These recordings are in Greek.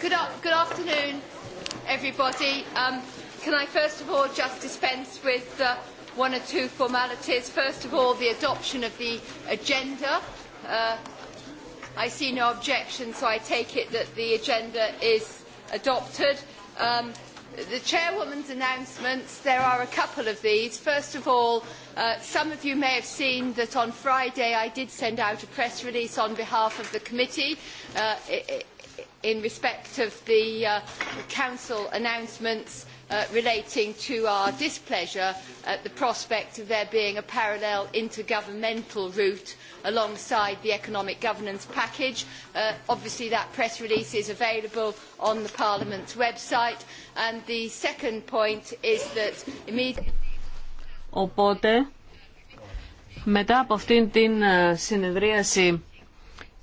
good, afternoon, everybody. can I first of all just dispense with one or two formalities? First of all, the adoption of the agenda. I see no objection, so I take it that the agenda is adopted. the chairwoman's announcements, there are a couple of these. First of all, some of you may have seen that on Friday I did send out a press release on behalf of the committee in respect of the Council announcements relating to our displeasure at the prospect of there being a parallel intergovernmental route alongside the economic governance package. Obviously that press release is available on the Parliament's website. And the second point is that immediately... Οπότε, μετά από αυτήν την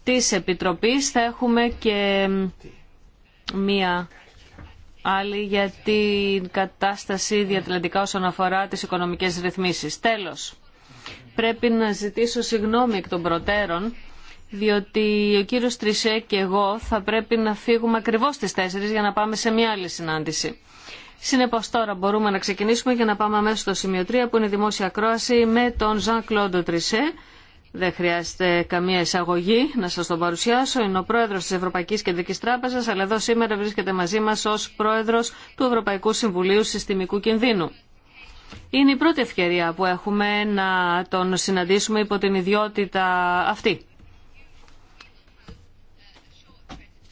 της Επιτροπής θα έχουμε και μία άλλη για την κατάσταση διατλαντικά όσον αφορά τις οικονομικές ρυθμίσεις. Τέλος, πρέπει να ζητήσω συγγνώμη εκ των προτέρων διότι ο κύριος Τρισέ και εγώ θα πρέπει να φύγουμε ακριβώς στις 4 για να πάμε σε μια άλλη συνάντηση. Σύνεπως, τώρα μπορούμε να ξεκινήσουμε για να πάμε αμέσω στο σημείο 3 που είναι η δημόσια κρόαση με τον Ζαν Κλόντο Τρισέ δεν χρειάζεται καμία εισαγωγή να σας τον παρουσιάσω. Είναι ο πρόεδρος της Ευρωπαϊκής Κεντρικής Τράπεζας, αλλά εδώ σήμερα βρίσκεται μαζί μας ως πρόεδρος του Ευρωπαϊκού Συμβουλίου Συστημικού Κινδύνου. Είναι η πρώτη ευκαιρία που έχουμε να τον συναντήσουμε υπό την ιδιότητα αυτή.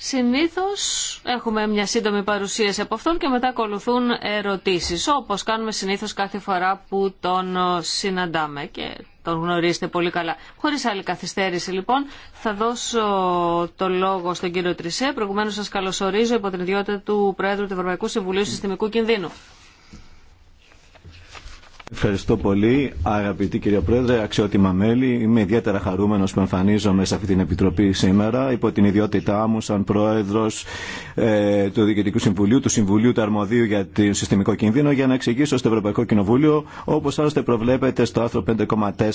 Συνήθως έχουμε μια σύντομη παρουσίαση από αυτόν και μετά ακολουθούν ερωτήσεις, όπως κάνουμε συνήθως κάθε φορά που τον συναντάμε και τον γνωρίζετε πολύ καλά. Χωρίς άλλη καθυστέρηση λοιπόν, θα δώσω το λόγο στον κύριο Τρισέ, προηγουμένως σας καλωσορίζω υπό την ιδιότητα του Πρόεδρου του Ευρωπαϊκού Συμβουλίου Συστημικού Κινδύνου. Ευχαριστώ πολύ, αγαπητή κυρία Πρόεδρε, αξιότιμα μέλη. Είμαι ιδιαίτερα χαρούμενο που εμφανίζομαι σε αυτή την επιτροπή σήμερα υπό την ιδιότητά μου σαν πρόεδρο ε, του Διοικητικού Συμβουλίου, του Συμβουλίου του Αρμοδίου για το Συστημικό Κίνδυνο, για να εξηγήσω στο Ευρωπαϊκό Κοινοβούλιο, όπω άλλωστε προβλέπεται στο άρθρο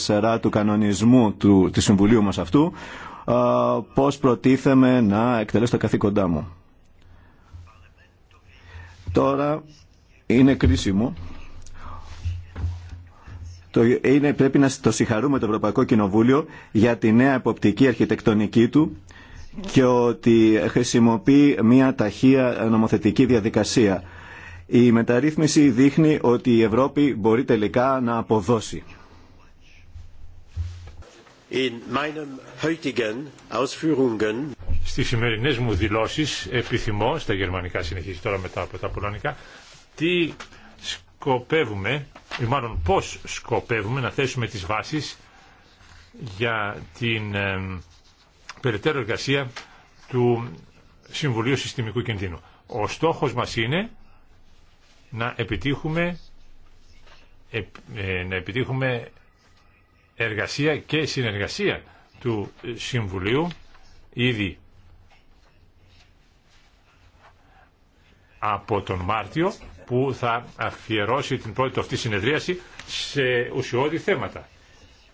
5,4 του κανονισμού του, του Συμβουλίου μα αυτού, ε, πώ προτίθεμαι να εκτελέσω τα καθήκοντά μου. Τώρα είναι κρίσιμο είναι, πρέπει να το συγχαρούμε το Ευρωπαϊκό Κοινοβούλιο για τη νέα εποπτική αρχιτεκτονική του και ότι χρησιμοποιεί μια ταχεία νομοθετική διαδικασία. Η μεταρρύθμιση δείχνει ότι η Ευρώπη μπορεί τελικά να αποδώσει. Στις σημερινές μου δηλώσεις επιθυμώ, στα γερμανικά συνεχίζει τώρα μετά από τα πολωνικά, τι σκοπεύουμε, ή μάλλον πώς σκοπεύουμε να θέσουμε τις βάσεις για την περαιτέρω εργασία του Συμβουλίου Συστημικού Κινδύνου. Ο στόχος μας είναι να επιτύχουμε, ε, να επιτύχουμε εργασία και συνεργασία του Συμβουλίου ήδη από τον Μάρτιο που θα αφιερώσει την πρώτη αυτή συνεδρίαση σε ουσιώδη θέματα.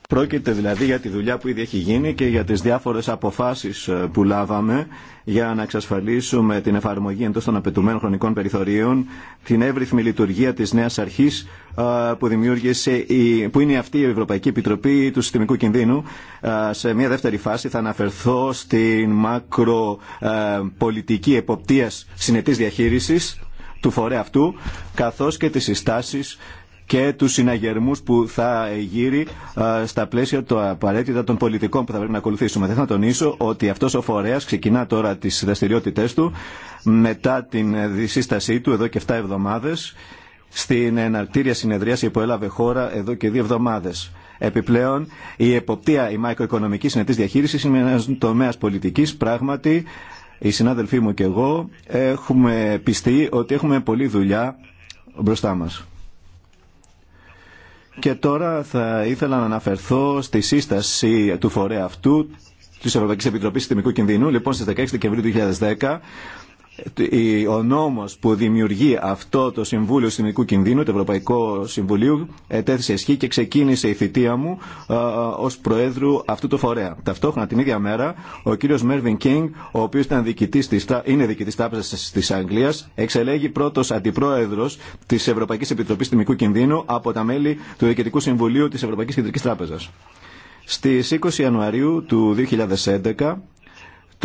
Πρόκειται δηλαδή για τη δουλειά που ήδη έχει γίνει και για τις διάφορες αποφάσεις ε, που λάβαμε για να εξασφαλίσουμε την εφαρμογή εντός των απαιτουμένων χρονικών περιθωρίων, την εύρυθμη λειτουργία της νέας αρχής ε, που, δημιούργησε η, που είναι αυτή η Ευρωπαϊκή Επιτροπή του Συστημικού Κινδύνου. Ε, σε μια δεύτερη φάση θα αναφερθώ στην μακροπολιτική εποπτείας συνετής διαχείρισης του φορέα αυτού, καθώς και τις συστάσεις και τους συναγερμούς που θα γύρει στα πλαίσια το απαραίτητα των πολιτικών που θα πρέπει να ακολουθήσουμε. Δεν θα τονίσω ότι αυτός ο φορέας ξεκινά τώρα τις δραστηριότητές του μετά την σύστασή του εδώ και 7 εβδομάδες στην εναρτήρια συνεδρίαση που έλαβε χώρα εδώ και 2 εβδομάδες. Επιπλέον, η εποπτεία, η μακροοικονομική συνετή διαχείριση είναι ένα τομέα πολιτική πράγματι οι συνάδελφοί μου και εγώ έχουμε πιστεί ότι έχουμε πολλή δουλειά μπροστά μας. Και τώρα θα ήθελα να αναφερθώ στη σύσταση του φορέα αυτού της Ευρωπαϊκή Επιτροπής Συντημικού Κινδύνου. Λοιπόν, στις 16 Δεκεμβρίου 2010 ε, ο νόμος που δημιουργεί αυτό το Συμβούλιο Συνδικού Κινδύνου, το Ευρωπαϊκό Συμβουλίο, ετέθησε ισχύ και ξεκίνησε η θητεία μου ω ε, ε, ως Προέδρου αυτού του φορέα. Ταυτόχρονα την ίδια μέρα, ο κύριος Μέρβιν Κίνγκ, ο οποίος είναι διοικητής τράπεζας της Αγγλίας, εξελέγει πρώτος αντιπρόεδρος της Ευρωπαϊκής Επιτροπής Συνδικού Κινδύνου από τα μέλη του Διοικητικού Συμβουλίου της Ευρωπαϊκής Κεντρικής Τράπεζας. Στις 20 Ιανουαρίου του 2011,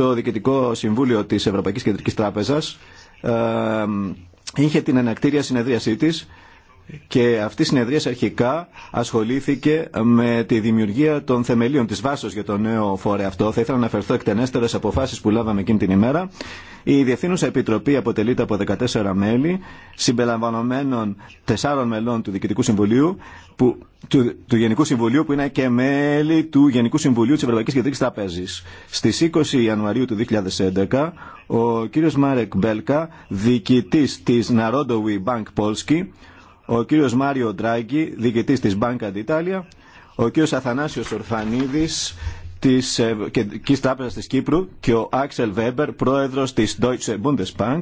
το Διοικητικό Συμβούλιο της Ευρωπαϊκής Κεντρικής Τράπεζας ε, είχε την ανακτήρια συνεδρίασή της και αυτή η συνεδρία αρχικά ασχολήθηκε με τη δημιουργία των θεμελίων τη βάσεω για το νέο φόρε αυτό. Θα ήθελα να αναφερθώ εκτενέστερε αποφάσει που λάβαμε εκείνη την ημέρα. Η Διευθύνουσα Επιτροπή αποτελείται από 14 μέλη, συμπεριλαμβανομένων 4 μελών του Διοικητικού Συμβουλίου, που, του, Γενικού Συμβουλίου, που είναι και μέλη του Γενικού Συμβουλίου τη Ευρωπαϊκή Κεντρική Τραπέζη. Στι 20 Ιανουαρίου του 2011, ο κ. Μάρεκ Μπέλκα, διοικητή τη Narodowy Bank Polski, ο κύριος Μάριο Ντράγκη, διοικητής της Banca d'Italia, ο κύριος Αθανάσιος Ορφανίδης της ε, Κεντρικής Τράπεζας της Κύπρου και ο Άξελ Βέμπερ, πρόεδρος της Deutsche Bundesbank,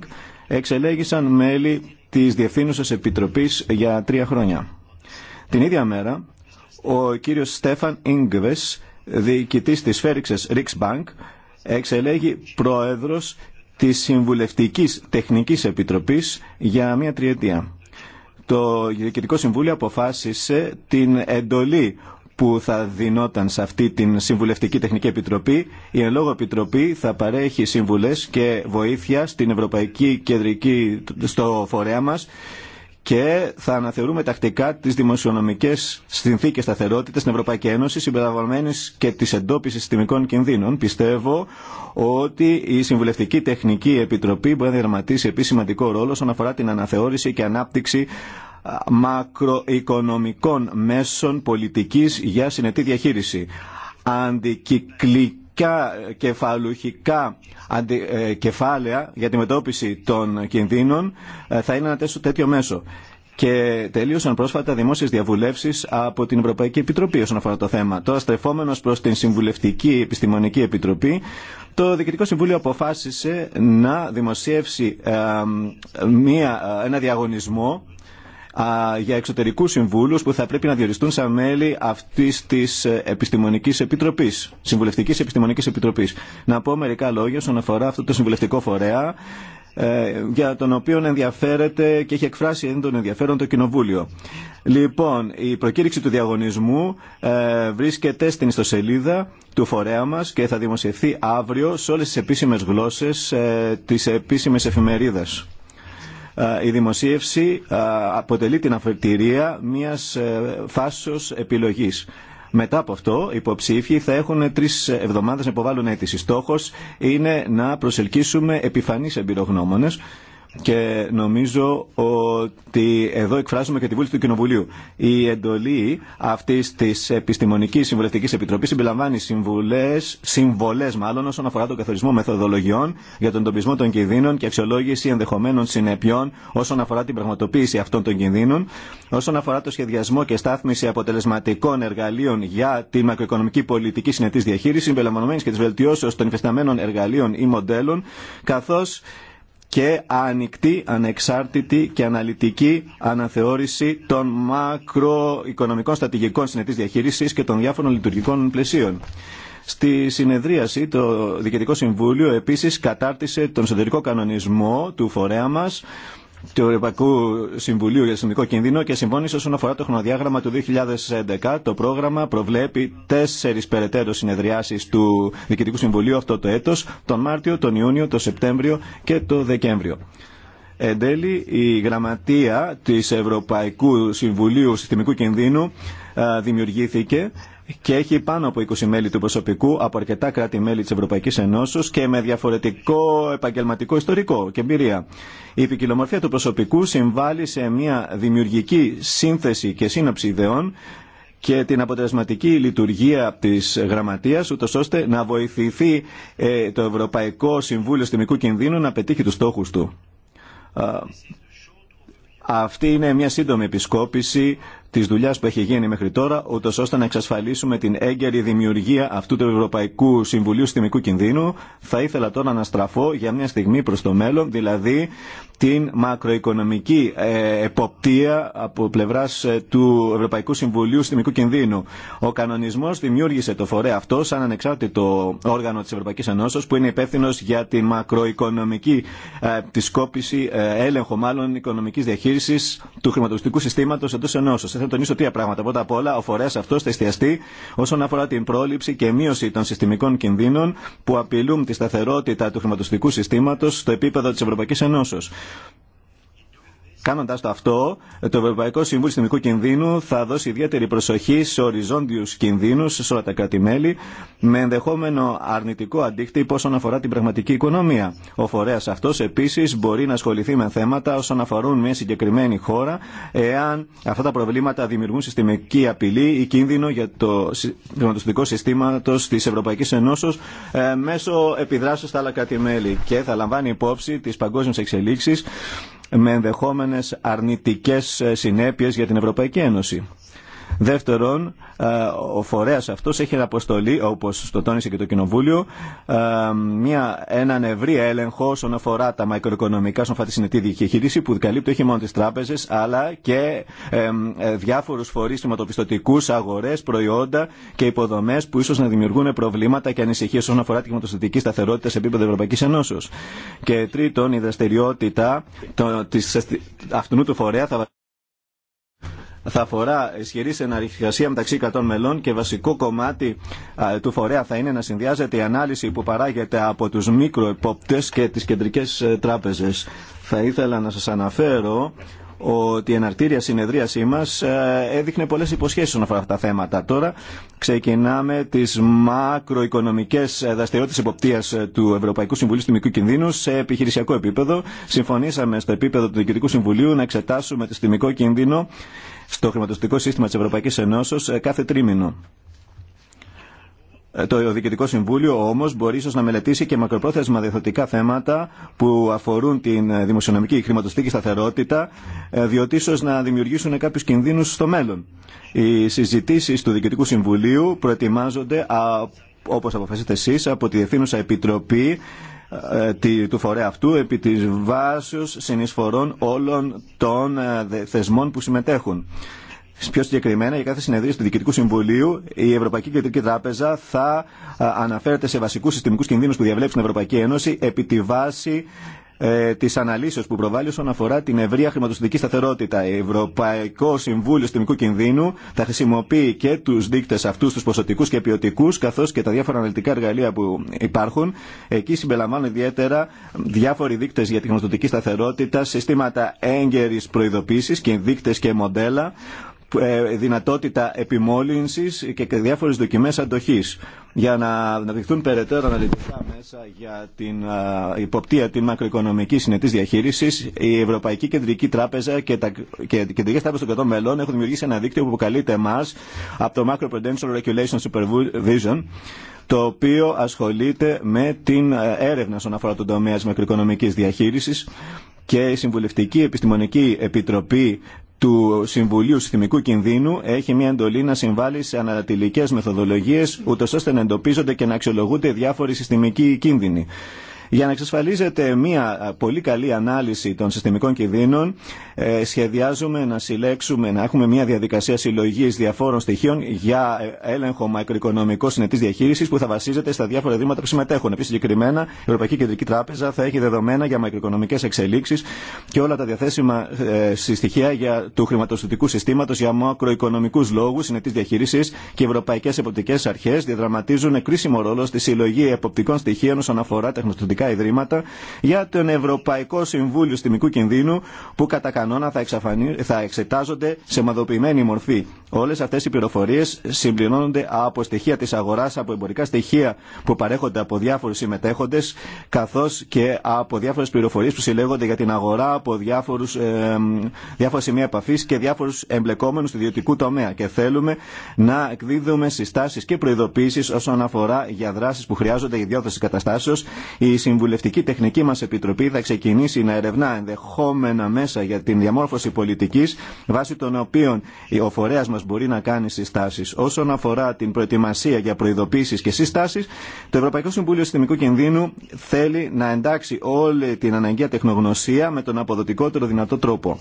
εξελέγησαν μέλη της Διευθύνουσας Επιτροπής για τρία χρόνια. Την ίδια μέρα, ο κύριος Στέφαν Ίγκβες, διοικητής της Φέριξες Riksbank, εξελέγει πρόεδρος της Συμβουλευτικής Τεχνικής Επιτροπής για μια τριετία. Το Διοικητικό Συμβούλιο αποφάσισε την εντολή που θα δινόταν σε αυτή την Συμβουλευτική Τεχνική Επιτροπή. Η Εν Λόγω Επιτροπή θα παρέχει συμβουλές και βοήθεια στην Ευρωπαϊκή Κεντρική, στο φορέα μας και θα αναθεωρούμε τακτικά τι δημοσιονομικέ συνθήκε σταθερότητα στην Ευρωπαϊκή Ένωση, συμπεριλαμβανομένε και τη εντόπιση συστημικών κινδύνων. Πιστεύω ότι η Συμβουλευτική Τεχνική Επιτροπή μπορεί να διαρματίσει επίση σημαντικό ρόλο όσον αφορά την αναθεώρηση και ανάπτυξη μακροοικονομικών μέσων πολιτική για συνετή διαχείριση. Αντικυκλική ειδικά κεφαλουχικά ε, κεφάλαια για τη μετώπιση των κινδύνων ε, θα είναι ένα τέτοιο μέσο. Και τελείωσαν πρόσφατα δημόσιε διαβουλεύσει από την Ευρωπαϊκή Επιτροπή όσον αφορά το θέμα. Τώρα, στρεφόμενο προ την Συμβουλευτική Επιστημονική Επιτροπή, το Διοικητικό Συμβούλιο αποφάσισε να δημοσιεύσει ε, μία, ένα διαγωνισμό για εξωτερικούς συμβούλους που θα πρέπει να διοριστούν σαν μέλη αυτής της επιστημονικής επιτροπής, συμβουλευτικής επιστημονικής επιτροπής. Να πω μερικά λόγια όσον αφορά αυτό το συμβουλευτικό φορέα ε, για τον οποίο ενδιαφέρεται και έχει εκφράσει έντονο ενδιαφέρον το Κοινοβούλιο. Λοιπόν, η προκήρυξη του διαγωνισμού ε, βρίσκεται στην ιστοσελίδα του φορέα μας και θα δημοσιευθεί αύριο σε όλες τις επίσημες γλώσσες ε, της επίσημες εφημερίδας. Ε, η δημοσίευση ε, αποτελεί την αφετηρία μιας ε, φάσεως επιλογής. Μετά από αυτό, οι υποψήφοι θα έχουν τρει εβδομάδε να υποβάλουν αίτηση. Στόχο είναι να προσελκύσουμε επιφανεί εμπειρογνώμονε και νομίζω ότι εδώ εκφράζουμε και τη βούληση του Κοινοβουλίου. Η εντολή αυτή τη Επιστημονική Συμβουλευτική Επιτροπή συμπεριλαμβάνει συμβολέ μάλλον όσον αφορά τον καθορισμό μεθοδολογιών για τον τοπισμό των κινδύνων και αξιολόγηση ενδεχομένων συνεπειών όσον αφορά την πραγματοποίηση αυτών των κινδύνων, όσον αφορά το σχεδιασμό και στάθμιση αποτελεσματικών εργαλείων για τη μακροοικονομική πολιτική συνετή διαχείριση, συμπεριλαμβανομένη και τη βελτιώσεω των υφισταμένων εργαλείων ή μοντέλων, καθώ και ανοιχτή, ανεξάρτητη και αναλυτική αναθεώρηση των μακροοικονομικών στρατηγικών συνετής διαχείρισης και των διάφορων λειτουργικών πλαισίων. Στη συνεδρίαση το Διοικητικό Συμβούλιο επίσης κατάρτισε τον εσωτερικό κανονισμό του φορέα μας του Ευρωπαϊκού Συμβουλίου για Συνδικό Κίνδυνο και συμφώνησε όσον αφορά το χρονοδιάγραμμα του 2011. Το πρόγραμμα προβλέπει τέσσερι περαιτέρω συνεδριάσει του Διοικητικού Συμβουλίου αυτό το έτο, τον Μάρτιο, τον Ιούνιο, τον Σεπτέμβριο και τον Δεκέμβριο. Εν τέλει, η γραμματεία της Ευρωπαϊκού Συμβουλίου Συστημικού Κινδύνου δημιουργήθηκε και έχει πάνω από 20 μέλη του προσωπικού από αρκετά κράτη-μέλη της Ευρωπαϊκής Ενώσεω και με διαφορετικό επαγγελματικό ιστορικό και εμπειρία. Η ποικιλομορφία του προσωπικού συμβάλλει σε μια δημιουργική σύνθεση και σύνοψη ιδεών και την αποτελεσματική λειτουργία της γραμματείας, ούτως ώστε να βοηθηθεί ε, το Ευρωπαϊκό Συμβούλιο Στημικού Κινδύνου να πετύχει τους στόχους του. Αυτή είναι μια σύντομη επισκόπηση τη δουλειά που έχει γίνει μέχρι τώρα, ούτω ώστε να εξασφαλίσουμε την έγκαιρη δημιουργία αυτού του Ευρωπαϊκού Συμβουλίου Συστημικού Κινδύνου. Θα ήθελα τώρα να στραφώ για μια στιγμή προ το μέλλον, δηλαδή την μακροοικονομική ε, εποπτεία από πλευρά ε, του Ευρωπαϊκού Συμβουλίου Συστημικού Κινδύνου. Ο κανονισμό δημιούργησε το φορέα αυτό σαν ανεξάρτητο όργανο τη Ευρωπαϊκή Ενώσεω που είναι υπεύθυνο για τη μακροοικονομική ε, τη σκόπηση, έλεγχο μάλλον οικονομική διαχείριση του χρηματοπιστικού συστήματο εντό ενώσεω. Θα τονίσω τρία πράγματα. Πρώτα απ' όλα, ο φορέα αυτό θα εστιαστεί όσον αφορά την πρόληψη και μείωση των συστημικών κινδύνων που απειλούν τη σταθερότητα του χρηματοπιστικού συστήματο στο επίπεδο τη Ευρωπαϊκή Ενώσεω. Υπότιτλοι Κάνοντα το αυτό, το Ευρωπαϊκό Συμβούλιο Συστημικού Κινδύνου θα δώσει ιδιαίτερη προσοχή σε οριζόντιου κινδύνου σε όλα τα κράτη-μέλη, με ενδεχόμενο αρνητικό αντίκτυπο όσον αφορά την πραγματική οικονομία. Ο φορέα αυτό επίση μπορεί να ασχοληθεί με θέματα όσον αφορούν μια συγκεκριμένη χώρα, εάν αυτά τα προβλήματα δημιουργούν συστημική απειλή ή κίνδυνο για το χρηματοστατικό συστήματο τη Ευρωπαϊκή Ενώσεω ε, μέσω επιδράσεω στα αλλα κράτη-μέλη και θα λαμβάνει υπόψη τι παγκόσμιε εξελίξει με ενδεχόμενες αρνητικές συνέπειες για την Ευρωπαϊκή Ένωση. Δεύτερον, ε, ο φορέα αυτό έχει αποστολή, όπω το τόνισε και το Κοινοβούλιο, ε, μια, έναν ευρύ έλεγχο όσον αφορά τα μακροοικονομικά, όσον αφορά τη συνετή διαχείριση, που καλύπτει όχι μόνο τι τράπεζες, αλλά και διάφορου ε, φορεί διάφορους φορείς αγορές, προϊόντα και υποδομέ που ίσω να δημιουργούν προβλήματα και ανησυχίε όσον αφορά τη χρηματοστατική σταθερότητα σε επίπεδο Ευρωπαϊκή Ενώσεω. Και τρίτον, η δραστηριότητα το, της, αυτού του φορέα θα θα αφορά ισχυρή συνεργασία μεταξύ 100 μελών και βασικό κομμάτι του φορέα θα είναι να συνδυάζεται η ανάλυση που παράγεται από του μικροεπόπτες και τι κεντρικέ ε, τράπεζε. Θα ήθελα να σα αναφέρω ότι η εναρτήρια συνεδρίασή μας ε, έδειχνε πολλέ υποσχέσει όσον αφορά αυτά τα θέματα. Τώρα ξεκινάμε τι μακροοικονομικέ ε, δραστηριότητε υποπτία του Ευρωπαϊκού Συμβουλίου Τιμικού Κινδύνου σε επιχειρησιακό επίπεδο. Συμφωνήσαμε στο επίπεδο του Διοικητικού Συμβουλίου να εξετάσουμε το στιμικό κίνδυνο στο χρηματοστικό σύστημα τη Ευρωπαϊκή Ενώσεω ε, κάθε τρίμηνο. Ε, το Διοικητικό Συμβούλιο όμω μπορεί ίσω να μελετήσει και μακροπρόθεσμα διεθνωτικά θέματα που αφορούν την ε, δημοσιονομική χρηματοστική σταθερότητα, διότι ίσω να δημιουργήσουν κάποιου κινδύνου στο μέλλον. Οι συζητήσει του Διοικητικού Συμβουλίου προετοιμάζονται όπως αποφασίσετε εσείς από τη Διευθύνουσα Επιτροπή ε, του φορέα αυτού επί της βάσεως συνεισφορών όλων των ε, θεσμών που συμμετέχουν. Πιο συγκεκριμένα, για κάθε συνεδρία του Διοικητικού Συμβουλίου, η Ευρωπαϊκή Κεντρική Τράπεζα θα ε, αναφέρεται σε βασικού συστημικού κινδύνου που διαβλέπει στην Ευρωπαϊκή Ένωση επί τη βάση ε, τη αναλύσεω που προβάλλει όσον αφορά την ευρεία χρηματοστατική σταθερότητα. Η Ευρωπαϊκό Συμβούλιο Συστημικού Κινδύνου θα χρησιμοποιεί και του δείκτες αυτού, του ποσοτικούς και ποιοτικού, καθώ και τα διάφορα αναλυτικά εργαλεία που υπάρχουν. Εκεί συμπεριλαμβάνουν ιδιαίτερα διάφοροι δείκτες για τη χρηματοστατική σταθερότητα, συστήματα έγκαιρη προειδοποίηση και δείκτε και μοντέλα ε, δυνατότητα επιμόλυνσης και διάφορες δοκιμές αντοχής για να αναδειχθούν περαιτέρω αναλυτικά μέσα για την υποπτία την μακροοικονομική συνετής διαχείρισης η Ευρωπαϊκή Κεντρική Τράπεζα και, τα, και κεντρικές τράπεζες των κρατών μελών έχουν δημιουργήσει ένα δίκτυο που αποκαλείται εμά από το Macro Regulation Supervision το οποίο ασχολείται με την ε, έρευνα στον αφορά τον τομέα της μακροοικονομικής διαχείρισης και η Συμβουλευτική Επιστημονική Επιτροπή του Συμβουλίου Συστημικού Κινδύνου έχει μια εντολή να συμβάλλει σε ανατηλικές μεθοδολογίες ούτως ώστε να εντοπίζονται και να αξιολογούνται διάφοροι συστημικοί κίνδυνοι. Για να εξασφαλίζεται μια πολύ καλή ανάλυση των συστημικών κινδύνων, ε, σχεδιάζουμε να συλλέξουμε, να έχουμε μια διαδικασία συλλογή διαφόρων στοιχείων για ε, έλεγχο μακροοικονομικό συνετή διαχείριση που θα βασίζεται στα διάφορα δήματα που συμμετέχουν. Επίση, συγκεκριμένα, η Ευρωπαϊκή Κεντρική Τράπεζα θα έχει δεδομένα για μακροοικονομικέ εξελίξει και όλα τα διαθέσιμα ε, στοιχεία για, του χρηματοστατικού συστήματο για μακροοικονομικού λόγου συνετή διαχείριση και οι ευρωπαϊκέ εποπτικέ αρχέ διαδραματίζουν κρίσιμο ρόλο στη συλλογή εποπτικών στοιχείων όσον αφορά τα ιδρύματα για τον Ευρωπαϊκό Συμβούλιο Στιμικού Κινδύνου που κατά κανόνα θα, εξαφανί... θα εξετάζονται σε μαδοποιημένη μορφή. Όλε αυτέ οι πληροφορίε συμπληρώνονται από στοιχεία τη αγορά, από εμπορικά στοιχεία που παρέχονται από διάφορου συμμετέχοντε, καθώ και από διάφορε πληροφορίε που συλλέγονται για την αγορά από διάφορους, ε, διάφορα σημεία επαφή και διάφορου εμπλεκόμενου του ιδιωτικού τομέα. Και θέλουμε να εκδίδουμε συστάσει και προειδοποίησει όσον αφορά για δράσει που χρειάζονται για διόθεση καταστάσεω. Η Συμβουλευτική Τεχνική μας Επιτροπή θα ξεκινήσει να ερευνά ενδεχόμενα μέσα για την διαμόρφωση πολιτικής βάσει των οποίων ο φορέας μας μπορεί να κάνει συστάσεις. Όσον αφορά την προετοιμασία για προειδοποίησεις και συστάσεις, το Ευρωπαϊκό Συμβούλιο Συστημικού Κινδύνου θέλει να εντάξει όλη την αναγκαία τεχνογνωσία με τον αποδοτικότερο δυνατό τρόπο.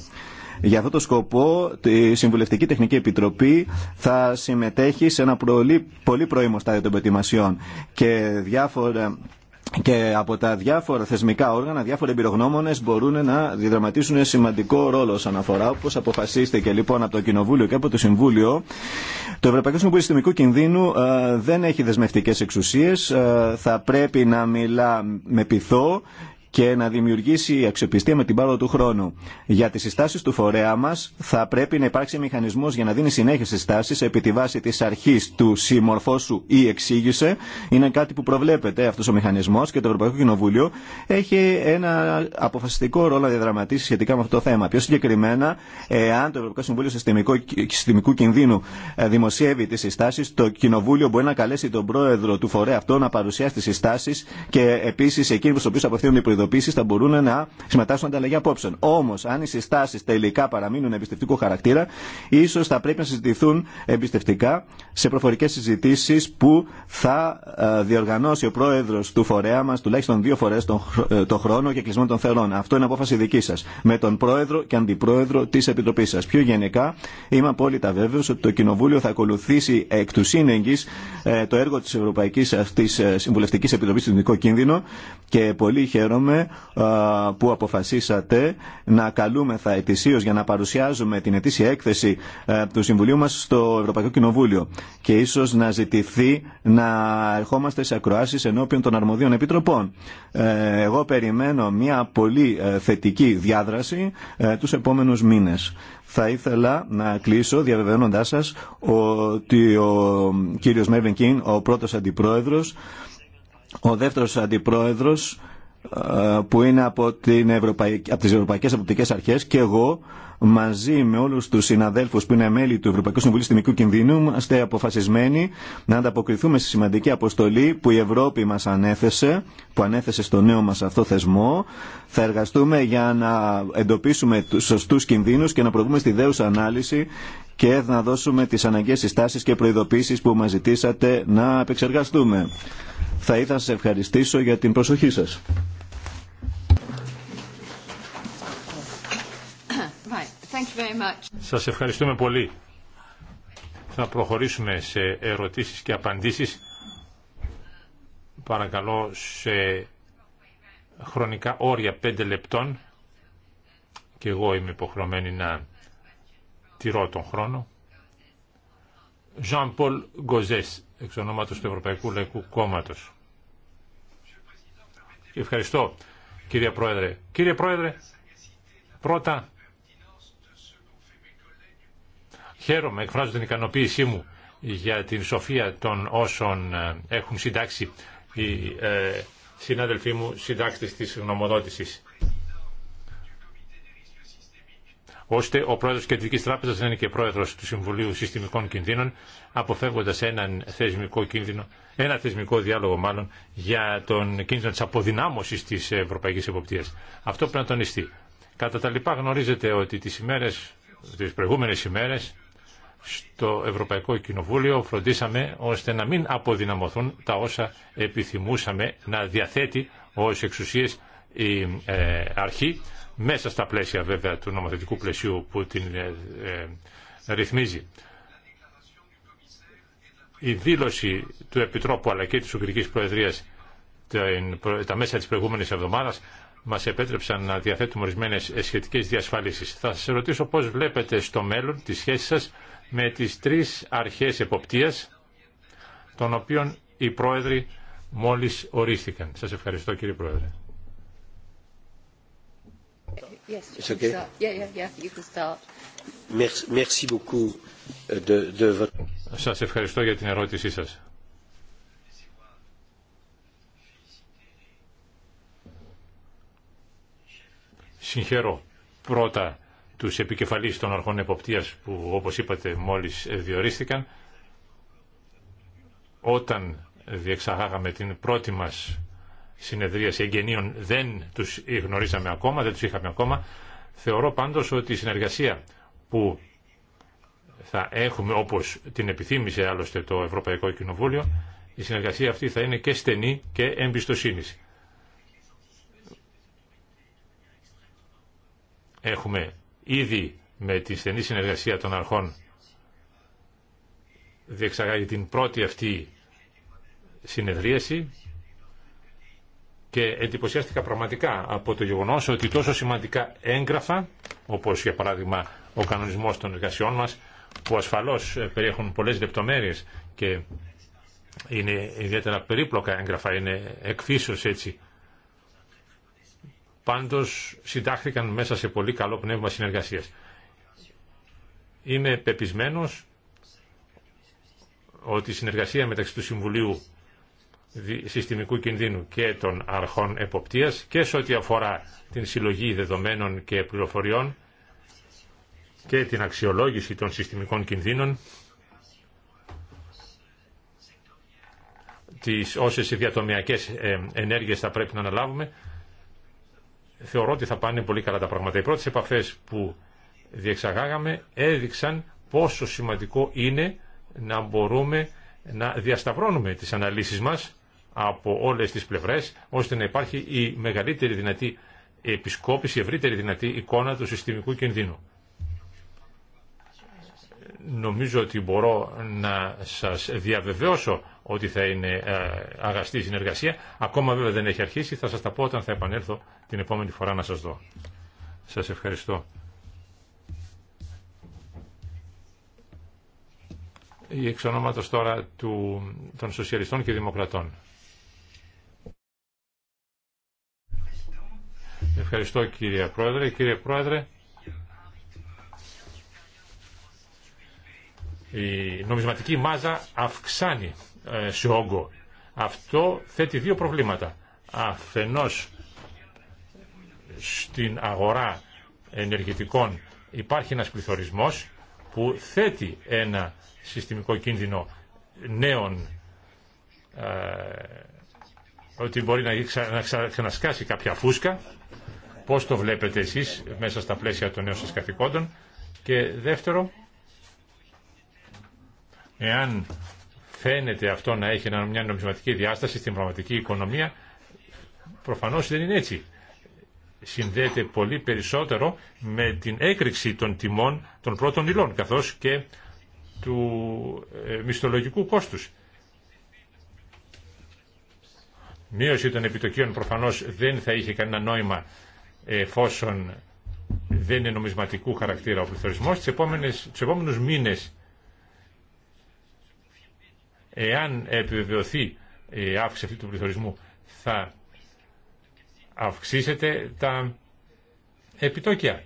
Για αυτό το σκοπό, η Συμβουλευτική Τεχνική Επιτροπή θα συμμετέχει σε ένα πολύ πρώιμο στάδιο των προετοιμασιών και διάφορα και από τα διάφορα θεσμικά όργανα, διάφοροι εμπειρογνώμονε μπορούν να διδραματίσουν σημαντικό ρόλο σαν αφορά. Όπω αποφασίστηκε λοιπόν από το Κοινοβούλιο και από το Συμβούλιο, το Ευρωπαϊκό Συμβούλιο Συστημικού Κινδύνου ε, δεν έχει δεσμευτικέ εξουσίε. Ε, θα πρέπει να μιλά με πειθό και να δημιουργήσει αξιοπιστία με την πάροδο του χρόνου. Για τι συστάσει του φορέα μα θα πρέπει να υπάρξει μηχανισμό για να δίνει συνέχεια στι συστάσει επί τη βάση τη αρχή του συμμορφώσου ή εξήγησε. Είναι κάτι που προβλέπεται αυτό ο μηχανισμό και το Ευρωπαϊκό Κοινοβούλιο έχει ένα αποφασιστικό ρόλο να διαδραματίσει σχετικά με αυτό το θέμα. Πιο συγκεκριμένα, εάν το Ευρωπαϊκό Συμβούλιο Συστημικού Κινδύνου ε, δημοσιεύει τι συστάσει, το Κοινοβούλιο μπορεί να καλέσει τον πρόεδρο του φορέα αυτό να παρουσιάσει τι συστάσει και επίση που οποίου απευθύνονται προειδοποίηση θα μπορούν να συμμετάσχουν ανταλλαγή απόψεων. Όμω, αν οι συστάσει τελικά παραμείνουν εμπιστευτικού χαρακτήρα, ίσω θα πρέπει να συζητηθούν εμπιστευτικά σε προφορικέ συζητήσει που θα ε, διοργανώσει ο πρόεδρο του φορέα μα τουλάχιστον δύο φορέ ε, το χρόνο και κλεισμό των θερών. Αυτό είναι απόφαση δική σα. Με τον πρόεδρο και αντιπρόεδρο τη Επιτροπή σα. Πιο γενικά, είμαι απόλυτα βέβαιο ότι το Κοινοβούλιο θα ακολουθήσει εκ του σύνεγγυ ε, το έργο τη Ευρωπαϊκή Συμβουλευτική Επιτροπή του Κίνδυνο και πολύ χαίρομαι που αποφασίσατε να θα ετησίως για να παρουσιάζουμε την ετήσια έκθεση του Συμβουλίου μας στο Ευρωπαϊκό Κοινοβούλιο και ίσως να ζητηθεί να ερχόμαστε σε ακροάσεις ενώπιον των αρμοδίων επιτροπών. Ε, εγώ περιμένω μια πολύ ε, θετική διάδραση ε, τους επόμενους μήνες. Θα ήθελα να κλείσω διαβεβαιώνοντάς σας ότι ο κύριος Μέρβιν Κίν, ο πρώτος αντιπρόεδρος, ο δεύτερος αντιπρόεδρος ε, που είναι από, την Ευρωπαϊκ... από τις Ευρωπαϊκές Αποπτικές Αρχές και εγώ μαζί με όλους τους συναδέλφους που είναι μέλη του Ευρωπαϊκού Συμβουλίου Συστημικού Κινδύνου είμαστε αποφασισμένοι να ανταποκριθούμε στη σημαντική αποστολή που η Ευρώπη μας ανέθεσε, που ανέθεσε στο νέο μας αυτό θεσμό. Θα εργαστούμε για να εντοπίσουμε τους σωστούς κινδύνους και να προβούμε στη δέουσα ανάλυση και να δώσουμε τις αναγκαίες συστάσεις και προειδοποίησεις που μας ζητήσατε να επεξεργαστούμε. Θα ήθελα να σας ευχαριστήσω για την προσοχή σας. Σας ευχαριστούμε πολύ. Θα προχωρήσουμε σε ερωτήσεις και απαντήσεις. Παρακαλώ σε χρονικά όρια πέντε λεπτών και εγώ είμαι υποχρεωμένη να τηρώ τον χρόνο. Ζαν Πολ Γκοζές, εξ ονόματος του Ευρωπαϊκού Λαϊκού Κόμματος. Ευχαριστώ, κύριε Πρόεδρε. Κύριε Πρόεδρε, πρώτα χαίρομαι, εκφράζω την ικανοποίησή μου για την σοφία των όσων ε, έχουν συντάξει οι ε, συνάδελφοί μου συντάξτες της γνωμοδότησης. ώστε ο πρόεδρο της Κεντρικής Τράπεζας να είναι και πρόεδρο του Συμβουλίου Συστημικών Κινδύνων, αποφεύγοντα έναν θεσμικό κίνδυνο, ένα θεσμικό διάλογο μάλλον για τον κίνδυνο τη αποδυνάμωση τη Ευρωπαϊκή Εποπτεία. Αυτό πρέπει να τονιστεί. Κατά τα λοιπά γνωρίζετε ότι τι ημέρε, τις προηγούμενες ημέρε, στο Ευρωπαϊκό Κοινοβούλιο φροντίσαμε ώστε να μην αποδυναμωθούν τα όσα επιθυμούσαμε να διαθέτει ως εξουσίες η ε, αρχή μέσα στα πλαίσια βέβαια του νομοθετικού πλαισίου που την ε, ε, ρυθμίζει. Η δήλωση του Επιτρόπου αλλά και της Ουγγρικής Προεδρίας τα μέσα της προηγούμενης εβδομάδας μας επέτρεψαν να διαθέτουμε ορισμένε σχετικές διασφαλίσεις. Θα σας ρωτήσω πώς βλέπετε στο μέλλον τη σχέση σας με τις τρεις αρχές εποπτείας των οποίων οι πρόεδροι μόλις ορίστηκαν. Σας ευχαριστώ κύριε Πρόεδρε. Yes, yeah, yeah, yeah. You can start. Merci, beaucoup de, de Σας ευχαριστώ για την ερώτησή σας. Συγχαίρω πρώτα τους επικεφαλείς των αρχών εποπτείας που όπως είπατε μόλις διορίστηκαν όταν διεξαγάγαμε την πρώτη μας συνεδρίαση εγγενείων δεν τους γνωρίζαμε ακόμα, δεν τους είχαμε ακόμα. Θεωρώ πάντως ότι η συνεργασία που θα έχουμε όπως την επιθύμησε άλλωστε το Ευρωπαϊκό Κοινοβούλιο, η συνεργασία αυτή θα είναι και στενή και εμπιστοσύνη. Έχουμε ήδη με τη στενή συνεργασία των αρχών διεξαγάγει την πρώτη αυτή συνεδρίαση και εντυπωσιάστηκα πραγματικά από το γεγονός ότι τόσο σημαντικά έγγραφα, όπως για παράδειγμα ο κανονισμός των εργασιών μας, που ασφαλώς περιέχουν πολλές λεπτομέρειε και είναι ιδιαίτερα περίπλοκα έγγραφα, είναι εκφίσω έτσι. Πάντως συντάχθηκαν μέσα σε πολύ καλό πνεύμα συνεργασίας. Είμαι πεπισμένος ότι η συνεργασία μεταξύ του Συμβουλίου συστημικού κινδύνου και των αρχών εποπτείας και σε ό,τι αφορά την συλλογή δεδομένων και πληροφοριών και την αξιολόγηση των συστημικών κινδύνων τις όσες διατομιακές ε, ενέργειες θα πρέπει να αναλάβουμε θεωρώ ότι θα πάνε πολύ καλά τα πράγματα. Οι πρώτες επαφές που διεξαγάγαμε έδειξαν πόσο σημαντικό είναι να μπορούμε να διασταυρώνουμε τις αναλύσεις μας από όλες τις πλευρές, ώστε να υπάρχει η μεγαλύτερη δυνατή επισκόπηση, η ευρύτερη δυνατή εικόνα του συστημικού κινδύνου. Νομίζω ότι μπορώ να σας διαβεβαιώσω ότι θα είναι ε, αγαστή η συνεργασία. Ακόμα βέβαια δεν έχει αρχίσει, θα σας τα πω όταν θα επανέλθω την επόμενη φορά να σας δω. Σας ευχαριστώ. εξ ονόματος τώρα του, των Σοσιαλιστών και Δημοκρατών. Ευχαριστώ κύριε Πρόεδρε. Κύριε Πρόεδρε, η νομισματική μάζα αυξάνει ε, σε όγκο. Αυτό θέτει δύο προβλήματα. Αφενός στην αγορά ενεργητικών υπάρχει ένας πληθωρισμός που θέτει ένα συστημικό κίνδυνο νέων ε, ότι μπορεί να, ξα, ξανασκάσει κάποια φούσκα. Πώς το βλέπετε εσείς μέσα στα πλαίσια των νέων σας καθηκόντων. Και δεύτερο, εάν φαίνεται αυτό να έχει μια νομισματική διάσταση στην πραγματική οικονομία, προφανώς δεν είναι έτσι συνδέεται πολύ περισσότερο με την έκρηξη των τιμών των πρώτων υλών καθώς και του ε, μισθολογικού κόστους. Μείωση των επιτοκίων προφανώς δεν θα είχε κανένα νόημα εφόσον δεν είναι νομισματικού χαρακτήρα ο πληθωρισμός. επόμενες, τους επόμενους μήνες, εάν επιβεβαιωθεί η αύξηση αυτή του πληθωρισμού, θα αυξήσετε τα επιτόκια.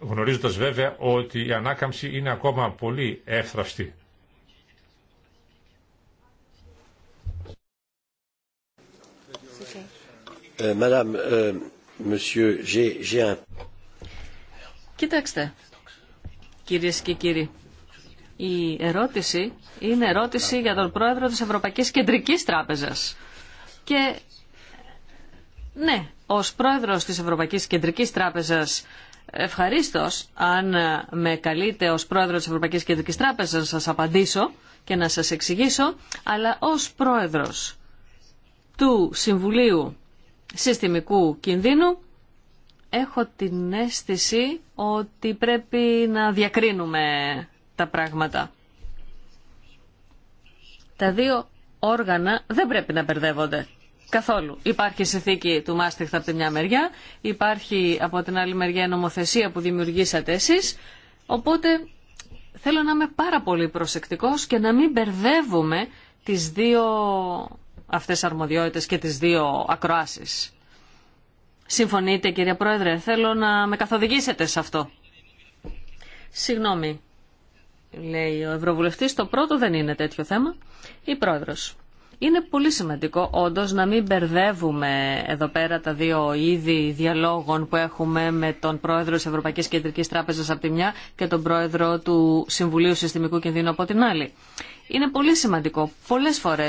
Γνωρίζοντας βέβαια ότι η ανάκαμψη είναι ακόμα πολύ εύθραυστη. Ε, ε, Κοιτάξτε, κύριε και κύριοι, η ερώτηση είναι ερώτηση για τον πρόεδρο της Ευρωπαϊκής Κεντρικής Τράπεζας. Και ναι, ως πρόεδρος της Ευρωπαϊκής Κεντρικής Τράπεζας ευχαρίστως αν ε, με καλείτε ως πρόεδρο της Ευρωπαϊκής Κεντρικής Τράπεζας να σας απαντήσω και να σας εξηγήσω, αλλά ως πρόεδρος του Συμβουλίου Συστημικού Κινδύνου έχω την αίσθηση ότι πρέπει να διακρίνουμε τα πράγματα. Τα δύο όργανα δεν πρέπει να μπερδεύονται καθόλου. Υπάρχει η συνθήκη του Μάστριχτ από τη μια μεριά, υπάρχει από την άλλη μεριά η νομοθεσία που δημιουργήσατε εσεί. οπότε θέλω να είμαι πάρα πολύ προσεκτικός και να μην μπερδεύουμε τις δύο αυτές αρμοδιότητες και τις δύο ακροάσεις. Συμφωνείτε κύριε Πρόεδρε, θέλω να με καθοδηγήσετε σε αυτό. Συγγνώμη, λέει ο Ευρωβουλευτής, το πρώτο δεν είναι τέτοιο θέμα. Η Πρόεδρος. Είναι πολύ σημαντικό όντω να μην μπερδεύουμε εδώ πέρα τα δύο είδη διαλόγων που έχουμε με τον πρόεδρο τη Ευρωπαϊκή Κεντρική Τράπεζα από τη μια και τον πρόεδρο του Συμβουλίου Συστημικού Κινδύνου από την άλλη. Είναι πολύ σημαντικό Πολλέ φορέ.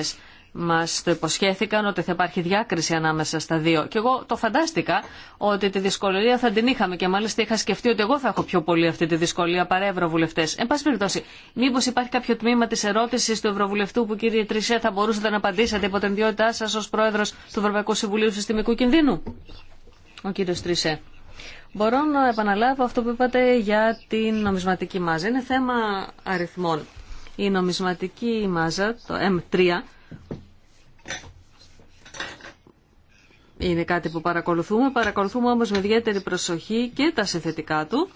Μα το υποσχέθηκαν ότι θα υπάρχει διάκριση ανάμεσα στα δύο. Και εγώ το φαντάστηκα ότι τη δυσκολία θα την είχαμε και μάλιστα είχα σκεφτεί ότι εγώ θα έχω πιο πολύ αυτή τη δυσκολία παρά ευρωβουλευτέ. Εν πάση περιπτώσει, μήπω υπάρχει κάποιο τμήμα τη ερώτηση του Ευρωβουλευτού που κύριε Τρισέ θα μπορούσατε να απαντήσετε υπό την ιδιότητά σα ω πρόεδρο του Ευρωπαϊκού Συμβουλίου Συστημικού Κινδύνου. Ο κύριο Τρισέ. Μπορώ να επαναλάβω αυτό που είπατε για την νομισματική μάζα. Είναι θέμα αριθμών. Η νομισματική μάζα, το M3, είναι κάτι που παρακολουθούμε. Παρακολουθούμε όμως με ιδιαίτερη προσοχή και τα συνθετικά του.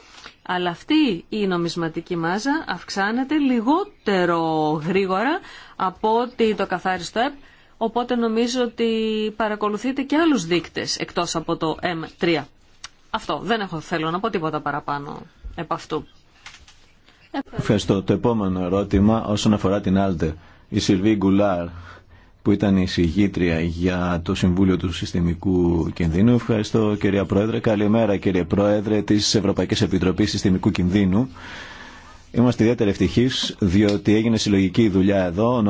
Αλλά αυτή η νομισματική μάζα αυξάνεται λιγότερο γρήγορα από ότι το καθάριστο ΕΠ. Οπότε νομίζω ότι παρακολουθείτε και άλλους δείκτες εκτός από το M3. Αυτό. Δεν έχω, θέλω να πω τίποτα παραπάνω επ' αυτού. Ευχαριστώ. Το επόμενο ερώτημα όσον αφορά την Άλτε. Η Σιλβί Γκουλάρ που ήταν η συγγήτρια για το Συμβούλιο του Συστημικού Κινδύνου. Ευχαριστώ κυρία Πρόεδρε. Καλημέρα κύριε Πρόεδρε της Ευρωπαϊκής Επιτροπής Συστημικού Κινδύνου. Είμαστε ιδιαίτερα ευτυχεί διότι έγινε συλλογική δουλειά εδώ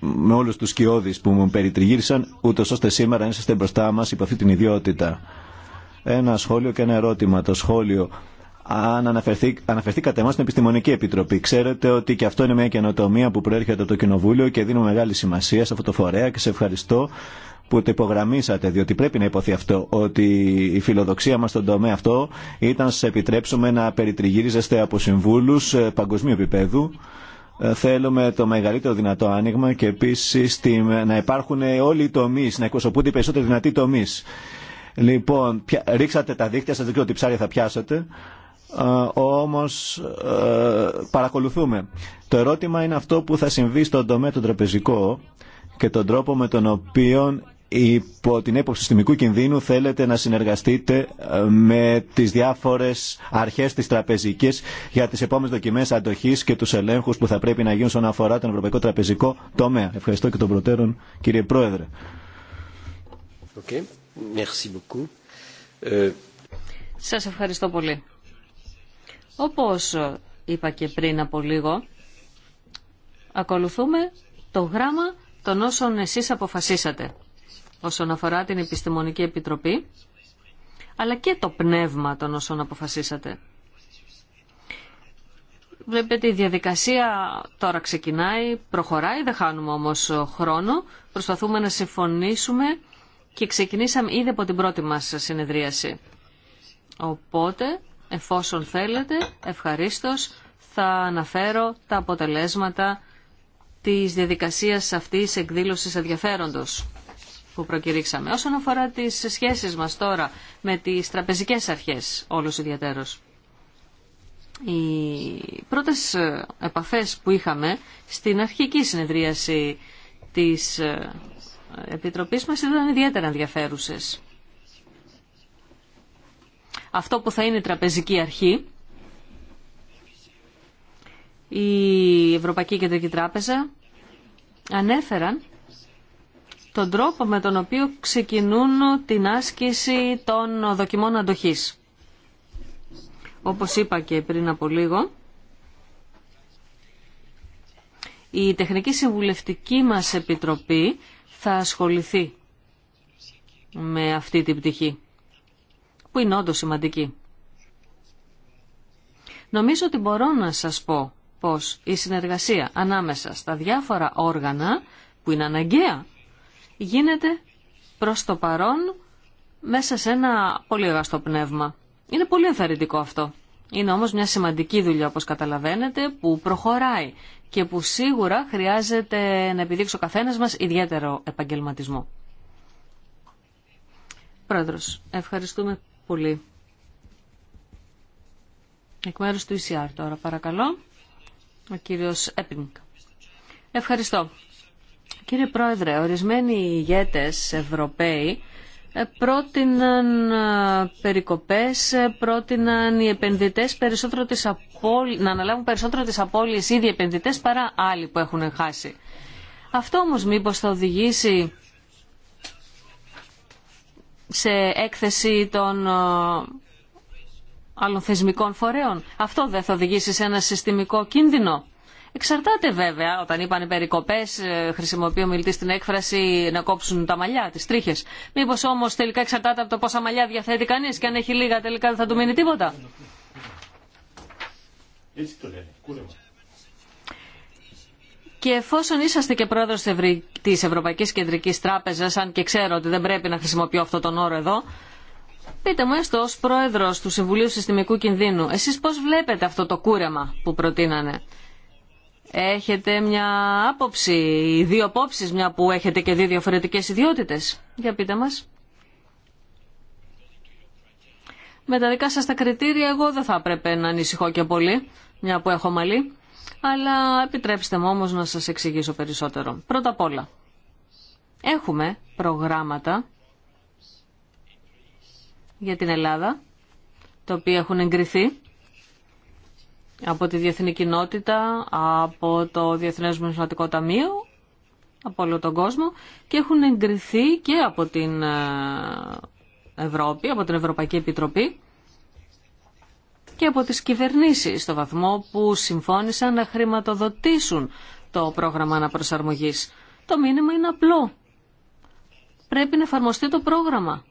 με όλους τους σκιώδεις που μου περιτριγύρισαν, ούτω ώστε σήμερα να είστε μπροστά μα υπό αυτή την ιδιότητα. Ένα σχόλιο και ένα ερώτημα. Το σχόλιο αν αναφερθείτε αναφερθήκατε εμά στην Επιστημονική Επιτροπή. Ξέρετε ότι και αυτό είναι μια καινοτομία που προέρχεται από το Κοινοβούλιο και δίνουμε μεγάλη σημασία σε αυτό το φορέα και σε ευχαριστώ που το υπογραμμίσατε, διότι πρέπει να υποθεί αυτό, ότι η φιλοδοξία μας στον τομέα αυτό ήταν να επιτρέψουμε να περιτριγύριζεστε από συμβούλους ε, παγκοσμίου επίπεδου. Ε, θέλουμε το μεγαλύτερο δυνατό άνοιγμα και επίσης να υπάρχουν όλοι οι τομείς, να εκπροσωπούνται οι περισσότεροι δυνατοί Λοιπόν, ρίξατε τα δίκτυα σα δεν ξέρω τι ψάρια θα πιάσετε. Ε, όμως ε, παρακολουθούμε. Το ερώτημα είναι αυτό που θα συμβεί στον τομέα του τραπεζικό και τον τρόπο με τον οποίο υπό την έποψη συστημικού κινδύνου θέλετε να συνεργαστείτε ε, με τις διάφορες αρχές της τραπεζικής για τις επόμενες δοκιμές αντοχής και τους ελέγχους που θα πρέπει να γίνουν στον αφορά τον Ευρωπαϊκό Τραπεζικό τομέα. Ευχαριστώ και τον προτέρων κύριε Πρόεδρε. Okay. Σας ευχαριστώ πολύ. Όπως είπα και πριν από λίγο, ακολουθούμε το γράμμα των όσων εσείς αποφασίσατε όσον αφορά την Επιστημονική Επιτροπή, αλλά και το πνεύμα των όσων αποφασίσατε. Βλέπετε η διαδικασία τώρα ξεκινάει, προχωράει, δεν χάνουμε όμως χρόνο. Προσπαθούμε να συμφωνήσουμε και ξεκινήσαμε ήδη από την πρώτη μας συνεδρίαση. Οπότε εφόσον θέλετε, ευχαρίστως θα αναφέρω τα αποτελέσματα της διαδικασίας αυτής εκδήλωσης ενδιαφέροντος που προκηρύξαμε. Όσον αφορά τις σχέσεις μας τώρα με τις τραπεζικές αρχές, όλος ιδιαίτερος. Οι πρώτες επαφές που είχαμε στην αρχική συνεδρίαση της Επιτροπής μας ήταν ιδιαίτερα ενδιαφέρουσες αυτό που θα είναι η τραπεζική αρχή, η Ευρωπαϊκή Κεντρική Τράπεζα, ανέφεραν τον τρόπο με τον οποίο ξεκινούν την άσκηση των δοκιμών αντοχής. Όπως είπα και πριν από λίγο, η Τεχνική Συμβουλευτική μας Επιτροπή θα ασχοληθεί με αυτή την πτυχή που είναι όντω σημαντική. Νομίζω ότι μπορώ να σας πω πως η συνεργασία ανάμεσα στα διάφορα όργανα που είναι αναγκαία γίνεται προς το παρόν μέσα σε ένα πολύ εργαστό πνεύμα. Είναι πολύ ενθαρρυντικό αυτό. Είναι όμως μια σημαντική δουλειά όπως καταλαβαίνετε που προχωράει και που σίγουρα χρειάζεται να επιδείξει ο καθένας μας ιδιαίτερο επαγγελματισμό. Πρόεδρος, ευχαριστούμε πολύ. Εκ μέρους του ECR τώρα παρακαλώ. Ο κύριος Έπινγκ. Ευχαριστώ. Κύριε Πρόεδρε, ορισμένοι ηγέτες Ευρωπαίοι ε, πρότειναν ε, περικοπές, ε, πρότειναν οι επενδυτές περισσότερο τις απόλυ... να αναλάβουν περισσότερο τις απώλειες ήδη επενδυτές παρά άλλοι που έχουν χάσει. Αυτό όμως μήπως θα οδηγήσει σε έκθεση των ε, άλλων θεσμικών φορέων. Αυτό δεν θα οδηγήσει σε ένα συστημικό κίνδυνο. Εξαρτάται βέβαια, όταν είπαν περικοπέ, ε, χρησιμοποιεί ο μιλητή την έκφραση να κόψουν τα μαλλιά, τις τρίχες. Μήπως όμως τελικά εξαρτάται από το πόσα μαλλιά διαθέτει κανείς και αν έχει λίγα τελικά δεν θα του μείνει τίποτα. Έτσι το λένε. Κούρεμα. Και εφόσον είσαστε και πρόεδρο τη Ευρωπαϊκή Κεντρική Τράπεζα, αν και ξέρω ότι δεν πρέπει να χρησιμοποιώ αυτόν τον όρο εδώ, πείτε μου έστω ω πρόεδρο του Συμβουλίου Συστημικού Κινδύνου, εσεί πώ βλέπετε αυτό το κούρεμα που προτείνανε. Έχετε μια άποψη, δύο απόψει, μια που έχετε και δύο διαφορετικέ ιδιότητε. Για πείτε μα. Με τα δικά σας τα κριτήρια εγώ δεν θα έπρεπε να ανησυχώ και πολύ, μια που έχω μαλλί αλλά επιτρέψτε μου όμως να σας εξηγήσω περισσότερο. Πρώτα απ' όλα, έχουμε προγράμματα για την Ελλάδα, τα οποία έχουν εγκριθεί από τη διεθνή κοινότητα, από το Διεθνές Μεσονατικό Ταμείο, από όλο τον κόσμο και έχουν εγκριθεί και από την ε, Ευρώπη, από την Ευρωπαϊκή Επιτροπή και από τις κυβερνήσεις στο βαθμό που συμφώνησαν να χρηματοδοτήσουν το πρόγραμμα αναπροσαρμογής. Το μήνυμα είναι απλό. Πρέπει να εφαρμοστεί το πρόγραμμα,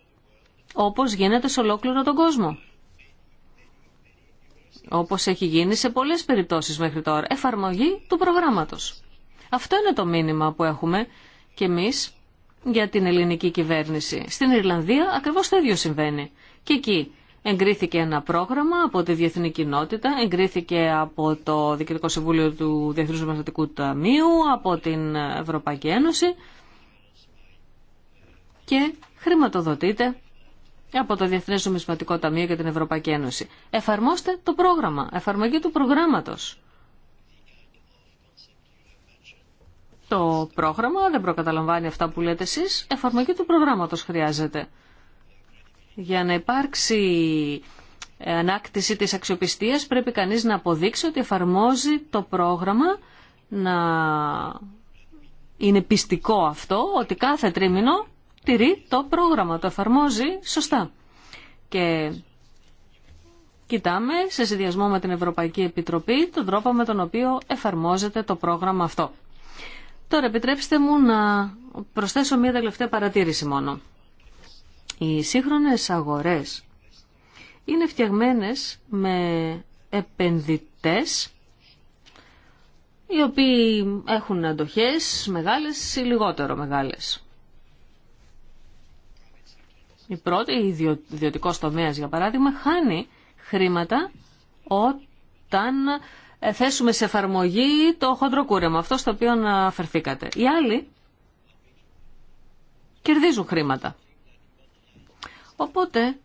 όπως γίνεται σε ολόκληρο τον κόσμο. Όπως έχει γίνει σε πολλές περιπτώσεις μέχρι τώρα. Εφαρμογή του προγράμματος. Αυτό είναι το μήνυμα που έχουμε και εμείς για την ελληνική κυβέρνηση. Στην Ιρλανδία ακριβώς το ίδιο συμβαίνει. Και εκεί Εγκρίθηκε ένα πρόγραμμα από τη διεθνή κοινότητα, εγκρίθηκε από το Διοικητικό Συμβούλιο του Διεθνούς Μαθητικού Ταμείου, από την Ευρωπαϊκή Ένωση και χρηματοδοτείται από το Διεθνές Νομισματικό Ταμείο και την Ευρωπαϊκή Ένωση. Εφαρμόστε το πρόγραμμα, εφαρμογή του προγράμματος. Το πρόγραμμα δεν προκαταλαμβάνει αυτά που λέτε εσείς, εφαρμογή του προγράμματος χρειάζεται. Για να υπάρξει ανάκτηση της αξιοπιστίας πρέπει κανείς να αποδείξει ότι εφαρμόζει το πρόγραμμα να είναι πιστικό αυτό ότι κάθε τρίμηνο τηρεί το πρόγραμμα, το εφαρμόζει σωστά. Και κοιτάμε σε συνδυασμό με την Ευρωπαϊκή Επιτροπή τον τρόπο με τον οποίο εφαρμόζεται το πρόγραμμα αυτό. Τώρα επιτρέψτε μου να προσθέσω μια τελευταία παρατήρηση μόνο. Οι σύγχρονες αγορές είναι φτιαγμένες με επενδυτές οι οποίοι έχουν αντοχές μεγάλες ή λιγότερο μεγάλες. Η πρώτη, η ιδιωτικό τομέα, για παράδειγμα, χάνει χρήματα όταν ε, θέσουμε σε εφαρμογή το χοντροκούρεμα, αυτό στο οποίο αναφερθήκατε. Οι άλλοι κερδίζουν χρήματα. Οπότε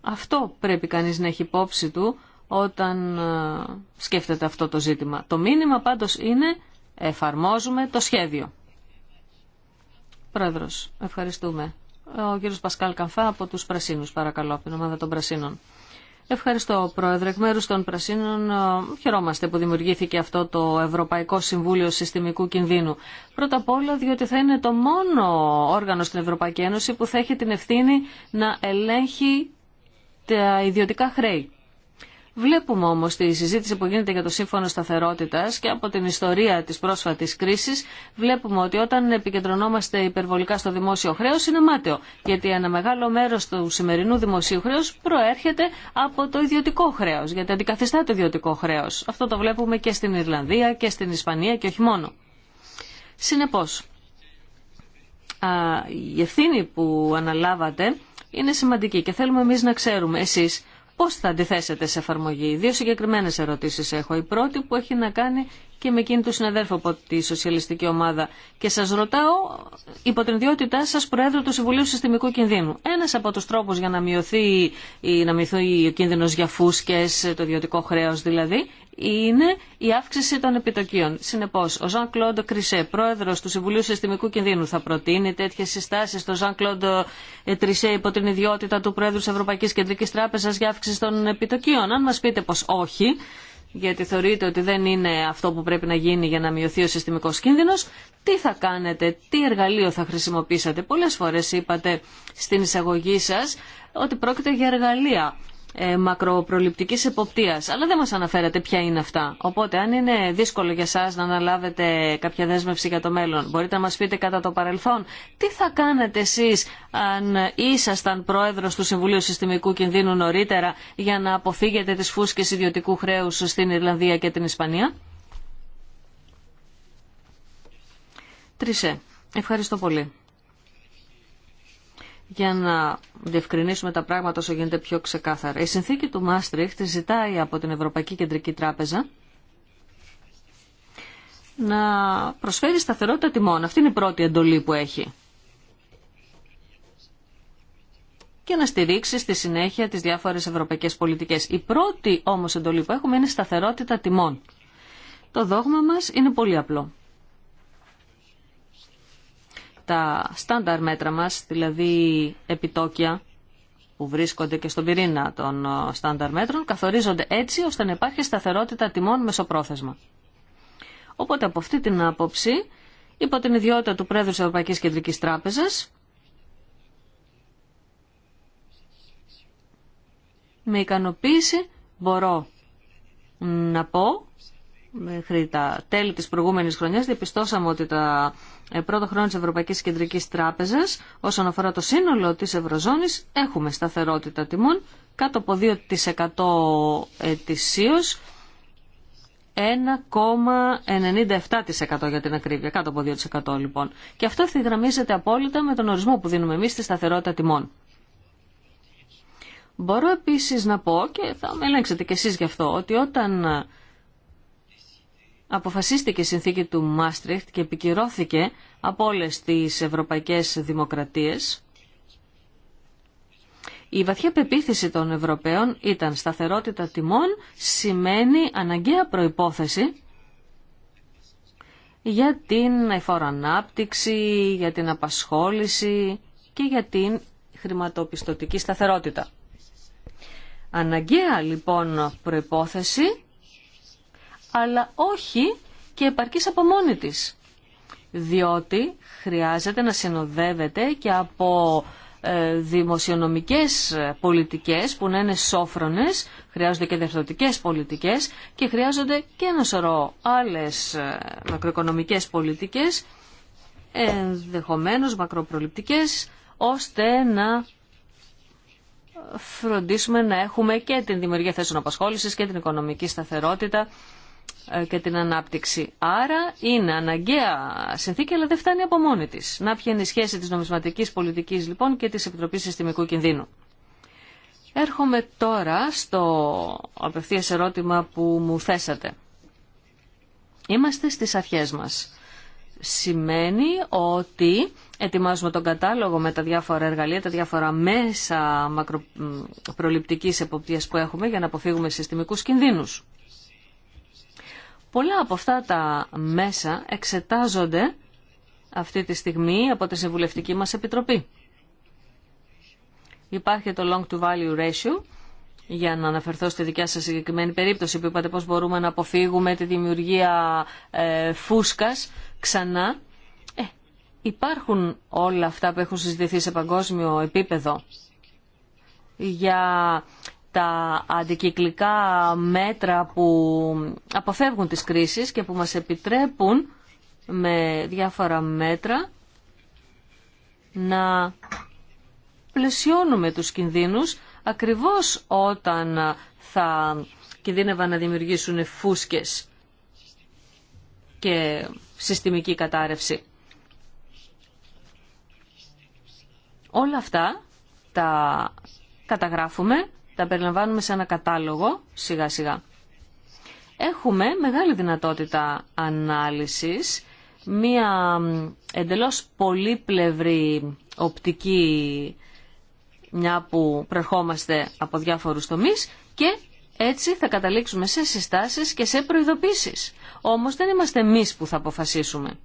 αυτό πρέπει κανείς να έχει υπόψη του όταν ε, σκέφτεται αυτό το ζήτημα. Το μήνυμα πάντως είναι εφαρμόζουμε το σχέδιο. Πρόεδρος, ευχαριστούμε. Ο κύριος Πασκάλ Καμφά από τους Πρασίνους, παρακαλώ, από την ομάδα των Πρασίνων. Ευχαριστώ, Πρόεδρε. Εκ μέρου των Πρασίνων, ε, χαιρόμαστε που δημιουργήθηκε αυτό το Ευρωπαϊκό Συμβούλιο Συστημικού Κινδύνου. Πρώτα απ' όλα, διότι θα είναι το μόνο όργανο στην Ευρωπαϊκή Ένωση που θα έχει την ευθύνη να ελέγχει τα ιδιωτικά χρέη. Βλέπουμε όμω τη συζήτηση που γίνεται για το σύμφωνο σταθερότητα και από την ιστορία τη πρόσφατη κρίση, βλέπουμε ότι όταν επικεντρωνόμαστε υπερβολικά στο δημόσιο χρέο είναι μάταιο γιατί ένα μεγάλο μέρο του σημερινού δημοσίου χρέου προέρχεται από το ιδιωτικό χρέο. γιατί αντικαθιστά το ιδιωτικό χρέο. Αυτό το βλέπουμε και στην Ιρλανδία και στην Ισπανία και όχι μόνο. Συνεπώ. η ευθύνη που αναλάβατε είναι σημαντική και θέλουμε εμεί να ξέρουμε εσεί. Πώ θα αντιθέσετε σε εφαρμογή. Δύο συγκεκριμένες ερωτήσεις έχω. Η πρώτη που έχει να κάνει και με εκείνη του συναδέλφου από τη Σοσιαλιστική Ομάδα. Και σας ρωτάω υπό την ιδιότητά σας Προέδρου του Συμβουλίου Συστημικού Κινδύνου. Ένας από τους τρόπους για να μειωθεί, ή να μειωθεί ο κίνδυνος για φούσκες, το ιδιωτικό χρέο δηλαδή, είναι η αύξηση των επιτοκίων. Συνεπώ, ο Ζαν Κλοντ Κρισέ, πρόεδρο του Συμβουλίου Συστημικού Κινδύνου, θα προτείνει τέτοιε συστάσει στο Ζαν Κλοντ Τρισέ υπό την ιδιότητα του πρόεδρου τη Ευρωπαϊκή Κεντρική Τράπεζα για αύξηση των επιτοκίων. Αν μα πείτε πω όχι, γιατί θεωρείτε ότι δεν είναι αυτό που πρέπει να γίνει για να μειωθεί ο συστημικό κίνδυνο, τι θα κάνετε, τι εργαλείο θα χρησιμοποιήσατε. Πολλέ φορέ είπατε στην εισαγωγή σα ότι πρόκειται για εργαλεία. Ε, μακροπροληπτικής εποπτείας. Αλλά δεν μα αναφέρατε ποια είναι αυτά. Οπότε αν είναι δύσκολο για εσά να αναλάβετε κάποια δέσμευση για το μέλλον, μπορείτε να μα πείτε κατά το παρελθόν τι θα κάνετε εσεί αν ήσασταν πρόεδρο του Συμβουλίου Συστημικού Κινδύνου νωρίτερα για να αποφύγετε τι φούσκε ιδιωτικού χρέου στην Ιρλανδία και την Ισπανία. Τρισέ. Ευχαριστώ πολύ για να διευκρινίσουμε τα πράγματα όσο γίνεται πιο ξεκάθαρα. Η συνθήκη του Μάστριχτ ζητάει από την Ευρωπαϊκή Κεντρική Τράπεζα να προσφέρει σταθερότητα τιμών. Αυτή είναι η πρώτη εντολή που έχει. και να στηρίξει στη συνέχεια τις διάφορες ευρωπαϊκές πολιτικές. Η πρώτη όμως εντολή που έχουμε είναι σταθερότητα τιμών. Το δόγμα μας είναι πολύ απλό τα στάνταρ μέτρα μας, δηλαδή επιτόκια που βρίσκονται και στον πυρήνα των ε, στάνταρ μέτρων, καθορίζονται έτσι ώστε να υπάρχει σταθερότητα τιμών μεσοπρόθεσμα. Οπότε από αυτή την άποψη, υπό την ιδιότητα του Πρόεδρου της Ευρωπαϊκής Κεντρικής Τράπεζας, με ικανοποίηση μπορώ να πω μέχρι τα τέλη της προηγούμενης χρονιάς διαπιστώσαμε ότι τα ε, πρώτα χρόνια της Ευρωπαϊκής Κεντρικής Τράπεζας όσον αφορά το σύνολο της Ευρωζώνης έχουμε σταθερότητα τιμών κάτω από 2% ετησίως 1,97% για την ακρίβεια, κάτω από 2% λοιπόν. Και αυτό ευθυγραμμίζεται απόλυτα με τον ορισμό που δίνουμε εμείς στη σταθερότητα τιμών. Μπορώ επίσης να πω και θα με ελέγξετε κι εσείς γι' αυτό, ότι όταν αποφασίστηκε η συνθήκη του Μάστριχτ και επικυρώθηκε από όλες τις ευρωπαϊκές δημοκρατίες. Η βαθιά πεποίθηση των Ευρωπαίων ήταν σταθερότητα τιμών σημαίνει αναγκαία προϋπόθεση για την εφόρο για την απασχόληση και για την χρηματοπιστωτική σταθερότητα. Αναγκαία λοιπόν προϋπόθεση αλλά όχι και επαρκής από μόνη της. Διότι χρειάζεται να συνοδεύεται και από ε, δημοσιονομικές πολιτικές που να είναι σόφρονες, χρειάζονται και διευθυντικές πολιτικές και χρειάζονται και ένα σωρό άλλες ε, μακροοικονομικές πολιτικές, ενδεχομένως μακροπροληπτικές, ώστε να φροντίσουμε να έχουμε και την δημιουργία θέσεων απασχόλησης και την οικονομική σταθερότητα ε, και την ανάπτυξη. Άρα είναι αναγκαία συνθήκη, αλλά δεν φτάνει από μόνη τη. Να ποια είναι η σχέση τη νομισματική πολιτική λοιπόν και τη Επιτροπή Συστημικού Κινδύνου. Έρχομαι τώρα στο απευθεία ερώτημα που μου θέσατε. Είμαστε στις αρχέ μας. Σημαίνει ότι ετοιμάζουμε τον κατάλογο με τα διάφορα εργαλεία, τα διάφορα μέσα μακροπροληπτικής εποπτείας που έχουμε για να αποφύγουμε συστημικούς κινδύνους. Πολλά από αυτά τα μέσα εξετάζονται αυτή τη στιγμή από τη Συμβουλευτική μας Επιτροπή. Υπάρχει το long to value ratio, για να αναφερθώ στη δικιά σας συγκεκριμένη περίπτωση που είπατε πώς μπορούμε να αποφύγουμε τη δημιουργία ε, φούσκας ξανά. Ε, υπάρχουν όλα αυτά που έχουν συζητηθεί σε παγκόσμιο επίπεδο για τα αντικυκλικά μέτρα που αποφεύγουν τις κρίσεις και που μας επιτρέπουν με διάφορα μέτρα να πλαισιώνουμε τους κινδύνους ακριβώς όταν θα κινδύνευαν να δημιουργήσουν φούσκες και συστημική κατάρρευση. Όλα αυτά τα καταγράφουμε τα περιλαμβάνουμε σε ένα κατάλογο σιγά σιγά. Έχουμε μεγάλη δυνατότητα ανάλυσης, μία εντελώς πολύπλευρη οπτική μια που προερχόμαστε από διάφορους τομείς και έτσι θα καταλήξουμε σε συστάσεις και σε προειδοποίησεις. Όμως δεν είμαστε εμείς που θα αποφασίσουμε.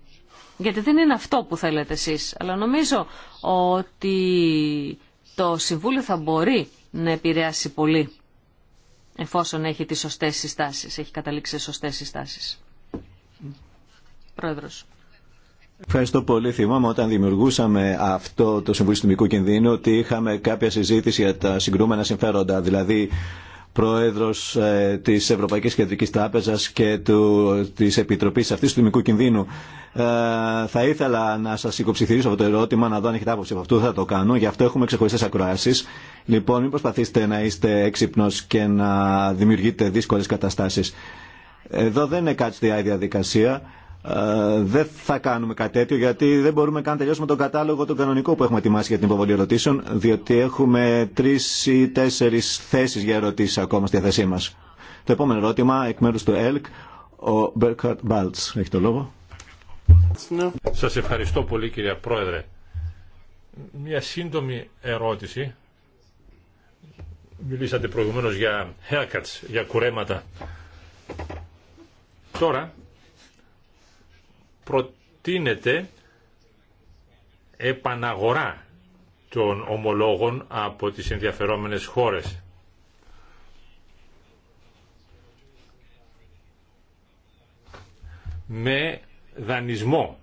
Γιατί δεν είναι αυτό που θέλετε εσείς. Αλλά νομίζω ότι το Συμβούλιο θα μπορεί να επηρεάσει πολύ εφόσον έχει τις σωστές συστάσεις, έχει καταλήξει σε σωστές συστάσεις. Πρόεδρος. Ευχαριστώ πολύ. Θυμάμαι όταν δημιουργούσαμε αυτό το Συμβουλίο Κινδύνο ότι είχαμε κάποια συζήτηση για τα συγκρούμενα συμφέροντα. Δηλαδή, πρόεδρος ε, της Ευρωπαϊκής Κεντρικής Τράπεζας και τη της Επιτροπής αυτής του Δημικού Κινδύνου. Ε, θα ήθελα να σας υποψηφίσω από το ερώτημα, να δω αν έχετε άποψη από αυτού, θα το κάνω. Γι' αυτό έχουμε ξεχωριστέ ακροασει. Λοιπόν, μην προσπαθήσετε να είστε έξυπνο και να δημιουργείτε δύσκολε καταστάσει. Εδώ δεν είναι κάτι στη διαδικασία ε, δεν θα κάνουμε κάτι τέτοιο γιατί δεν μπορούμε καν τελειώσουμε τον κατάλογο τον κανονικό που έχουμε ετοιμάσει για την υποβολή ερωτήσεων διότι έχουμε τρεις ή τέσσερις θέσεις για ερωτήσεις ακόμα στη θέση μας. Το επόμενο ερώτημα εκ μέρου του ΕΛΚ ο Μπέρκαρτ Μπάλτς έχει το λόγο. Σας ευχαριστώ πολύ κυρία Πρόεδρε. Μια σύντομη ερώτηση. Μιλήσατε προηγουμένως για haircuts, για κουρέματα. Τώρα προτείνεται επαναγορά των ομολόγων από τις ενδιαφερόμενες χώρες. με δανεισμό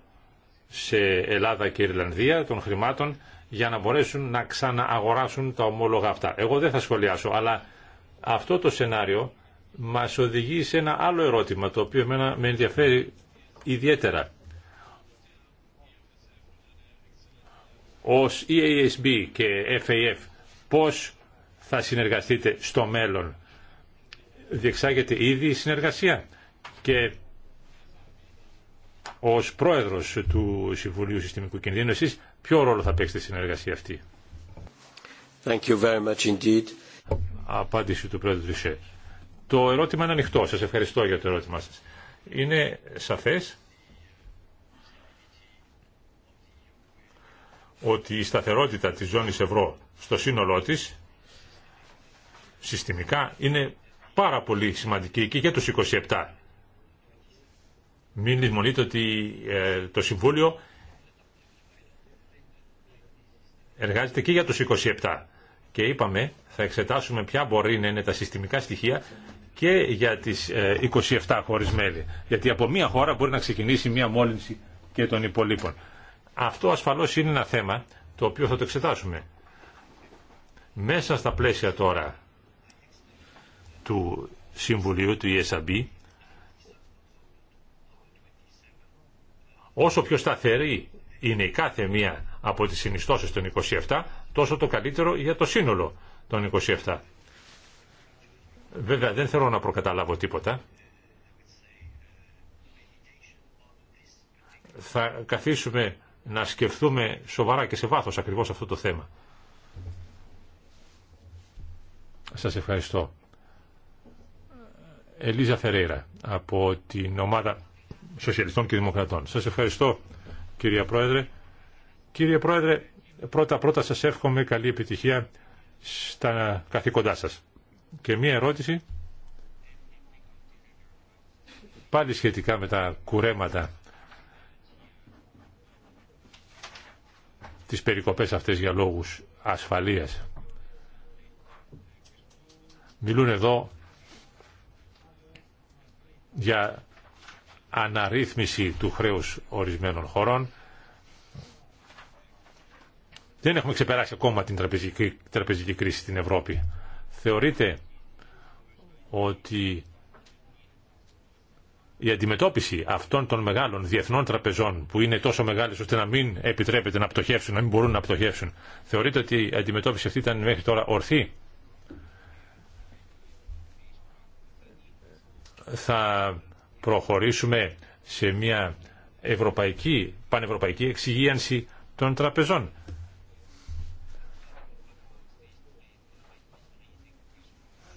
σε Ελλάδα και Ιρλανδία των χρημάτων για να μπορέσουν να ξανααγοράσουν τα ομόλογα αυτά. Εγώ δεν θα σχολιάσω, αλλά αυτό το σενάριο μας οδηγεί σε ένα άλλο ερώτημα το οποίο με ενδιαφέρει ιδιαίτερα. Ως EASB και FAF πώς θα συνεργαστείτε στο μέλλον. Διεξάγεται ήδη η συνεργασία και ως πρόεδρος του Συμβουλίου Συστημικού Κινδύνου εσείς ποιο ρόλο θα παίξετε στη συνεργασία αυτή. Thank you very much indeed. Απάντηση του πρόεδρου Το ερώτημα είναι ανοιχτό. Σας ευχαριστώ για το ερώτημά σας. Είναι σαφές ότι η σταθερότητα της ζώνης ευρώ στο σύνολό της συστημικά είναι πάρα πολύ σημαντική και για τους 27. Μην λησμονείτε ότι ε, το Συμβούλιο εργάζεται και για τους 27 και είπαμε θα εξετάσουμε ποια μπορεί να είναι τα συστημικά στοιχεία και για τις 27 ε, χώρες μέλη. Γιατί από μία χώρα μπορεί να ξεκινήσει μία μόλυνση και των υπολείπων. Αυτό ασφαλώς είναι ένα θέμα το οποίο θα το εξετάσουμε. Μέσα στα πλαίσια τώρα του Συμβουλίου του ESAB όσο πιο σταθερή είναι η κάθε μία από τις συνιστώσεις των 27 τόσο το καλύτερο για το σύνολο των 27. Βέβαια δεν θέλω να προκαταλάβω τίποτα. Θα καθίσουμε να σκεφτούμε σοβαρά και σε βάθος ακριβώς αυτό το θέμα. Σας ευχαριστώ. Ελίζα Φερέιρα από την ομάδα Σοσιαλιστών και Δημοκρατών. Σας ευχαριστώ κύριε Πρόεδρε. Κύριε Πρόεδρε, πρώτα πρώτα σας εύχομαι καλή επιτυχία στα καθήκοντά σας και μία ερώτηση πάλι σχετικά με τα κουρέματα τις περικοπές αυτές για λόγους ασφαλείας. Μιλούν εδώ για αναρρύθμιση του χρέους ορισμένων χωρών. Δεν έχουμε ξεπεράσει ακόμα την τραπεζική, τραπεζική κρίση στην Ευρώπη. Θεωρείτε ότι η αντιμετώπιση αυτών των μεγάλων διεθνών τραπεζών που είναι τόσο μεγάλες ώστε να μην επιτρέπεται να πτωχεύσουν, να μην μπορούν να πτωχεύσουν, θεωρείτε ότι η αντιμετώπιση αυτή ήταν μέχρι τώρα ορθή. Θα προχωρήσουμε σε μια ευρωπαϊκή, πανευρωπαϊκή εξυγίανση των τραπεζών.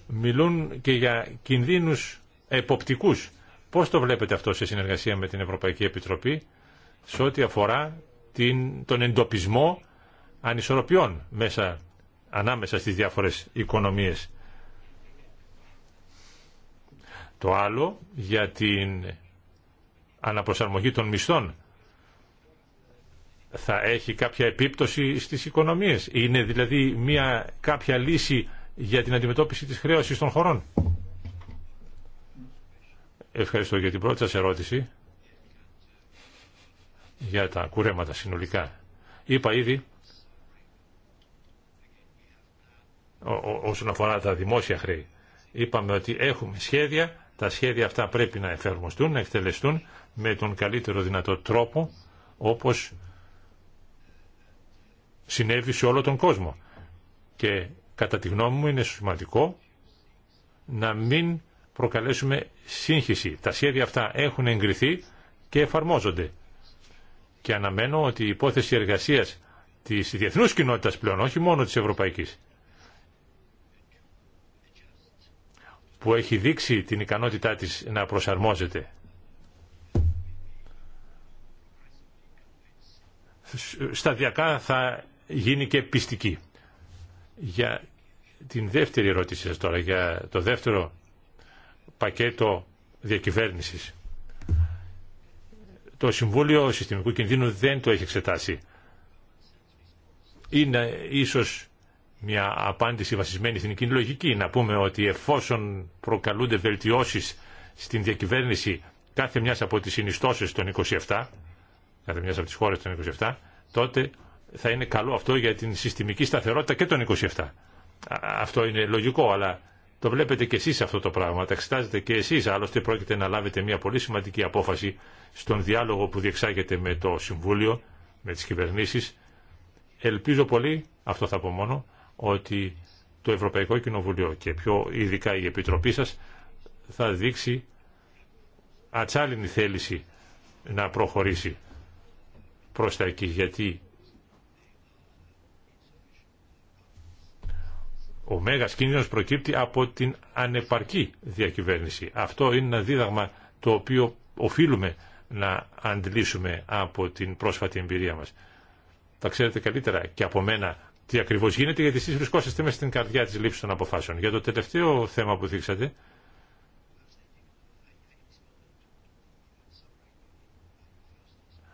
μιλούν και για κινδύνους εποπτικούς. Πώς το βλέπετε αυτό σε συνεργασία με την Ευρωπαϊκή Επιτροπή σε ό,τι αφορά την, τον εντοπισμό ανισορροπιών μέσα, ανάμεσα στις διάφορες οικονομίες. Το άλλο για την αναπροσαρμογή των μισθών θα έχει κάποια επίπτωση στις οικονομίες. Είναι δηλαδή μια κάποια λύση για την αντιμετώπιση της χρέωσης των χωρών. Ευχαριστώ για την πρώτη σας ερώτηση για τα κουρέματα συνολικά. Είπα ήδη όσον αφορά τα δημόσια χρέη. Είπαμε ότι έχουμε σχέδια, τα σχέδια αυτά πρέπει να εφαρμοστούν, να εκτελεστούν με τον καλύτερο δυνατό τρόπο όπως συνέβη σε όλο τον κόσμο. Και Κατά τη γνώμη μου είναι σημαντικό να μην προκαλέσουμε σύγχυση. Τα σχέδια αυτά έχουν εγκριθεί και εφαρμόζονται. Και αναμένω ότι η υπόθεση εργασίας της διεθνούς κοινότητας πλέον, όχι μόνο της ευρωπαϊκής, που έχει δείξει την ικανότητά της να προσαρμόζεται, σταδιακά θα γίνει και πιστική. Για την δεύτερη ερώτηση σας τώρα, για το δεύτερο πακέτο διακυβέρνησης. Το Συμβούλιο Συστημικού Κινδύνου δεν το έχει εξετάσει. Είναι ίσως μια απάντηση βασισμένη στην κοινή λογική. Να πούμε ότι εφόσον προκαλούνται βελτιώσεις στην διακυβέρνηση κάθε μιας από τις συνιστώσεις των 27, κάθε μιας από τις χώρες των 27, τότε θα είναι καλό αυτό για την συστημική σταθερότητα και των 27. Αυτό είναι λογικό, αλλά το βλέπετε και εσείς αυτό το πράγμα, τα εξετάζετε και εσείς, άλλωστε πρόκειται να λάβετε μια πολύ σημαντική απόφαση στον διάλογο που διεξάγεται με το Συμβούλιο, με τις κυβερνήσεις. Ελπίζω πολύ, αυτό θα πω μόνο, ότι το Ευρωπαϊκό Κοινοβουλίο και πιο ειδικά η Επιτροπή σας θα δείξει ατσάλινη θέληση να προχωρήσει προς τα εκεί, γιατί Ο μέγας κίνδυνος προκύπτει από την ανεπαρκή διακυβέρνηση. Αυτό είναι ένα δίδαγμα το οποίο οφείλουμε να αντλήσουμε από την πρόσφατη εμπειρία μας. Τα ξέρετε καλύτερα και από μένα τι ακριβώς γίνεται, γιατί εσείς βρισκόσαστε μέσα στην καρδιά της λήψης των αποφάσεων. Για το τελευταίο θέμα που δείξατε,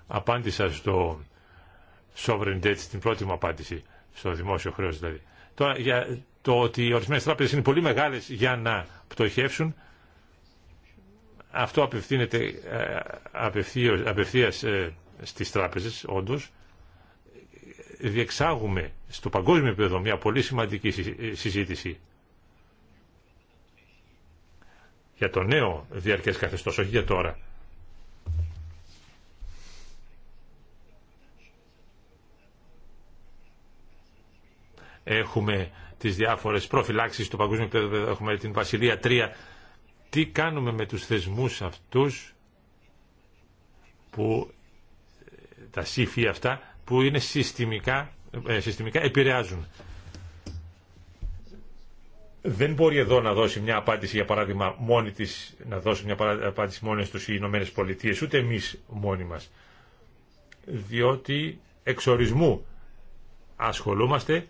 απάντησα στο sovereign debt στην πρώτη μου απάντηση, στο δημόσιο χρέος δηλαδή. Τώρα για το ότι οι ορισμένες τράπεζες είναι πολύ μεγάλες για να πτωχεύσουν. Αυτό απευθύνεται ε, απευθείας ε, στις τράπεζες, όντως. Διεξάγουμε στο παγκόσμιο επίπεδο μια πολύ σημαντική ε, συζήτηση για το νέο διαρκές καθεστώς, όχι για τώρα. Έχουμε τι διάφορε προφυλάξει του παγκόσμιου επίπεδου, έχουμε την Βασιλεία 3. Τι κάνουμε με του θεσμού αυτού που τα σύφη αυτά που είναι συστημικά, ε, συστημικά επηρεάζουν. Δεν μπορεί εδώ να δώσει μια απάντηση, για παράδειγμα, μόνη της, να δώσει μια απάντηση μόνη στους Ηνωμένε Πολιτείε, ούτε εμείς μόνοι μας. Διότι εξορισμού ασχολούμαστε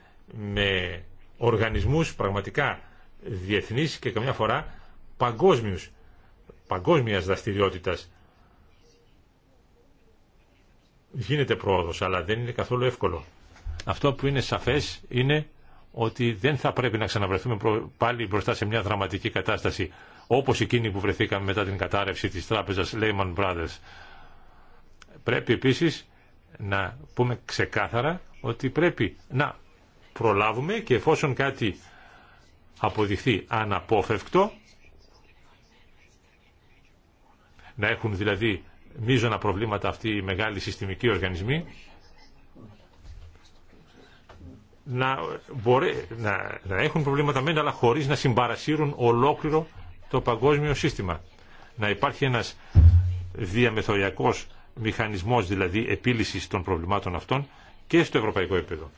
με οργανισμούς πραγματικά διεθνείς και καμιά φορά παγκόσμιους, παγκόσμιας δραστηριότητας. Γίνεται πρόοδος, αλλά δεν είναι καθόλου εύκολο. Αυτό που είναι σαφές είναι ότι δεν θα πρέπει να ξαναβρεθούμε πάλι μπροστά σε μια δραματική κατάσταση όπως εκείνη που βρεθήκαμε μετά την κατάρρευση της τράπεζας Lehman Brothers. Πρέπει επίσης να πούμε ξεκάθαρα ότι πρέπει να προλάβουμε και εφόσον κάτι αποδειχθεί αναπόφευκτο, να έχουν δηλαδή μείζωνα προβλήματα αυτοί οι μεγάλοι συστημικοί οργανισμοί, να, μπορεί, να, να έχουν προβλήματα μεν, αλλά χωρίς να συμπαρασύρουν ολόκληρο το παγκόσμιο σύστημα. Να υπάρχει ένας διαμεθοριακός μηχανισμός δηλαδή επίλυσης των προβλημάτων αυτών και στο ευρωπαϊκό επίπεδο.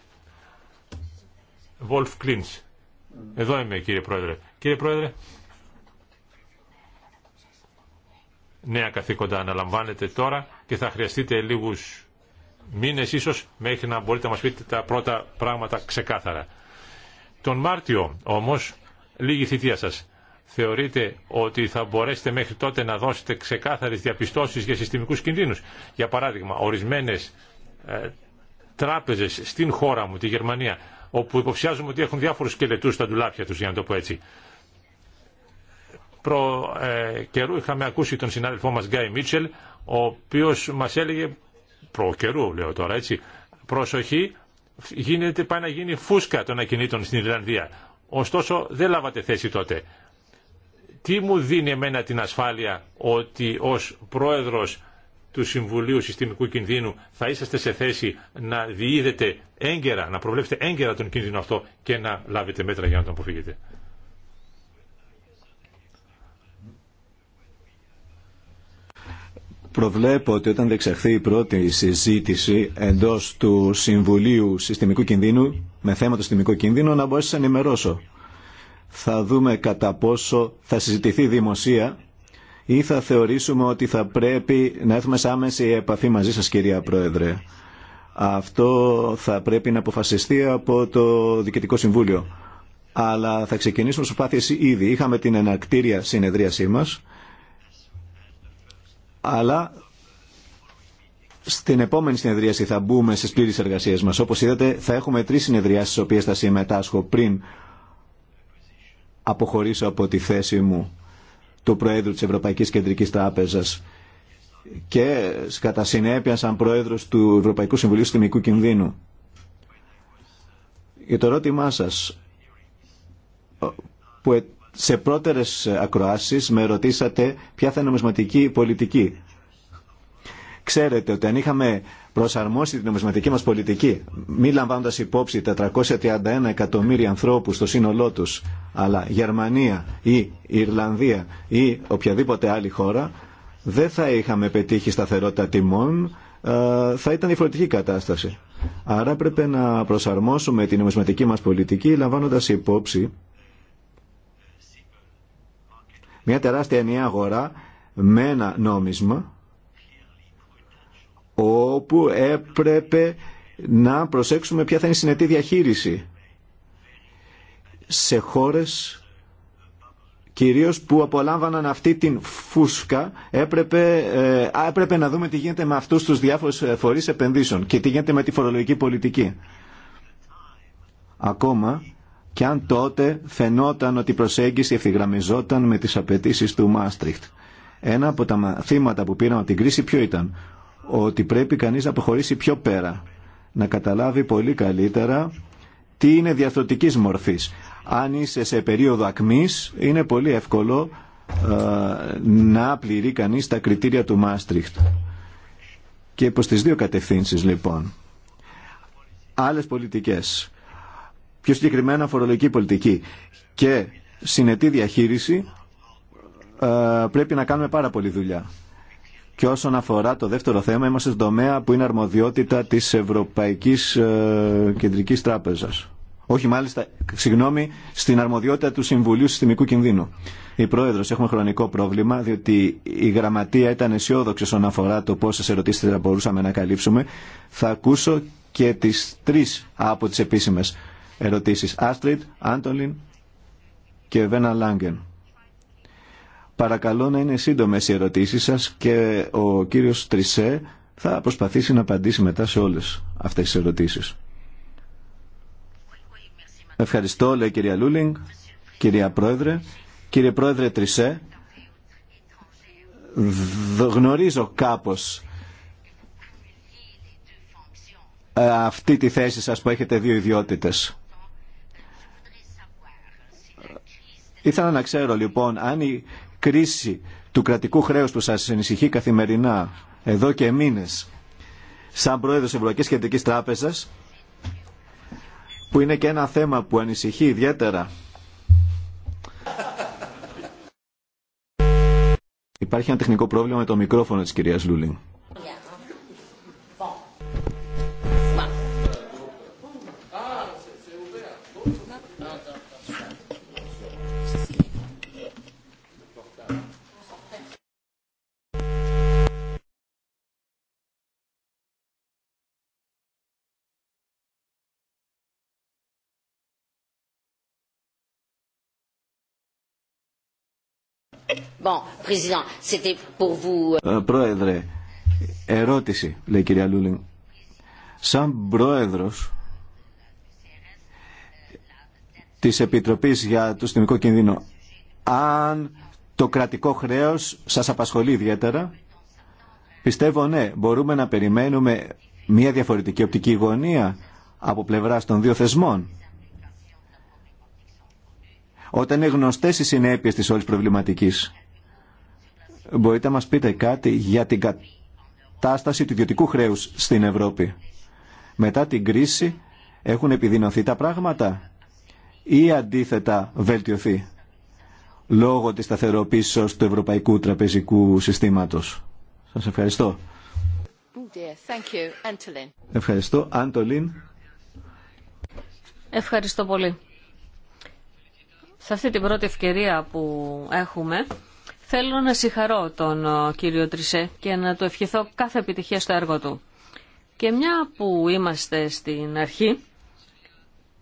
Βολφ Κλίνς. Εδώ είμαι κύριε Πρόεδρε. Κύριε Πρόεδρε, νέα καθήκοντα αναλαμβάνετε τώρα και θα χρειαστείτε λίγους μήνες ίσως μέχρι να μπορείτε να μας πείτε τα πρώτα πράγματα ξεκάθαρα. Τον Μάρτιο όμως, λίγη θητεία σας, θεωρείτε ότι θα μπορέσετε μέχρι τότε να δώσετε ξεκάθαρες διαπιστώσεις για συστημικούς κινδύνους. Για παράδειγμα, ορισμένες ε, τράπεζες στην χώρα μου, τη Γερμανία, όπου υποψιάζουμε ότι έχουν διάφορους σκελετούς στα ντουλάπια τους, για να το πω έτσι. Προ ε, καιρού είχαμε ακούσει τον συνάδελφό μας Γκάι Μίτσελ, ο οποίος μας έλεγε, προ καιρού λέω τώρα έτσι, προσοχή, γίνεται, πάει να γίνει φούσκα των ακινήτων στην Ιρλανδία. Ωστόσο δεν λάβατε θέση τότε. Τι μου δίνει εμένα την ασφάλεια ότι ως πρόεδρος του Συμβουλίου Συστημικού Κινδύνου θα είσαστε σε θέση να διείδετε έγκαιρα, να προβλέψετε έγκαιρα τον κίνδυνο αυτό και να λάβετε μέτρα για να τον αποφύγετε. Προβλέπω ότι όταν δεξαχθεί η πρώτη συζήτηση εντός του Συμβουλίου Συστημικού Κινδύνου με θέμα το συστημικό κίνδυνο να μπορέσω να ενημερώσω. Θα δούμε κατά πόσο θα συζητηθεί δημοσία ή θα θεωρήσουμε ότι θα πρέπει να έχουμε σε άμεση επαφή μαζί σας κυρία Πρόεδρε. Αυτό θα πρέπει να αποφασιστεί από το Διοικητικό Συμβούλιο. Αλλά θα ξεκινήσουμε προσπάθειες ήδη. Είχαμε την εναρκτήρια συνεδρίασή μας, αλλά στην επόμενη συνεδρίαση θα μπούμε στις πλήρες εργασίες μας. Όπως είδατε θα έχουμε τρεις συνεδριάσεις στις οποίες θα συμμετάσχω πριν αποχωρήσω από τη θέση μου του Προέδρου της Ευρωπαϊκής Κεντρικής Τράπεζας και κατά συνέπεια σαν Πρόεδρος του Ευρωπαϊκού Συμβουλίου Συστημικού Κινδύνου. Για το ερώτημά σας, που ε- σε πρώτερες ακροάσεις με ρωτήσατε ποια θα είναι νομισματική πολιτική. Ξέρετε ότι αν είχαμε προσαρμόσει την νομισματική μας πολιτική, μη λαμβάνοντα υπόψη τα εκατομμύρια ανθρώπους στο σύνολό τους, αλλά Γερμανία ή Ιρλανδία ή οποιαδήποτε άλλη χώρα, δεν θα είχαμε πετύχει σταθερότητα τιμών, ε, θα ήταν η διαφορετική κατάσταση. Άρα πρέπει να προσαρμόσουμε την νομισματική μας πολιτική λαμβάνοντας υπόψη μια τεράστια ενιαία αγορά με ένα νόμισμα όπου έπρεπε να προσέξουμε ποια θα είναι η συνετή διαχείριση σε χώρες κυρίως που απολάμβαναν αυτή την φούσκα έπρεπε, ε, έπρεπε να δούμε τι γίνεται με αυτούς τους διάφορους ε, φορείς επενδύσεων και τι γίνεται με τη φορολογική πολιτική. Ακόμα και αν τότε φαινόταν ότι η προσέγγιση ευθυγραμμιζόταν με τις απαιτήσει του Μάστριχτ. Ένα από τα μαθήματα που πήραμε από την κρίση ποιο ήταν ότι πρέπει κανείς να αποχωρήσει πιο πέρα, να καταλάβει πολύ καλύτερα τι είναι διαθροτικής μορφής. Αν είσαι σε περίοδο ακμής, είναι πολύ εύκολο ε, να πληρεί κανείς τα κριτήρια του Μάστριχτ. Και προς τις δύο κατευθύνσεις λοιπόν. Άλλες πολιτικές. Πιο συγκεκριμένα φορολογική πολιτική. Και συνετή διαχείριση ε, πρέπει να κάνουμε πάρα πολλή δουλειά. Και όσον αφορά το δεύτερο θέμα, είμαστε στον τομέα που είναι αρμοδιότητα της Ευρωπαϊκής ε, Κεντρικής Τράπεζας. Όχι μάλιστα, συγγνώμη, στην αρμοδιότητα του Συμβουλίου Συστημικού Κινδύνου. Η Πρόεδρος, έχουμε χρονικό πρόβλημα, διότι η Γραμματεία ήταν αισιόδοξη όσον αφορά το πόσε ερωτήσει θα μπορούσαμε να καλύψουμε. Θα ακούσω και τι τρει από τι επίσημε ερωτήσεις. Άστριτ, Άντολιν και Βένα Λάγκεν. Παρακαλώ να είναι σύντομε οι ερωτήσεις σας και ο κύριος Τρισέ θα προσπαθήσει να απαντήσει μετά σε όλες αυτές τις ερωτήσεις. Ευχαριστώ, λέει κυρία Λούλινγκ, κυρία Πρόεδρε. Κύριε Πρόεδρε Τρισέ, γνωρίζω κάπως ε, αυτή τη θέση σας που έχετε δύο ιδιότητες. Ε, ήθελα να ξέρω λοιπόν αν η κρίση του κρατικού χρέους που σας ανησυχεί καθημερινά εδώ και μήνες σαν πρόεδρος της Ευρωπαϊκής Κεντρικής Τράπεζας που είναι και ένα θέμα που ανησυχεί ιδιαίτερα Υπάρχει ένα τεχνικό πρόβλημα με το μικρόφωνο της κυρίας Λούλινγκ. Euh. Ε, πρόεδρε, ερώτηση, λέει η κυρία Λούλινγκ. Σαν πρόεδρος της Επιτροπής για το Συστημικό Κινδύνο, αν το κρατικό χρέος σας απασχολεί ιδιαίτερα, πιστεύω ναι, μπορούμε να περιμένουμε μια διαφορετική οπτική γωνία από πλευράς των δύο θεσμών. Όταν είναι γνωστές οι συνέπειες της όλης προβληματικής. Μπορείτε να μας πείτε κάτι για την κατάσταση του ιδιωτικού χρέους στην Ευρώπη. Μετά την κρίση έχουν επιδεινωθεί τα πράγματα ή αντίθετα βελτιωθεί λόγω της σταθεροποίησης του ευρωπαϊκού τραπεζικού συστήματος. Σας ευχαριστώ. Ευχαριστώ. Αντολίν. Ευχαριστώ πολύ. Σε αυτή την πρώτη ευκαιρία που έχουμε Θέλω να συγχαρώ τον κύριο Τρισέ και να του ευχηθώ κάθε επιτυχία στο έργο του. Και μια που είμαστε στην αρχή,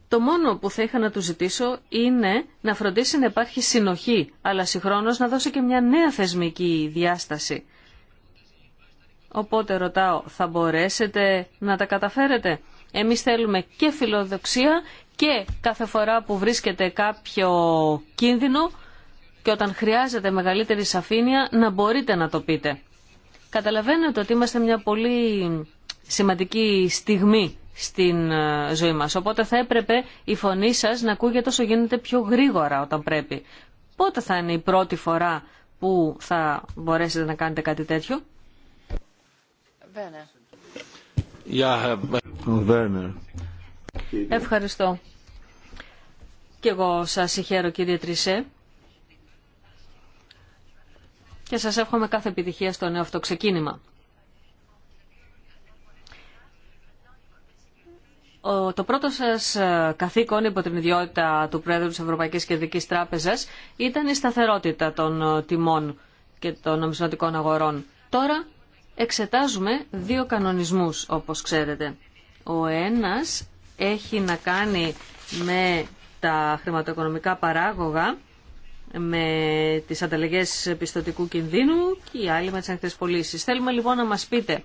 το μόνο που θα είχα να του ζητήσω είναι να φροντίσει να υπάρχει συνοχή, αλλά συγχρόνως να δώσει και μια νέα θεσμική διάσταση. Οπότε ρωτάω, θα μπορέσετε να τα καταφέρετε. Εμείς θέλουμε και φιλοδοξία και κάθε φορά που βρίσκεται κάποιο κίνδυνο και όταν χρειάζεται μεγαλύτερη σαφήνεια να μπορείτε να το πείτε. Καταλαβαίνετε ότι είμαστε μια πολύ σημαντική στιγμή στην ε, ζωή μας. Οπότε θα έπρεπε η φωνή σας να ακούγεται όσο γίνεται πιο γρήγορα όταν πρέπει. Πότε θα είναι η πρώτη φορά που θα μπορέσετε να κάνετε κάτι τέτοιο. Ε, Ευχαριστώ. Και εγώ σας συγχαίρω κύριε Τρισέ και σας εύχομαι κάθε επιτυχία στο νέο αυτό το πρώτο σας ε, καθήκον υπό την ιδιότητα του Πρόεδρου της Ευρωπαϊκής Κεντρικής Τράπεζας ήταν η σταθερότητα των ε, τιμών και των νομισματικών αγορών. Τώρα εξετάζουμε δύο κανονισμούς, όπως ξέρετε. Ο ένας έχει να κάνει με τα χρηματοοικονομικά παράγωγα με τις ανταλλαγές πιστοτικού κινδύνου και οι άλλοι με τις ανοιχτές πωλήσει. Θέλουμε λοιπόν να μας πείτε,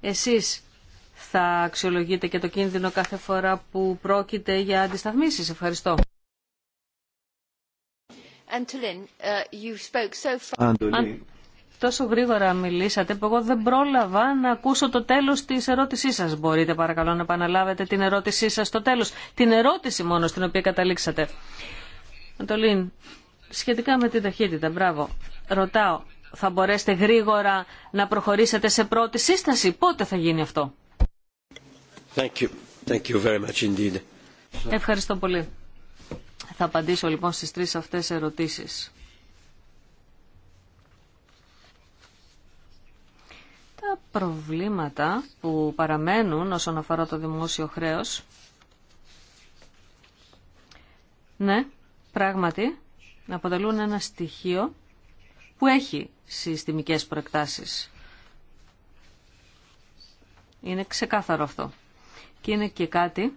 εσείς θα αξιολογείτε και το κίνδυνο κάθε φορά που πρόκειται για αντισταθμίσεις. Ευχαριστώ. Uh, Αντολίν, τόσο γρήγορα μιλήσατε που εγώ δεν πρόλαβα να ακούσω το τέλος της ερώτησής σας. Μπορείτε παρακαλώ να επαναλάβετε την ερώτησή σας στο τέλος. Την ερώτηση μόνο στην οποία καταλήξατε. Αντολίν, Σχετικά με την ταχύτητα, μπράβο. Ρωτάω, θα μπορέσετε γρήγορα να προχωρήσετε σε πρώτη σύσταση. Πότε θα γίνει αυτό. Thank you. Thank you very much Ευχαριστώ πολύ. Θα απαντήσω λοιπόν στις τρεις αυτές ερωτήσεις. Τα προβλήματα που παραμένουν όσον αφορά το δημόσιο χρέος. Ναι, πράγματι, να αποτελούν ένα στοιχείο που έχει συστημικές προεκτάσεις. Είναι ξεκάθαρο αυτό. Και είναι και κάτι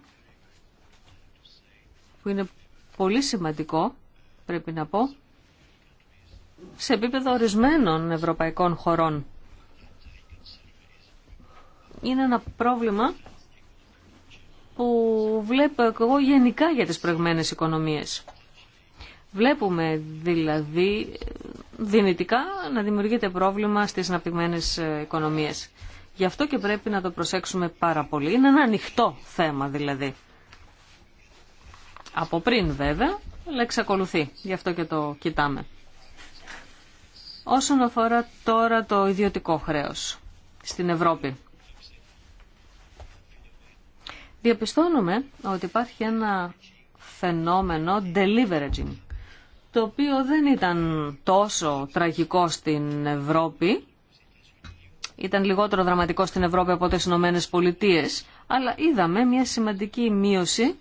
που είναι πολύ σημαντικό, πρέπει να πω, σε επίπεδο ορισμένων ευρωπαϊκών χωρών. Είναι ένα πρόβλημα που βλέπω εγώ γενικά για τις προηγμένες οικονομίες. Βλέπουμε δηλαδή δυνητικά να δημιουργείται πρόβλημα στις αναπτυγμένες ε, οικονομίες. Γι' αυτό και πρέπει να το προσέξουμε πάρα πολύ. Είναι ένα ανοιχτό θέμα δηλαδή. Από πριν βέβαια, αλλά εξακολουθεί. Γι' αυτό και το κοιτάμε. Όσον αφορά τώρα το ιδιωτικό χρέος στην Ευρώπη. Διαπιστώνουμε ότι υπάρχει ένα φαινόμενο «deliveraging» το οποίο δεν ήταν τόσο τραγικό στην Ευρώπη, ήταν λιγότερο δραματικό στην Ευρώπη από τις Ηνωμένε Πολιτείε, αλλά είδαμε μια σημαντική μείωση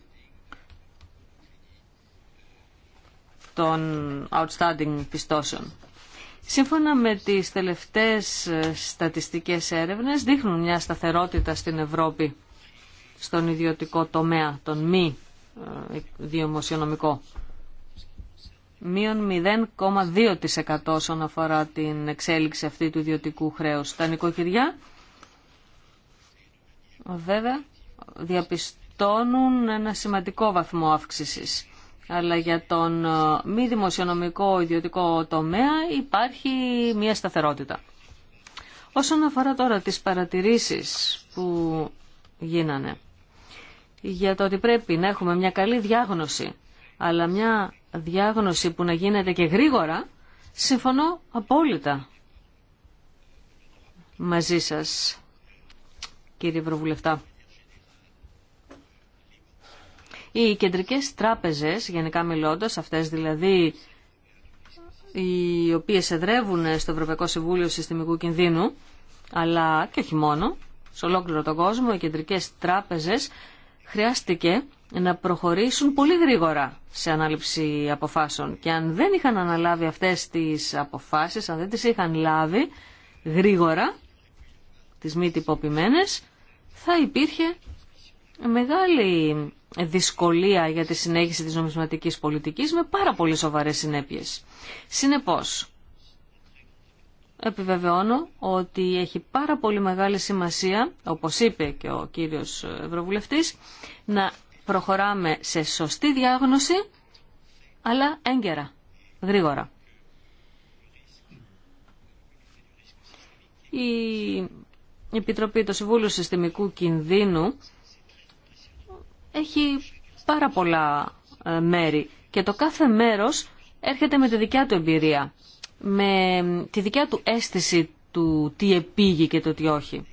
των outstanding πιστώσεων. Σύμφωνα με τις τελευταίες στατιστικές έρευνες, δείχνουν μια σταθερότητα στην Ευρώπη στον ιδιωτικό τομέα, τον μη ε, δημοσιονομικό μείον 0,2% όσον αφορά την εξέλιξη αυτή του ιδιωτικού χρέους. Τα νοικοκυριά, βέβαια, διαπιστώνουν ένα σημαντικό βαθμό αύξησης. Αλλά για τον ε, μη δημοσιονομικό ιδιωτικό τομέα υπάρχει μια σταθερότητα. Όσον αφορά τώρα τις παρατηρήσεις που γίνανε για το ότι πρέπει να έχουμε μια καλή διάγνωση αλλά μια διάγνωση που να γίνεται και γρήγορα, συμφωνώ απόλυτα μαζί σας, κύριε Ευρωβουλευτά. Οι κεντρικές τράπεζες, γενικά μιλώντας, αυτές δηλαδή οι οποίες εδρεύουν στο Ευρωπαϊκό Συμβούλιο Συστημικού Κινδύνου, αλλά και όχι μόνο, σε ολόκληρο τον κόσμο, οι κεντρικές τράπεζες χρειάστηκε να προχωρήσουν πολύ γρήγορα σε ανάληψη αποφάσεων. Και αν δεν είχαν αναλάβει αυτές τις αποφάσεις, αν δεν τις είχαν λάβει γρήγορα, τις μη τυποποιημένες, θα υπήρχε μεγάλη δυσκολία για τη συνέχιση της νομισματικής πολιτικής με πάρα πολύ σοβαρές συνέπειες. Συνεπώς, επιβεβαιώνω ότι έχει πάρα πολύ μεγάλη σημασία, όπως είπε και ο κύριος Ευρωβουλευτής, να προχωράμε σε σωστή διάγνωση, αλλά έγκαιρα, γρήγορα. Η Επιτροπή, του Συμβούλου Συστημικού Κινδύνου έχει πάρα πολλά ε, μέρη και το κάθε μέρος έρχεται με τη δικιά του εμπειρία, με τη δικιά του αίσθηση του τι επήγει και το τι όχι.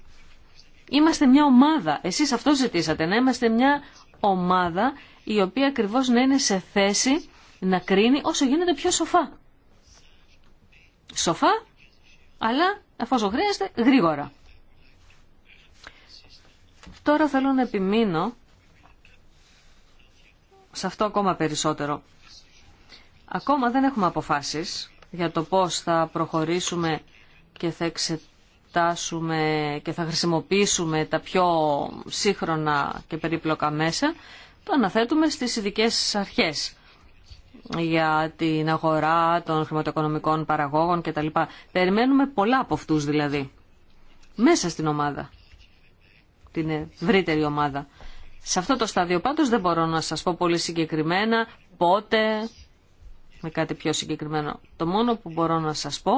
Είμαστε μια ομάδα. Εσείς αυτό ζητήσατε, να είμαστε μια ομάδα η οποία ακριβώς να είναι σε θέση να κρίνει όσο γίνεται πιο σοφά. Σοφά, αλλά εφόσον χρειάζεται γρήγορα. Τώρα θέλω να επιμείνω σε αυτό ακόμα περισσότερο. Ακόμα δεν έχουμε αποφάσεις για το πώς θα προχωρήσουμε και θα εξετάσουμε φτάσουμε και θα χρησιμοποιήσουμε τα πιο σύγχρονα και περίπλοκα μέσα, το αναθέτουμε στις ειδικέ αρχές για την αγορά των χρηματοοικονομικών παραγόγων κτλ. Περιμένουμε πολλά από αυτούς δηλαδή, μέσα στην ομάδα, την ευρύτερη ομάδα. Σε αυτό το στάδιο πάντως δεν μπορώ να σας πω πολύ συγκεκριμένα πότε, με κάτι πιο συγκεκριμένο. Το μόνο που μπορώ να σας πω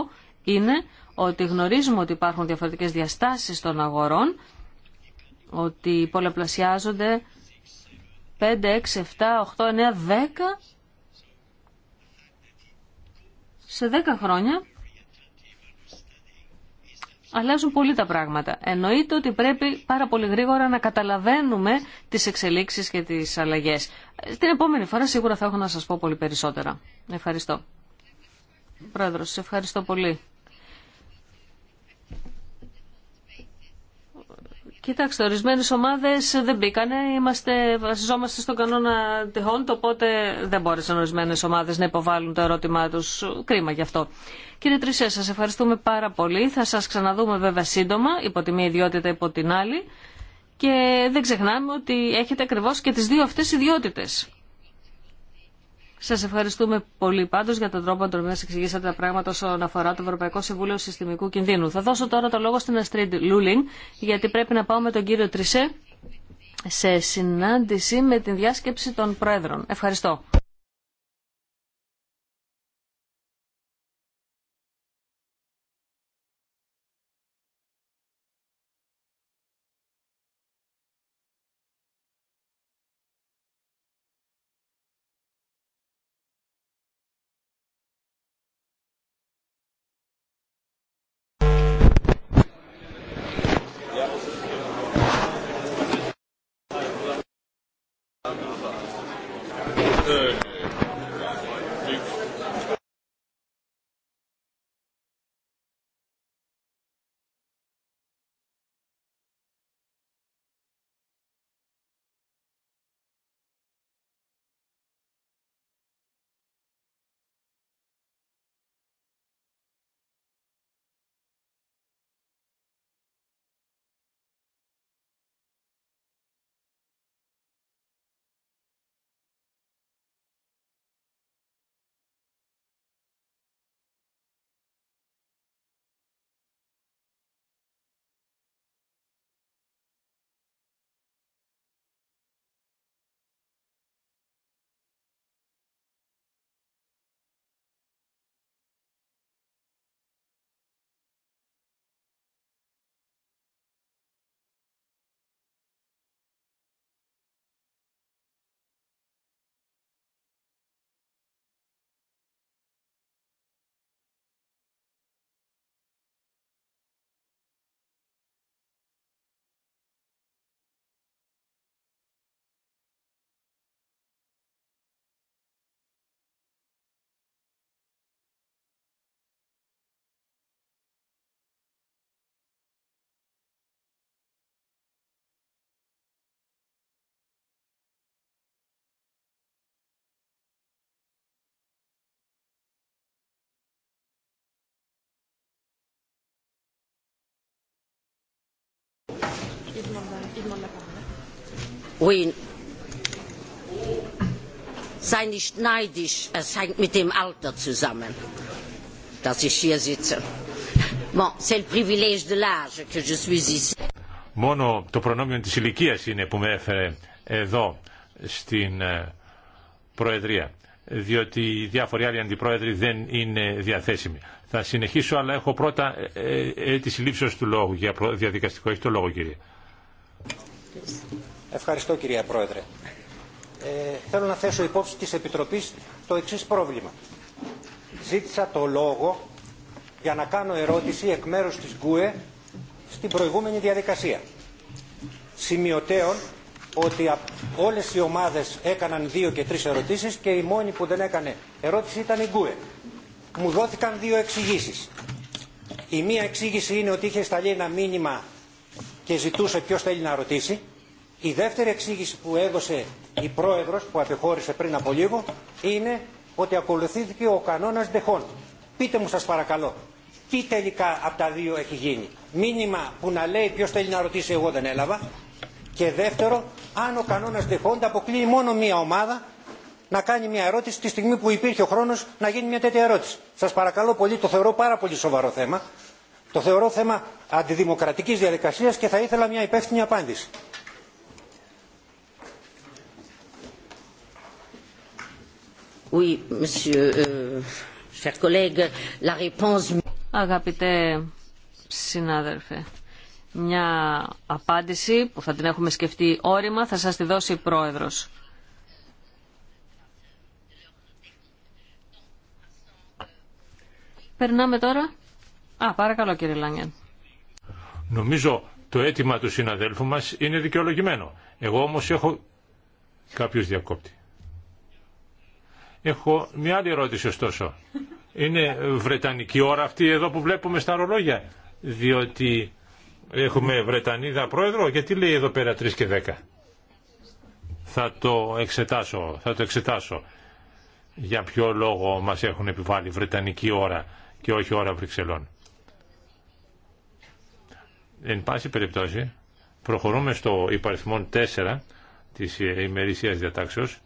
είναι ότι γνωρίζουμε ότι υπάρχουν διαφορετικές διαστάσεις των αγορών, ότι πολλαπλασιάζονται 5, 6, 7, 8, 9, 10 σε 10 χρόνια αλλάζουν πολύ τα πράγματα. Εννοείται ότι πρέπει πάρα πολύ γρήγορα να καταλαβαίνουμε τις εξελίξεις και τις αλλαγές. Την επόμενη φορά σίγουρα θα έχω να σας πω πολύ περισσότερα. Ευχαριστώ. Πρόεδρος, ευχαριστώ πολύ. Κοιτάξτε, ορισμένε ομάδε δεν μπήκανε. Είμαστε, βασιζόμαστε στον κανόνα τυχόν, οπότε δεν μπόρεσαν ορισμένε ομάδε να υποβάλουν το ερώτημά του. Κρίμα γι' αυτό. Κύριε Τρισέ, σα ευχαριστούμε πάρα πολύ. Θα σα ξαναδούμε βέβαια σύντομα, υπό τη μία ιδιότητα υπό την άλλη. Και δεν ξεχνάμε ότι έχετε ακριβώ και τι δύο αυτέ ιδιότητε. Σας ευχαριστούμε πολύ πάντω για τον τρόπο με τον οποίο μα εξηγήσατε τα πράγματα όσον αφορά το Ευρωπαϊκό Συμβούλιο Συστημικού Κινδύνου. Θα δώσω τώρα το λόγο στην Αστρίντ Λούλινγκ γιατί πρέπει να πάω με τον κύριο Τρισέ σε συνάντηση με την διάσκεψη των Πρόεδρων. Ευχαριστώ. Sei nicht neidisch, es hängt mit dem Alter zusammen, dass ich hier sitze. Μόνο το προνόμιο της ηλικίας είναι που με έφερε εδώ στην ε, Προεδρία, διότι οι διάφοροι άλλοι αντιπρόεδροι δεν είναι διαθέσιμοι. Θα συνεχίσω, αλλά έχω πρώτα ε, ε, ε τη συλλήψεως του λόγου για διαδικαστικό. Έχει το λόγο, κύριε. Ευχαριστώ κυρία Πρόεδρε. Ε, θέλω να θέσω υπόψη της Επιτροπής το εξής πρόβλημα. Ζήτησα το λόγο για να κάνω ερώτηση εκ μέρους της Γκουε στην προηγούμενη διαδικασία. Σημειωτέων ότι όλες οι ομάδες έκαναν δύο και τρεις ερωτήσεις και η μόνη που δεν έκανε ερώτηση ήταν η Γκουε. Μου δόθηκαν δύο εξηγήσεις Η μία εξήγηση είναι ότι είχε σταλεί ένα μήνυμα και ζητούσε ποιο θέλει να ρωτήσει. Η δεύτερη εξήγηση που έδωσε η πρόεδρος που απεχώρησε πριν από λίγο είναι ότι ακολουθήθηκε ο κανόνας δεχών. Πείτε μου σας παρακαλώ, τι τελικά από τα δύο έχει γίνει. Μήνυμα που να λέει ποιο θέλει να ρωτήσει εγώ δεν έλαβα. Και δεύτερο, αν ο κανόνας δεχόντα αποκλείει μόνο μία ομάδα να κάνει μια ερώτηση τη στιγμή που υπήρχε ο χρόνος να γίνει μια τέτοια ερώτηση. Σας παρακαλώ πολύ, το θεωρώ πάρα πολύ σοβαρό θέμα. Το θεωρώ θέμα αντιδημοκρατικής διαδικασίας και θα ήθελα μια υπεύθυνη απάντηση. Oui, monsieur, euh, Αγαπητέ συνάδελφε, μια απάντηση που θα την έχουμε σκεφτεί όρημα θα σας τη δώσει η Πρόεδρος. Περνάμε τώρα Α, παρακαλώ κύριε Λάγκεν. Νομίζω το αίτημα του συναδέλφου μας είναι δικαιολογημένο. Εγώ όμως έχω κάποιος διακόπτη. Έχω μια άλλη ερώτηση ωστόσο. Είναι βρετανική ώρα αυτή εδώ που βλέπουμε στα ρολόγια. Διότι έχουμε Βρετανίδα πρόεδρο. Γιατί λέει εδώ πέρα 3 και 10. Θα το εξετάσω. Θα το εξετάσω. Για ποιο λόγο μας έχουν επιβάλει Βρετανική ώρα και όχι ώρα Βρυξελών. Εν πάση περιπτώσει, προχωρούμε στο υπαριθμό 4 της ημερησίας διατάξεως.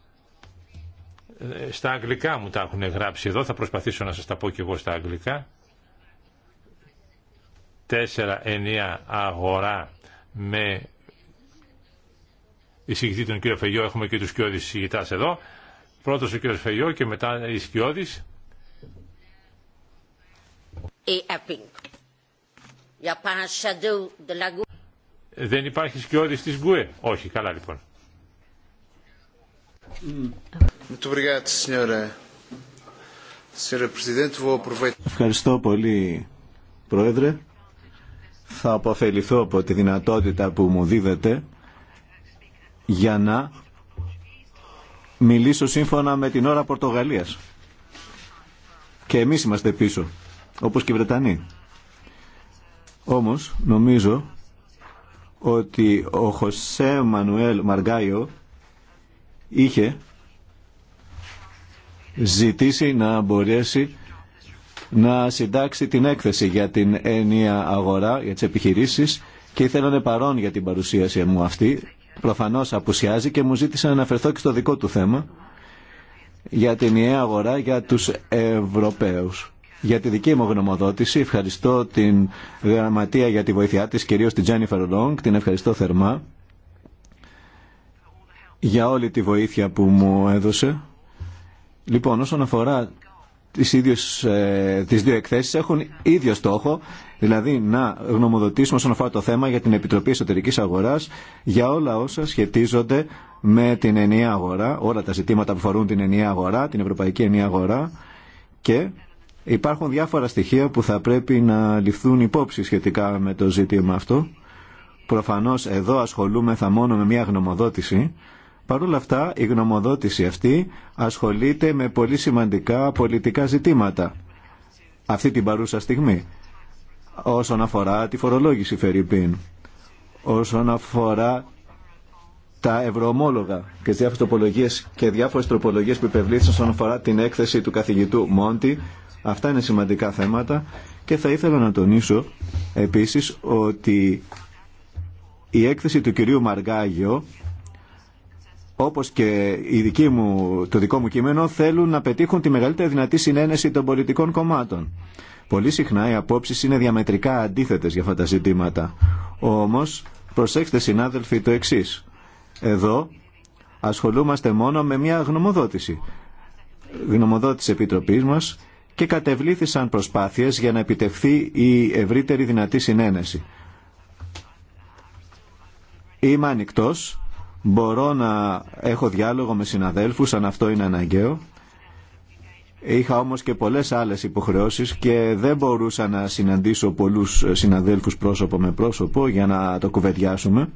Ε, στα αγγλικά μου τα έχουν γράψει εδώ, θα προσπαθήσω να σας τα πω και εγώ στα αγγλικά. 4-9 αγορά με εισηγητή τον κύριο Φεγιό, έχουμε και τους κοιόδης εισηγητάς εδώ. Πρώτος ο κύριος Φεγιό και μετά οι σκιώδεις. Ε, δεν υπάρχει σκιώδη της Γκουε. Όχι, καλά λοιπόν. Ευχαριστώ πολύ, Πρόεδρε. Θα αποφεληθώ από τη δυνατότητα που μου δίδεται για να μιλήσω σύμφωνα με την ώρα Πορτογαλίας. Και εμείς είμαστε πίσω, όπως και οι Βρετανοί. Όμως νομίζω ότι ο Χωσέ Μανουέλ Μαργάιο είχε ζητήσει να μπορέσει να συντάξει την έκθεση για την ενία αγορά, για τις επιχειρήσεις και ήθελα να παρόν για την παρουσίαση μου αυτή. Προφανώς απουσιάζει και μου ζήτησε να αναφερθώ και στο δικό του θέμα για την ενιαία αγορά για τους Ευρωπαίους για τη δική μου γνωμοδότηση. Ευχαριστώ την γραμματεία για τη βοήθειά της, κυρίως την Τζένιφερ Λόγκ. Την ευχαριστώ θερμά για όλη τη βοήθεια που μου έδωσε. Λοιπόν, όσον αφορά τις, ίδιες, ε, τις δύο εκθέσεις έχουν ίδιο στόχο, δηλαδή να γνωμοδοτήσουμε όσον αφορά το θέμα για την Επιτροπή Εσωτερικής Αγοράς για όλα όσα σχετίζονται με την ενιαία αγορά, όλα τα ζητήματα που αφορούν την ενιαία αγορά, την ευρωπαϊκή ενιαία αγορά και Υπάρχουν διάφορα στοιχεία που θα πρέπει να ληφθούν υπόψη σχετικά με το ζήτημα αυτό. Προφανώς εδώ ασχολούμεθα μόνο με μια γνωμοδότηση. Παρ' όλα αυτά η γνωμοδότηση αυτή ασχολείται με πολύ σημαντικά πολιτικά ζητήματα αυτή την παρούσα στιγμή όσον αφορά τη φορολόγηση Φερρυπίν, όσον αφορά τα ευρωομόλογα και διάφορες τροπολογίες και που υπευλήθησαν όσον αφορά την έκθεση του καθηγητού Μόντι Αυτά είναι σημαντικά θέματα και θα ήθελα να τονίσω επίσης ότι η έκθεση του κυρίου Μαργάγιο όπως και η δική μου, το δικό μου κείμενο θέλουν να πετύχουν τη μεγαλύτερη δυνατή συνένεση των πολιτικών κομμάτων. Πολύ συχνά οι απόψεις είναι διαμετρικά αντίθετες για αυτά τα ζητήματα. Όμως, προσέξτε συνάδελφοι το εξή. Εδώ ασχολούμαστε μόνο με μια γνωμοδότηση. Γνωμοδότηση Επιτροπής μας και κατευλήθησαν προσπάθειες για να επιτευχθεί η ευρύτερη δυνατή συνένεση. Είμαι ανοιχτό, μπορώ να έχω διάλογο με συναδέλφους αν αυτό είναι αναγκαίο. Είχα όμως και πολλές άλλες υποχρεώσεις και δεν μπορούσα να συναντήσω πολλούς συναδέλφους πρόσωπο με πρόσωπο για να το κουβεντιάσουμε.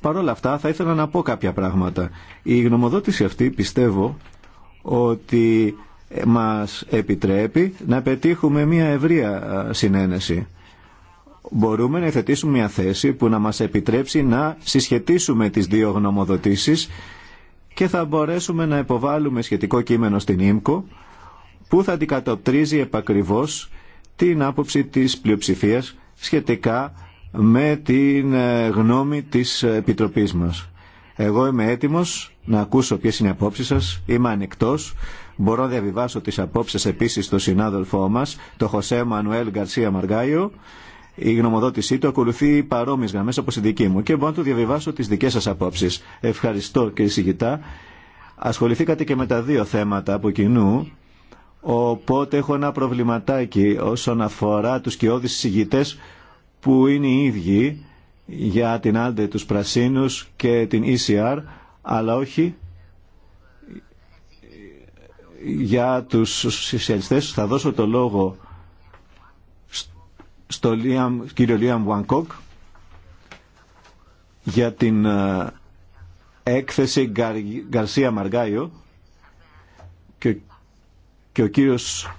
Παρ' όλα αυτά θα ήθελα να πω κάποια πράγματα. Η γνωμοδότηση αυτή πιστεύω ότι μας επιτρέπει να πετύχουμε μια ευρεία συνένεση. Μπορούμε να εθετήσουμε μια θέση που να μας επιτρέψει να συσχετίσουμε τις δύο γνωμοδοτήσεις και θα μπορέσουμε να υποβάλουμε σχετικό κείμενο στην ΙΜΚΟ που θα αντικατοπτρίζει επακριβώς την άποψη της πλειοψηφίας σχετικά με την ε, γνώμη της Επιτροπής μας. Εγώ είμαι έτοιμος να ακούσω ποιες είναι οι απόψεις σας, είμαι ανεκτός Μπορώ να διαβιβάσω τις απόψεις επίσης στον συνάδελφό μας, τον Χωσέ Μανουέλ Γκαρσία Μαργάιο. Η γνωμοδότησή του ακολουθεί παρόμοιες γραμμές όπως η δική μου και μπορώ να του διαβιβάσω τις δικές σας απόψεις. Ευχαριστώ κύριε Σιγητά. Ασχοληθήκατε και με τα δύο θέματα από κοινού. Οπότε έχω ένα προβληματάκι όσον αφορά τους κοιόδης συγγητές που είναι οι ίδιοι για την Άντε τους Πρασίνους και την ECR, αλλά όχι για τους σοσιαλιστές θα δώσω το λόγο στο Λίαμ, κύριο Λίαμ Βουανκόκ για την ε, έκθεση Γκαρ, Γκαρσία Μαργάιο και, και ο κύριος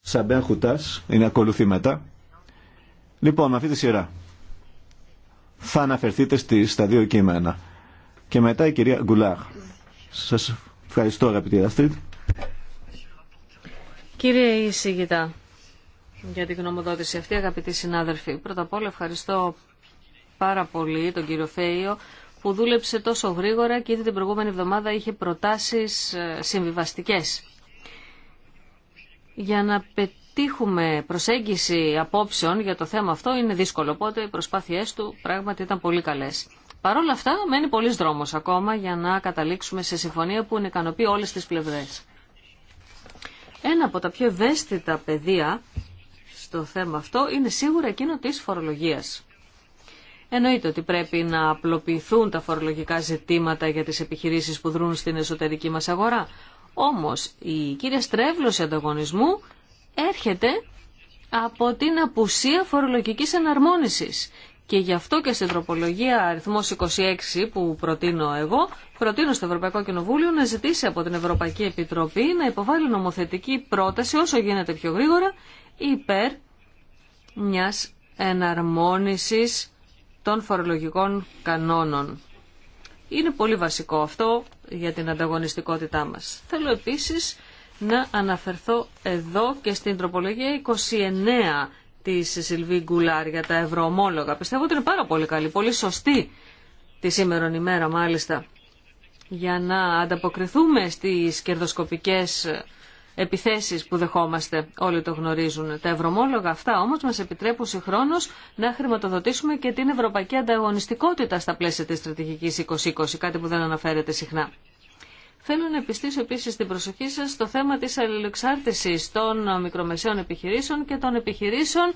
Σαμπέν Χουτάς είναι ακολουθή μετά. Λοιπόν, με αυτή τη σειρά θα αναφερθείτε στα δύο κείμενα και μετά η κυρία Γκουλάχ. Σας ευχαριστώ αγαπητή Αστρίτ. Κύριε Ισηγητά, για την γνωμοδότηση αυτή, αγαπητοί συνάδελφοι, πρώτα απ' όλα ευχαριστώ πάρα πολύ τον κύριο Φέιο που δούλεψε τόσο γρήγορα και ήδη την προηγούμενη εβδομάδα είχε προτάσεις ε, συμβιβαστικές. Για να πετύχουμε προσέγγιση απόψεων για το θέμα αυτό είναι δύσκολο, οπότε οι προσπάθειές του πράγματι ήταν πολύ καλές. Παρ' όλα αυτά μένει πολλής δρόμος ακόμα για να καταλήξουμε σε συμφωνία που ικανοποιεί όλες τις πλευρές. Ένα από τα πιο ευαίσθητα πεδία στο θέμα αυτό είναι σίγουρα εκείνο της φορολογίας. Εννοείται ότι πρέπει να απλοποιηθούν τα φορολογικά ζητήματα για τις επιχειρήσεις που δρούν στην εσωτερική μας αγορά. Όμως η κύρια στρέβλωση ανταγωνισμού έρχεται από την απουσία φορολογικής εναρμόνισης και γι' αυτό και στην τροπολογία αριθμό 26 που προτείνω εγώ, προτείνω στο Ευρωπαϊκό Κοινοβούλιο να ζητήσει από την Ευρωπαϊκή Επιτροπή να υποβάλει νομοθετική πρόταση όσο γίνεται πιο γρήγορα υπέρ μιας εναρμόνισης των φορολογικών κανόνων. Είναι πολύ βασικό αυτό για την ανταγωνιστικότητά μας. Θέλω επίσης να αναφερθώ εδώ και στην τροπολογία 29 τη Σιλβί Γκουλάρ για τα ευρωομόλογα. Πιστεύω ότι είναι πάρα πολύ καλή, πολύ σωστή τη σήμερον ημέρα μάλιστα για να ανταποκριθούμε στις κερδοσκοπικές επιθέσεις που δεχόμαστε, όλοι το γνωρίζουν. Τα ευρωμόλογα αυτά όμως μας επιτρέπουν συγχρόνως να χρηματοδοτήσουμε και την ευρωπαϊκή ανταγωνιστικότητα στα πλαίσια της στρατηγικής 2020, κάτι που δεν αναφέρεται συχνά. Θέλω να επιστήσω επίση την προσοχή σα στο θέμα τη αλληλεξάρτηση των μικρομεσαίων επιχειρήσεων και των επιχειρήσεων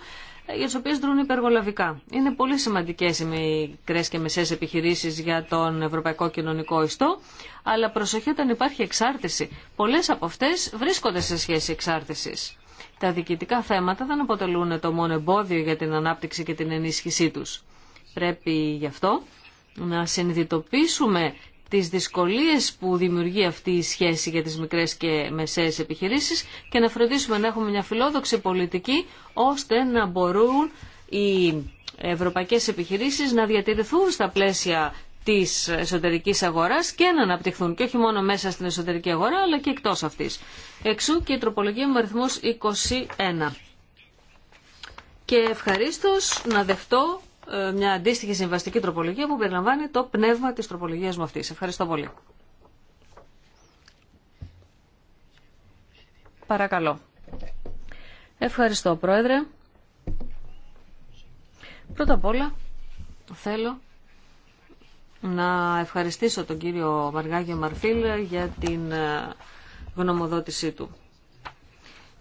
ε, για τις οποίες δρούν υπεργολαβικά. Είναι πολύ σημαντικέ οι μικρέ και μεσαίε επιχειρήσει για τον Ευρωπαϊκό Κοινωνικό Ιστό, αλλά προσοχή όταν υπάρχει εξάρτηση. Πολλέ από αυτέ βρίσκονται σε σχέση εξάρτηση. Τα διοικητικά θέματα δεν αποτελούν το μόνο εμπόδιο για την ανάπτυξη και την ενίσχυσή του. Πρέπει γι' αυτό να συνειδητοποιήσουμε τις δυσκολίες που δημιουργεί αυτή η σχέση για τις μικρές και μεσαίες επιχειρήσεις και να φροντίσουμε να έχουμε μια φιλόδοξη πολιτική ώστε να μπορούν οι ευρωπαϊκές επιχειρήσεις να διατηρηθούν στα πλαίσια της εσωτερικής αγοράς και να αναπτυχθούν και όχι μόνο μέσα στην εσωτερική αγορά αλλά και εκτός αυτής. Εξού και η τροπολογία μου αριθμός 21. Και ευχαρίστως να δεχτώ μια αντίστοιχη συμβαστική τροπολογία που περιλαμβάνει το πνεύμα της τροπολογίας μου αυτής. Ευχαριστώ πολύ. Παρακαλώ. Ευχαριστώ, Πρόεδρε. Πρώτα απ' όλα θέλω να ευχαριστήσω τον κύριο Μαργάγιο Μαρφίλ για την ε, γνωμοδότησή του.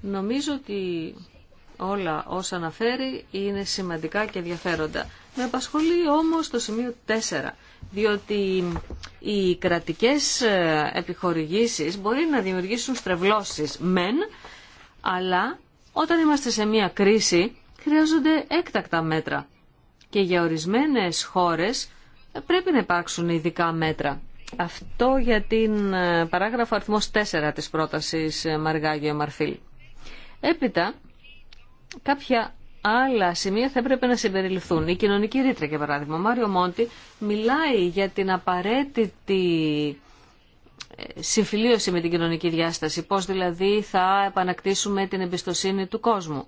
Νομίζω ότι όλα όσα αναφέρει είναι σημαντικά και ενδιαφέροντα. Με απασχολεί όμως το σημείο 4, διότι οι κρατικές ε, επιχορηγήσεις μπορεί να δημιουργήσουν στρεβλώσεις μεν, αλλά όταν είμαστε σε μια κρίση χρειάζονται έκτακτα μέτρα και για ορισμένες χώρες ε, πρέπει να υπάρξουν ειδικά μέτρα. Αυτό για την ε, παράγραφο αριθμός 4 της πρότασης Μαργάγιο Μαρφίλ. Έπειτα κάποια άλλα σημεία θα έπρεπε να συμπεριληφθούν. Η κοινωνική ρήτρα, για παράδειγμα. Ο Μάριο Μόντι μιλάει για την απαραίτητη ε, συμφιλίωση με την κοινωνική διάσταση. Πώς δηλαδή θα επανακτήσουμε την εμπιστοσύνη του κόσμου.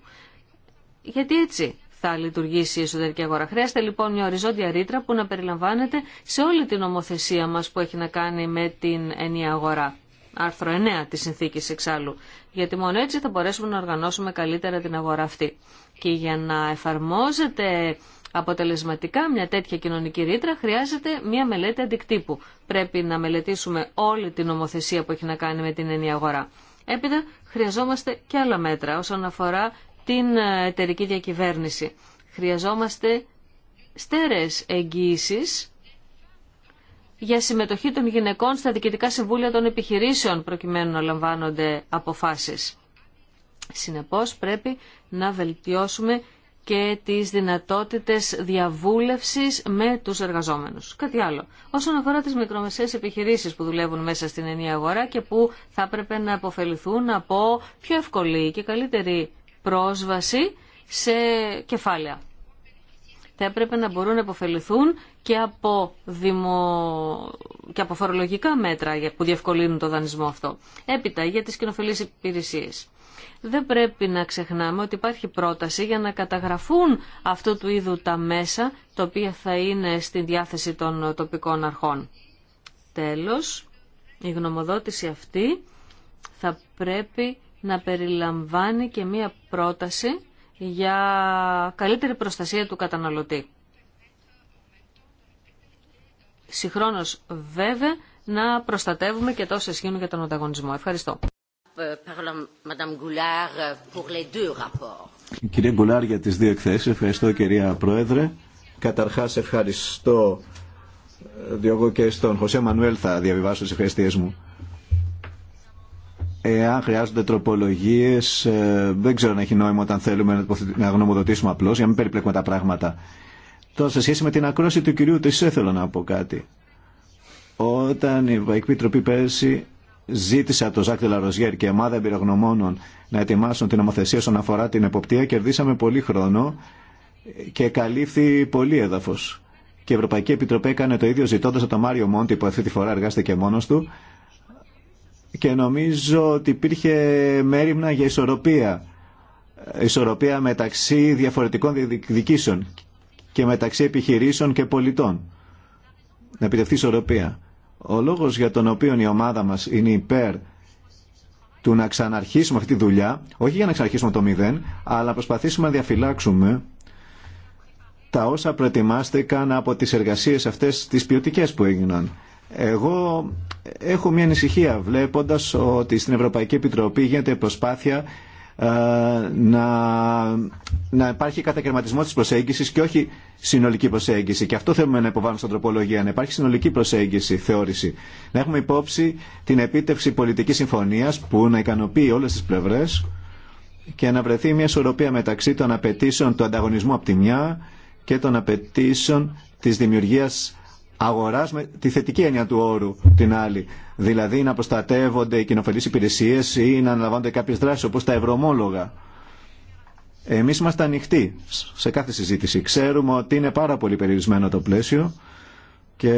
Γιατί έτσι θα λειτουργήσει η εσωτερική αγορά. Χρειάζεται λοιπόν μια οριζόντια ρήτρα που να περιλαμβάνεται σε όλη την νομοθεσία μας που έχει να κάνει με την ενιαία αγορά άρθρο 9 της συνθήκης εξάλλου, γιατί μόνο έτσι θα μπορέσουμε να οργανώσουμε καλύτερα την αγορά αυτή. Και για να εφαρμόζεται αποτελεσματικά μια τέτοια κοινωνική ρήτρα χρειάζεται μια μελέτη αντικτύπου. Πρέπει να μελετήσουμε όλη την νομοθεσία που έχει να κάνει με την ενή αγορά. Έπειτα χρειαζόμαστε και άλλα μέτρα όσον αφορά την ε, εταιρική διακυβέρνηση. Χρειαζόμαστε στερές εγγύησεις για συμμετοχή των γυναικών στα διοικητικά συμβούλια των επιχειρήσεων προκειμένου να λαμβάνονται αποφάσεις. Συνεπώς πρέπει να βελτιώσουμε και τις δυνατότητες διαβούλευσης με τους εργαζόμενους. Κάτι άλλο. Όσον αφορά τις μικρομεσαίες επιχειρήσεις που δουλεύουν μέσα στην ενία αγορά και που θα έπρεπε να αποφεληθούν από πιο ευκολή και καλύτερη πρόσβαση σε κεφάλαια θα έπρεπε να μπορούν να υποφεληθούν και από, δημο... και από φορολογικά μέτρα που διευκολύνουν το δανεισμό αυτό. Έπειτα για τις κοινοφελείς υπηρεσίες. Δεν πρέπει να ξεχνάμε ότι υπάρχει πρόταση για να καταγραφούν αυτού του είδου τα μέσα τα οποία θα είναι στη διάθεση των τοπικών αρχών. Τέλος, η γνωμοδότηση αυτή θα πρέπει να περιλαμβάνει και μία πρόταση για καλύτερη προστασία του καταναλωτή. Συγχρόνως βέβαια να προστατεύουμε και τόσες σχήνουν για τον ανταγωνισμό. Ευχαριστώ. Κύριε Γκουλάρ για τις δύο εκθέσεις. Ευχαριστώ κυρία Πρόεδρε. Καταρχάς ευχαριστώ ε, διόγκο και στον Χωσέ Μανουέλ θα διαβιβάσω τις ευχαριστίες μου εάν χρειάζονται τροπολογίε, ε, δεν ξέρω αν έχει νόημα όταν θέλουμε να γνωμοδοτήσουμε απλώ, για να μην περιπλέκουμε τα πράγματα. Τώρα, σε σχέση με την ακρόση του κυρίου Τεσέ, θέλω να πω κάτι. Όταν η Ευρωπαϊκή Επιτροπή πέρσι ζήτησε από τον Ζάκ Τελαροζιέρ και ομάδα εμπειρογνωμόνων να ετοιμάσουν την νομοθεσία όσον αφορά την εποπτεία, κερδίσαμε πολύ χρόνο και καλύφθη πολύ έδαφο. Και η Ευρωπαϊκή Επιτροπή έκανε το ίδιο ζητώντα από τον Μάριο Μόντι, που αυτή τη φορά εργάστηκε μόνο του, και νομίζω ότι υπήρχε μέρημνα για ισορροπία. Ισορροπία μεταξύ διαφορετικών διεκδικήσεων και μεταξύ επιχειρήσεων και πολιτών. Να επιτευχθεί ισορροπία. Ο λόγος για τον οποίο η ομάδα μας είναι υπέρ του να ξαναρχίσουμε αυτή τη δουλειά, όχι για να ξαναρχίσουμε το μηδέν, αλλά να προσπαθήσουμε να διαφυλάξουμε τα όσα προετοιμάστηκαν από τις εργασίες αυτές τις ποιοτικέ που έγιναν. Εγώ έχω μια ανησυχία βλέποντας ότι στην Ευρωπαϊκή Επιτροπή γίνεται προσπάθεια ε, να, να υπάρχει κατακαιρματισμό της προσέγγισης και όχι συνολική προσέγγιση. Και αυτό θέλουμε να υποβάλουμε στην τροπολογία, να υπάρχει συνολική προσέγγιση, θεώρηση. Να έχουμε υπόψη την επίτευξη πολιτικής συμφωνίας που να ικανοποιεί όλες τις πλευρές και να βρεθεί μια ισορροπία μεταξύ των απαιτήσεων του ανταγωνισμού από τη μια και των απαιτήσεων της δημιουργίας Αγορά με τη θετική έννοια του όρου την άλλη. Δηλαδή να προστατεύονται οι κοινοφελείς υπηρεσίες ή να αναλαμβάνονται κάποιες δράσεις όπως τα ευρωμόλογα. Εμείς είμαστε ανοιχτοί σε κάθε συζήτηση. Ξέρουμε ότι είναι πάρα πολύ περιορισμένο το πλαίσιο και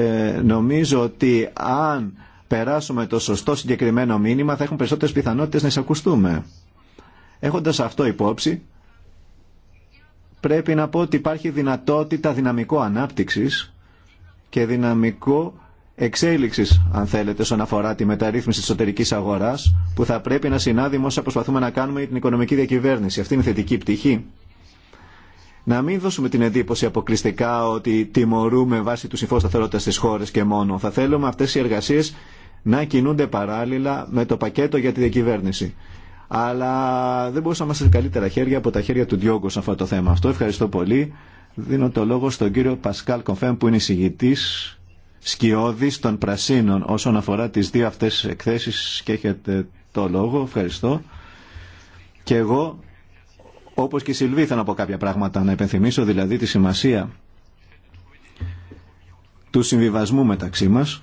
νομίζω ότι αν περάσουμε το σωστό συγκεκριμένο μήνυμα θα έχουμε περισσότερες πιθανότητες να εισακουστούμε. Έχοντας αυτό υπόψη, πρέπει να πω ότι υπάρχει δυνατότητα δυναμικό ανάπτυξη και δυναμικό εξέλιξη, αν θέλετε, όσον αφορά τη μεταρρύθμιση τη εσωτερική αγορά, που θα πρέπει να συνάδει με όσα προσπαθούμε να κάνουμε την οικονομική διακυβέρνηση. Αυτή είναι η θετική πτυχή. Να μην δώσουμε την εντύπωση αποκλειστικά ότι τιμωρούμε βάσει του συμφώνου σταθερότητα στι χώρε και μόνο. Θα θέλουμε αυτέ οι εργασίε να κινούνται παράλληλα με το πακέτο για τη διακυβέρνηση. Αλλά δεν μπορούσαμε να είμαστε καλύτερα χέρια από τα χέρια του Διόγκο σε αυτό το θέμα. Αυτό ευχαριστώ πολύ. Δίνω το λόγο στον κύριο Πασκάλ Κομφέμ που είναι εισηγητής σκιώδης των πρασίνων όσον αφορά τις δύο αυτές εκθέσεις και έχετε το λόγο. Ευχαριστώ. Και εγώ, όπως και η Σιλβή, θα να πω κάποια πράγματα, να υπενθυμίσω δηλαδή τη σημασία του συμβιβασμού μεταξύ μας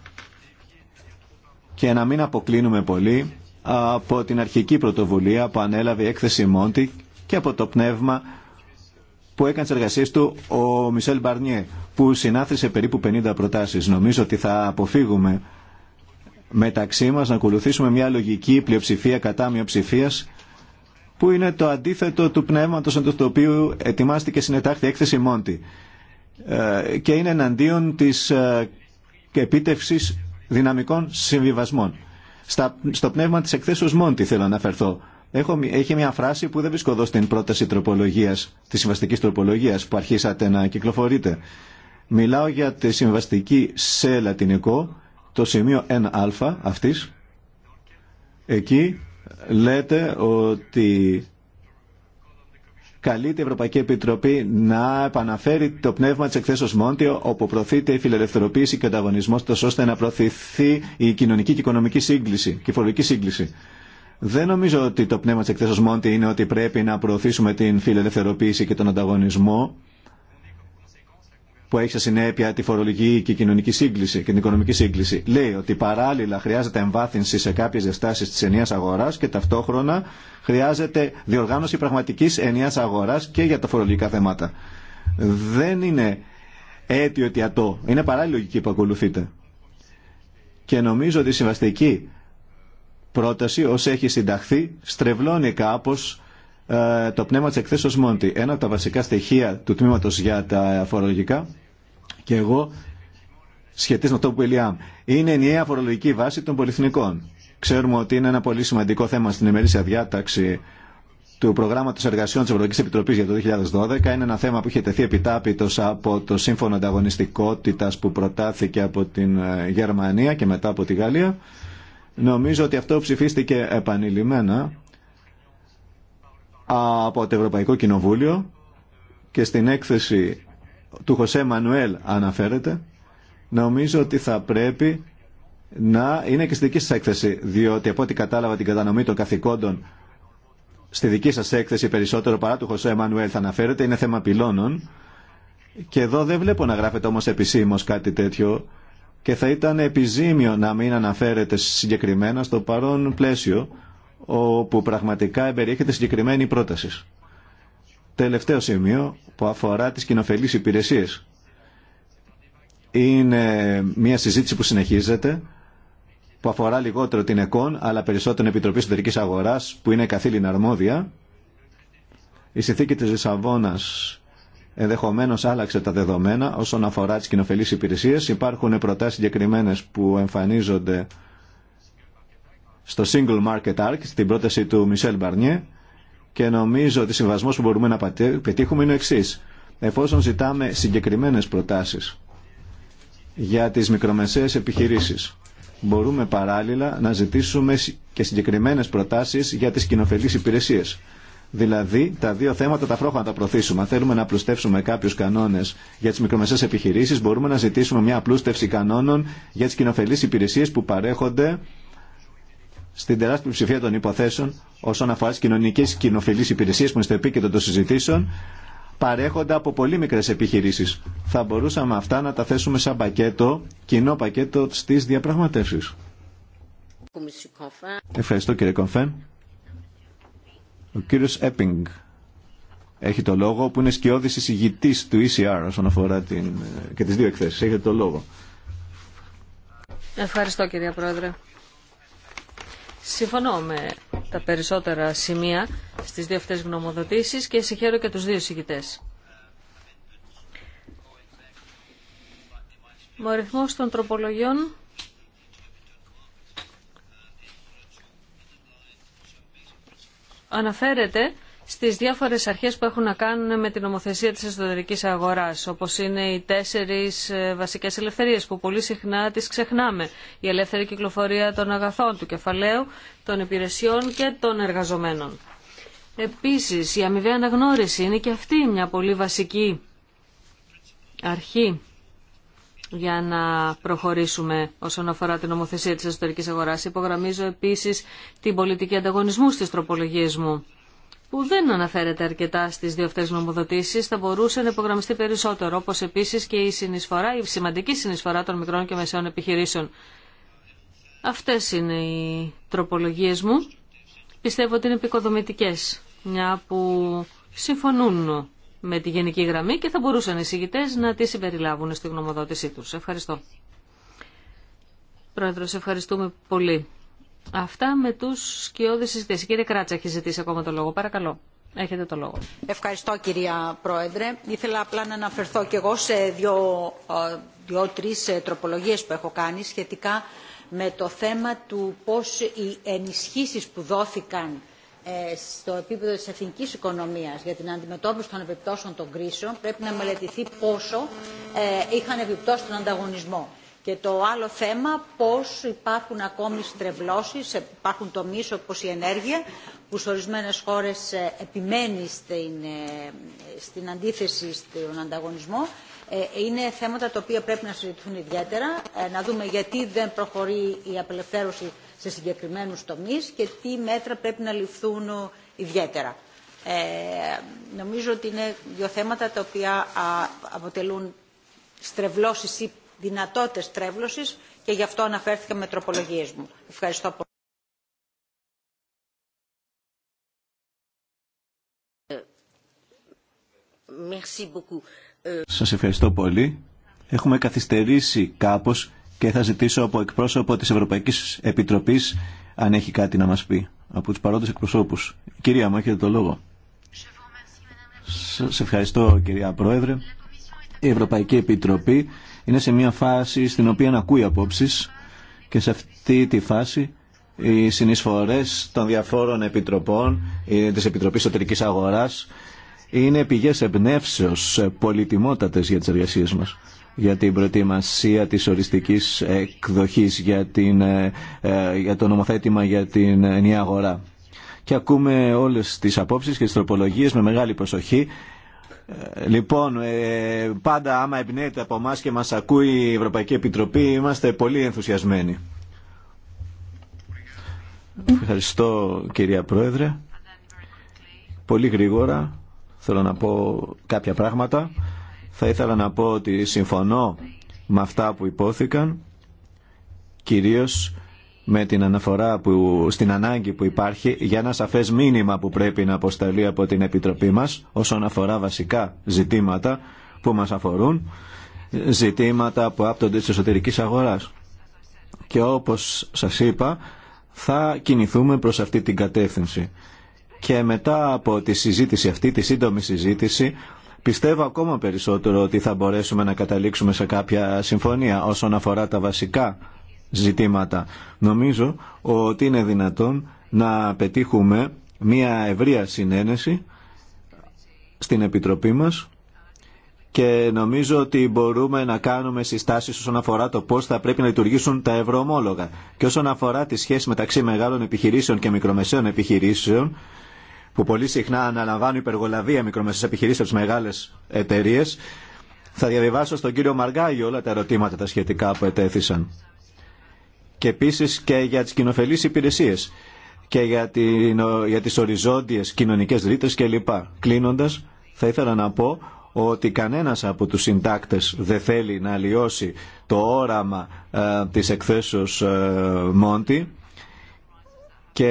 και να μην αποκλίνουμε πολύ από την αρχική πρωτοβουλία που ανέλαβε η έκθεση Μόντι και από το πνεύμα που έκανε τι εργασίε του ο Μισελ Μπαρνιέ, που συνάθρισε περίπου 50 προτάσει. Νομίζω ότι θα αποφύγουμε μεταξύ μα να ακολουθήσουμε μια λογική πλειοψηφία κατά μειοψηφία, που είναι το αντίθετο του πνεύματο εντό του οποίου ετοιμάστηκε συνετάχθη έκθεση Μόντι. Ε, και είναι εναντίον τη ε, επίτευξη δυναμικών συμβιβασμών. στο πνεύμα της εκθέσεως Μόντι θέλω να αναφερθώ. Έχω, έχει μια φράση που δεν βρίσκω εδώ στην πρόταση τροπολογία της συμβαστικής τροπολογίας που αρχίσατε να κυκλοφορείτε. Μιλάω για τη συμβαστική σε λατινικό, το σημείο 1α αυτή, Εκεί λέτε ότι καλεί η Ευρωπαϊκή Επιτροπή να επαναφέρει το πνεύμα τη εκθέσεω Μόντιο, όπου προωθείται η φιλελευθερωποίηση και ο ανταγωνισμό, ώστε να προωθηθεί η κοινωνική και οικονομική σύγκληση και η φορολογική σύγκληση. Δεν νομίζω ότι το πνεύμα τη εκθέσεω Μόντι είναι ότι πρέπει να προωθήσουμε την φιλελευθερωποίηση και τον ανταγωνισμό που έχει σε συνέπεια τη φορολογική και κοινωνική σύγκληση και την οικονομική σύγκληση. Λέει ότι παράλληλα χρειάζεται εμβάθυνση σε κάποιε διαστάσει τη ενιαία αγορά και ταυτόχρονα χρειάζεται διοργάνωση πραγματική ενιαία αγορά και για τα φορολογικά θέματα. Δεν είναι αίτιο ότι ατό. Είναι παράλληλη λογική που ακολουθείται. Και νομίζω ότι η συμβαστική πρόταση ως έχει συνταχθεί στρεβλώνει κάπω ε, το πνεύμα της εκθέσεως Μόντι. Ένα από τα βασικά στοιχεία του τμήματος για τα φορολογικά και εγώ σχετίζω με αυτό που ελιά Είναι η νέα φορολογική βάση των πολυεθνικών. Ξέρουμε ότι είναι ένα πολύ σημαντικό θέμα στην ημερήσια διάταξη του προγράμματο εργασιών τη Ευρωπαϊκή Επιτροπή για το 2012. Είναι ένα θέμα που είχε τεθεί επιτάπητο από το σύμφωνο ανταγωνιστικότητα που προτάθηκε από την ε, Γερμανία και μετά από τη Γαλλία. Νομίζω ότι αυτό ψηφίστηκε επανειλημμένα από το Ευρωπαϊκό Κοινοβούλιο και στην έκθεση του Χωσέ Μανουέλ αναφέρεται. Νομίζω ότι θα πρέπει να είναι και στη δική σας έκθεση, διότι από ό,τι κατάλαβα την κατανομή των καθηκόντων στη δική σας έκθεση περισσότερο παρά του Χωσέ Μανουέλ θα αναφέρεται, είναι θέμα πυλώνων. Και εδώ δεν βλέπω να γράφεται όμως επισήμως κάτι τέτοιο και θα ήταν επιζήμιο να μην αναφέρεται συγκεκριμένα στο παρόν πλαίσιο όπου πραγματικά εμπεριέχεται συγκεκριμένη πρόταση. Τελευταίο σημείο που αφορά τις κοινοφελείς υπηρεσίες. Είναι μια συζήτηση που συνεχίζεται που αφορά λιγότερο την ΕΚΟΝ αλλά περισσότερο την Επιτροπή Συντερικής Αγοράς που είναι καθήλυνα αρμόδια. Η συνθήκη της Λισαβόνας ενδεχομένως άλλαξε τα δεδομένα όσον αφορά τις κοινοφελείς υπηρεσίες. Υπάρχουν προτάσεις συγκεκριμένε που εμφανίζονται στο Single Market Arc, στην πρόταση του Μισελ Μπαρνιέ και νομίζω ότι συμβασμό που μπορούμε να πετύχουμε είναι ο εξή. Εφόσον ζητάμε συγκεκριμένες προτάσεις για τις μικρομεσαίες επιχειρήσεις, μπορούμε παράλληλα να ζητήσουμε και συγκεκριμένες προτάσεις για τις κοινοφελείς υπηρεσίες Δηλαδή, τα δύο θέματα ταυτόχρονα τα προωθήσουμε. Αν θέλουμε να απλουστεύσουμε κάποιου κανόνε για τι μικρομεσαίε επιχειρήσει, μπορούμε να ζητήσουμε μια απλούστευση κανόνων για τι κοινοφελεί υπηρεσίε που παρέχονται στην τεράστια ψηφία των υποθέσεων όσον αφορά τι κοινωνικέ κοινοφελεί υπηρεσίε που είναι στο επίκεντρο των συζητήσεων, παρέχονται από πολύ μικρέ επιχειρήσει. Θα μπορούσαμε αυτά να τα θέσουμε σαν πακέτο, κοινό πακέτο στι διαπραγματεύσει. Ευχαριστώ κύριε Κομφέν. Ο κύριος Έπινγκ έχει το λόγο που είναι σκιώδης εισηγητής του ECR όσον αφορά την... και τις δύο εκθέσεις. Έχετε το λόγο. Ευχαριστώ κυρία Πρόεδρε. Συμφωνώ με τα περισσότερα σημεία στις δύο αυτές γνωμοδοτήσεις και συγχαίρω και τους δύο συγκητές. Ο αριθμό των τροπολογιών αναφέρεται στις διάφορες αρχές που έχουν να κάνουν με την νομοθεσία της εσωτερικής αγοράς, όπως είναι οι τέσσερις ε, βασικές ελευθερίες που πολύ συχνά τις ξεχνάμε. Η ελεύθερη κυκλοφορία των αγαθών του κεφαλαίου, των υπηρεσιών και των εργαζομένων. Επίσης, η αμοιβή αναγνώριση είναι και αυτή μια πολύ βασική αρχή για να προχωρήσουμε όσον αφορά την νομοθεσία της εσωτερικής αγοράς. Υπογραμμίζω επίσης την πολιτική ανταγωνισμού στις τροπολογίες μου που δεν αναφέρεται αρκετά στις δύο αυτές νομοδοτήσεις, θα μπορούσε να υπογραμμιστεί περισσότερο, όπως επίσης και η συνεισφορά, η σημαντική συνεισφορά των μικρών και μεσαίων επιχειρήσεων. Αυτές είναι οι τροπολογίες μου. Πιστεύω ότι είναι επικοδομητικές, μια που συμφωνούν με τη γενική γραμμή και θα μπορούσαν οι συγητές να τη συμπεριλάβουν στη γνωμοδότησή τους. Ευχαριστώ. Πρόεδρο, ευχαριστούμε πολύ. Αυτά με τους σκιώδη συζητές. Η κυρία Κράτσα έχει ζητήσει ακόμα το λόγο. Παρακαλώ. Έχετε το λόγο. Ευχαριστώ κυρία Πρόεδρε. Ήθελα απλά να αναφερθώ και εγώ σε δυο τρει δύο, ε, ε, που έχω κάνει σχετικά με το θέμα του πώς οι ενισχύσεις που δόθηκαν ε, στο επίπεδο της εθνικής οικονομίας για την αντιμετώπιση των επιπτώσεων των κρίσεων πρέπει να μελετηθεί πόσο ε, είχαν επιπτώσει τον ανταγωνισμό. Και το άλλο θέμα, πώς υπάρχουν ακόμη στρεβλώσεις, ε, υπάρχουν τομείς όπως η ενέργεια, που σε ορισμένες χώρες επιμένει στην αντίθεση στον ανταγωνισμό, είναι θέματα τα οποία πρέπει να συζητηθούν ιδιαίτερα, να δούμε γιατί δεν προχωρεί η απελευθέρωση σε συγκεκριμένους τομείς και τι μέτρα πρέπει να ληφθούν ιδιαίτερα. Ε, νομίζω ότι είναι δύο θέματα τα οποία αποτελούν στρεβλώσεις ή δυνατότητες στρεβλώσεις και γι' αυτό αναφέρθηκα με τροπολογίες μου. Ευχαριστώ πολύ. Ε, ε, Σας ευχαριστώ πολύ. Έχουμε καθυστερήσει κάπως και θα ζητήσω από εκπρόσωπο της Ευρωπαϊκής Επιτροπής αν έχει κάτι να μας πει από τους παρόντες εκπροσώπους. Κυρία μου, έχετε το λόγο. Σε ευχαριστώ κυρία Πρόεδρε. Η Ευρωπαϊκή Επιτροπή είναι σε μια φάση στην οποία ακούει απόψεις και σε αυτή τη φάση οι συνεισφορές των διαφόρων επιτροπών της Επιτροπής Εσωτερικής Αγοράς είναι πηγές εμπνεύσεως ε, πολυτιμότατες για τις εργασίες μας για την προετοιμασία της οριστικής εκδοχής για, την, ε, ε, για το νομοθέτημα για την νέα αγορά. Και ακούμε όλες τις απόψεις και τις τροπολογίες με μεγάλη προσοχή. Ε, λοιπόν, πάντα άμα εμπνέεται από εμά και μας ακούει η Ευρωπαϊκή Επιτροπή, είμαστε πολύ ενθουσιασμένοι. Ευχαριστώ κυρία Πρόεδρε. Πολύ γρήγορα θέλω να πω κάποια πράγματα. Θα ήθελα να πω ότι συμφωνώ με αυτά που υπόθηκαν, κυρίως με την αναφορά που, στην ανάγκη που υπάρχει για ένα σαφές μήνυμα που πρέπει να αποσταλεί από την Επιτροπή μας όσον αφορά βασικά ζητήματα που μας αφορούν, ζητήματα που άπτονται της εσωτερικής αγοράς. Και όπως σας είπα, θα κινηθούμε προς αυτή την κατεύθυνση. Και μετά από τη συζήτηση αυτή, τη σύντομη συζήτηση, Πιστεύω ακόμα περισσότερο ότι θα μπορέσουμε να καταλήξουμε σε κάποια συμφωνία όσον αφορά τα βασικά ζητήματα. Νομίζω ότι είναι δυνατόν να πετύχουμε μια ευρεία συνένεση στην Επιτροπή μας και νομίζω ότι μπορούμε να κάνουμε συστάσεις όσον αφορά το πώς θα πρέπει να λειτουργήσουν τα ευρωομόλογα και όσον αφορά τη σχέση μεταξύ μεγάλων επιχειρήσεων και μικρομεσαίων επιχειρήσεων που πολύ συχνά αναλαμβάνουν υπεργολαβία μικρομεσαίε επιχειρήσεις από τι μεγάλες εταιρείε, Θα διαβιβάσω στον κύριο Μαργάγιο όλα τα ερωτήματα τα σχετικά που ετέθησαν. Και επίσης και για τις κοινοφελεί υπηρεσίες και για, την, για τις οριζόντιες κοινωνικές ρήτρες κλπ. Κλείνοντας, θα ήθελα να πω ότι κανένας από τους συντάκτες δεν θέλει να αλλοιώσει το όραμα ε, της εκθέσεως ε, Μόντι και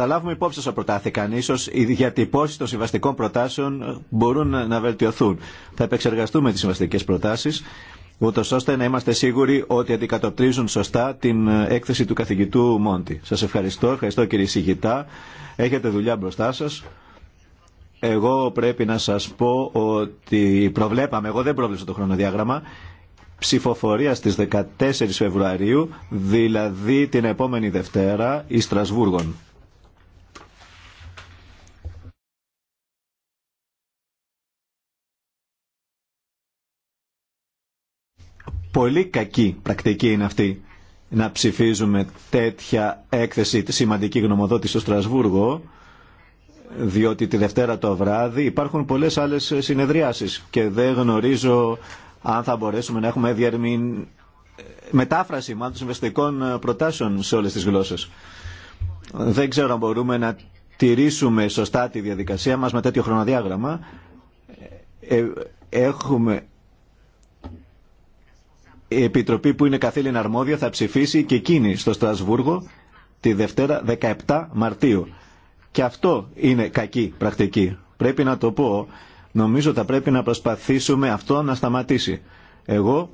θα λάβουμε υπόψη όσα προτάθηκαν. σω οι διατυπώσει των συμβαστικών προτάσεων μπορούν να βελτιωθούν. Θα επεξεργαστούμε τι συμβαστικέ προτάσει, ούτω ώστε να είμαστε σίγουροι ότι αντικατοπτρίζουν σωστά την έκθεση του καθηγητού Μόντι. Σα ευχαριστώ. Ευχαριστώ κύριε Σιγητά. Έχετε δουλειά μπροστά σα. Εγώ πρέπει να σας πω ότι προβλέπαμε, εγώ δεν πρόβλεψα το χρονοδιάγραμμα, ψηφοφορία στις 14 Φεβρουαρίου, δηλαδή την επόμενη Δευτέρα, Ιστρασβούργων. Πολύ κακή πρακτική είναι αυτή να ψηφίζουμε τέτοια έκθεση σημαντική γνωμοδότηση στο Στρασβούργο διότι τη Δευτέρα το βράδυ υπάρχουν πολλές άλλες συνεδριάσεις και δεν γνωρίζω αν θα μπορέσουμε να έχουμε διαρμην... μετάφραση μάλλον των συμβεστικών προτάσεων σε όλες τις γλώσσες. Δεν ξέρω αν μπορούμε να τηρήσουμε σωστά τη διαδικασία μας με τέτοιο χρονοδιάγραμμα. Ε, ε, έχουμε η Επιτροπή που είναι καθήλυνα αρμόδια θα ψηφίσει και εκείνη στο Στρασβούργο τη Δευτέρα 17 Μαρτίου. Και αυτό είναι κακή πρακτική. Πρέπει να το πω. Νομίζω θα πρέπει να προσπαθήσουμε αυτό να σταματήσει. Εγώ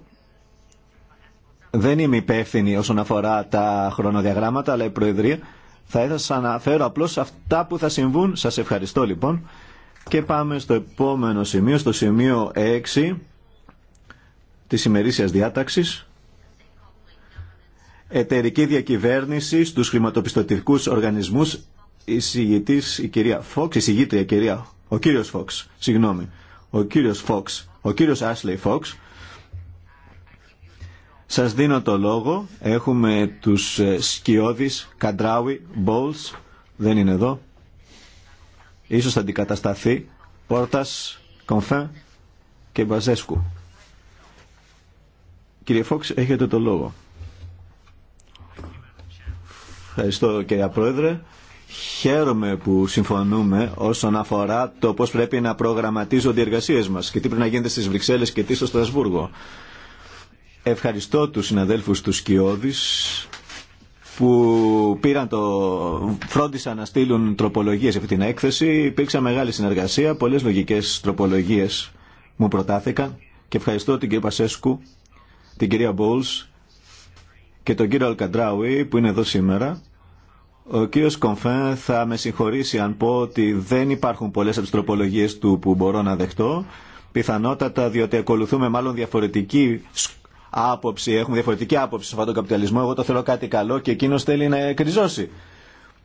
δεν είμαι υπεύθυνη όσον αφορά τα χρονοδιαγράμματα, αλλά η Προεδρία θα ήθελα να αναφέρω απλώς αυτά που θα συμβούν. Σας ευχαριστώ λοιπόν. Και πάμε στο επόμενο σημείο, στο σημείο 6 της ημερήσιας διάταξης εταιρική διακυβέρνηση στους χρηματοπιστωτικούς οργανισμούς η η κυρία Φόξ, η η κυρία, ο κύριος Φόξ, συγγνώμη, ο κύριος Φόξ, ο κύριος Άσλεϊ Φόξ. Σας δίνω το λόγο, έχουμε τους ε, Σκιώδης, Καντράουι, Μπόλς, δεν είναι εδώ, ίσως θα αντικατασταθεί, Πόρτας, Κομφέ και Μπαζέσκου. Κύριε Φόξ, έχετε το λόγο. Ευχαριστώ κύριε Πρόεδρε. Χαίρομαι που συμφωνούμε όσον αφορά το πώς πρέπει να προγραμματίζονται οι εργασίες μας και τι πρέπει να γίνεται στις Βρυξέλλες και τι στο Στρασβούργο. Ευχαριστώ τους συναδέλφους του Σκιώδης που πήραν το, φρόντισαν να στείλουν τροπολογίες αυτή την έκθεση. Υπήρξε μεγάλη συνεργασία, πολλές λογικές τροπολογίες μου προτάθηκαν και ευχαριστώ την κυρία Πασέσκου την κυρία Μπούλς και τον κύριο Αλκαντράουι που είναι εδώ σήμερα. Ο κύριο Κομφέν θα με συγχωρήσει αν πω ότι δεν υπάρχουν πολλέ από του που μπορώ να δεχτώ. Πιθανότατα διότι ακολουθούμε μάλλον διαφορετική άποψη, έχουμε διαφορετική άποψη στον τον καπιταλισμό. Εγώ το θέλω κάτι καλό και εκείνο θέλει να κρυζώσει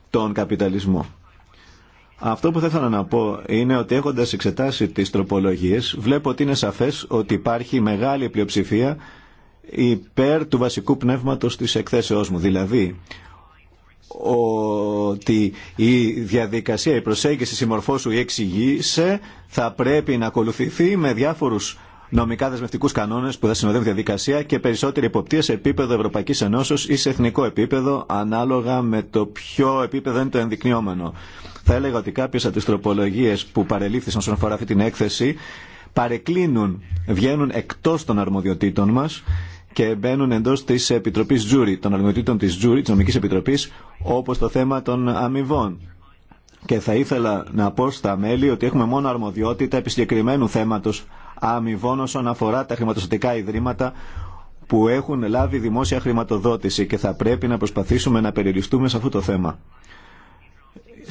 τον καπιταλισμό. Αυτό που θα ήθελα να πω είναι ότι έχοντας εξετάσει τις τροπολογίες βλέπω ότι είναι σαφές ότι υπάρχει μεγάλη πλειοψηφία υπέρ του βασικού πνεύματος της εκθέσεώς μου. Δηλαδή, ότι η διαδικασία, η προσέγγιση η συμμορφώσου ή εξηγήσε θα πρέπει να ακολουθηθεί με διάφορους νομικά δεσμευτικούς κανόνες που θα συνοδεύουν διαδικασία και περισσότερη υποπτία σε επίπεδο Ευρωπαϊκής Ενώσεως ή σε εθνικό επίπεδο ανάλογα με το ποιο επίπεδο είναι το ενδεικνυόμενο. Θα έλεγα ότι κάποιες από τις τροπολογίες που παρελήφθησαν όσον αφορά αυτή την έκθεση παρεκκλίνουν, βγαίνουν εκτός των αρμοδιοτήτων μας και μπαίνουν εντό τη Επιτροπή Τζούρι, των αρμοδιοτήτων τη Τζούρι, τη Νομική Επιτροπή, όπω το θέμα των αμοιβών. Και θα ήθελα να πω στα μέλη ότι έχουμε μόνο αρμοδιότητα επί συγκεκριμένου θέματο αμοιβών όσον αφορά τα χρηματοστατικά ιδρύματα που έχουν λάβει δημόσια χρηματοδότηση και θα πρέπει να προσπαθήσουμε να περιοριστούμε σε αυτό το θέμα.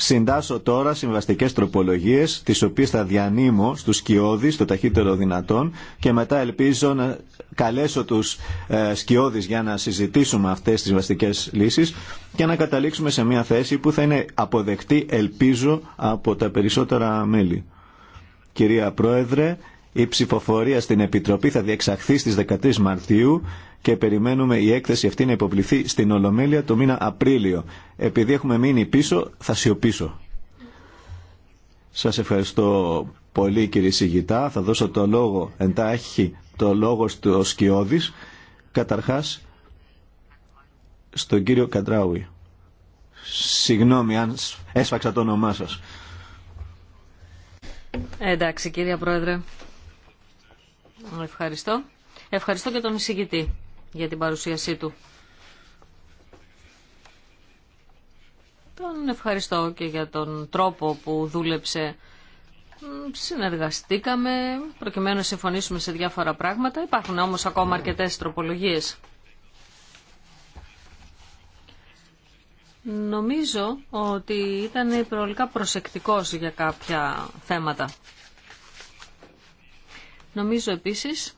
Συντάσω τώρα συμβαστικέ τροπολογίες, τις οποίες θα διανύμω στους σκιώδει, το ταχύτερο δυνατόν και μετά ελπίζω να καλέσω τους ε, για να συζητήσουμε αυτές τις συμβαστικέ λύσεις και να καταλήξουμε σε μια θέση που θα είναι αποδεκτή, ελπίζω, από τα περισσότερα μέλη. Κυρία Πρόεδρε, η ψηφοφορία στην Επιτροπή θα διεξαχθεί στις 13 Μαρτίου και περιμένουμε η έκθεση αυτή να υποβληθεί στην Ολομέλεια το μήνα Απρίλιο. Επειδή έχουμε μείνει πίσω, θα σιωπήσω. Σας ευχαριστώ πολύ κύριε Σιγητά. Θα δώσω το λόγο, εντάχει το λόγο του Σκιώδης. Καταρχάς, στον κύριο Καντράουι. Συγγνώμη αν έσφαξα το όνομά σας. Εντάξει κύριε Πρόεδρε. Ευχαριστώ. Ευχαριστώ και τον εισηγητή για την παρουσίασή του. Τον ευχαριστώ και για τον τρόπο που δούλεψε. Συνεργαστήκαμε προκειμένου να συμφωνήσουμε σε διάφορα πράγματα. Υπάρχουν όμως ακόμα αρκετές τροπολογίες. Νομίζω ότι ήταν προολικά προσεκτικός για κάποια θέματα. Νομίζω επίσης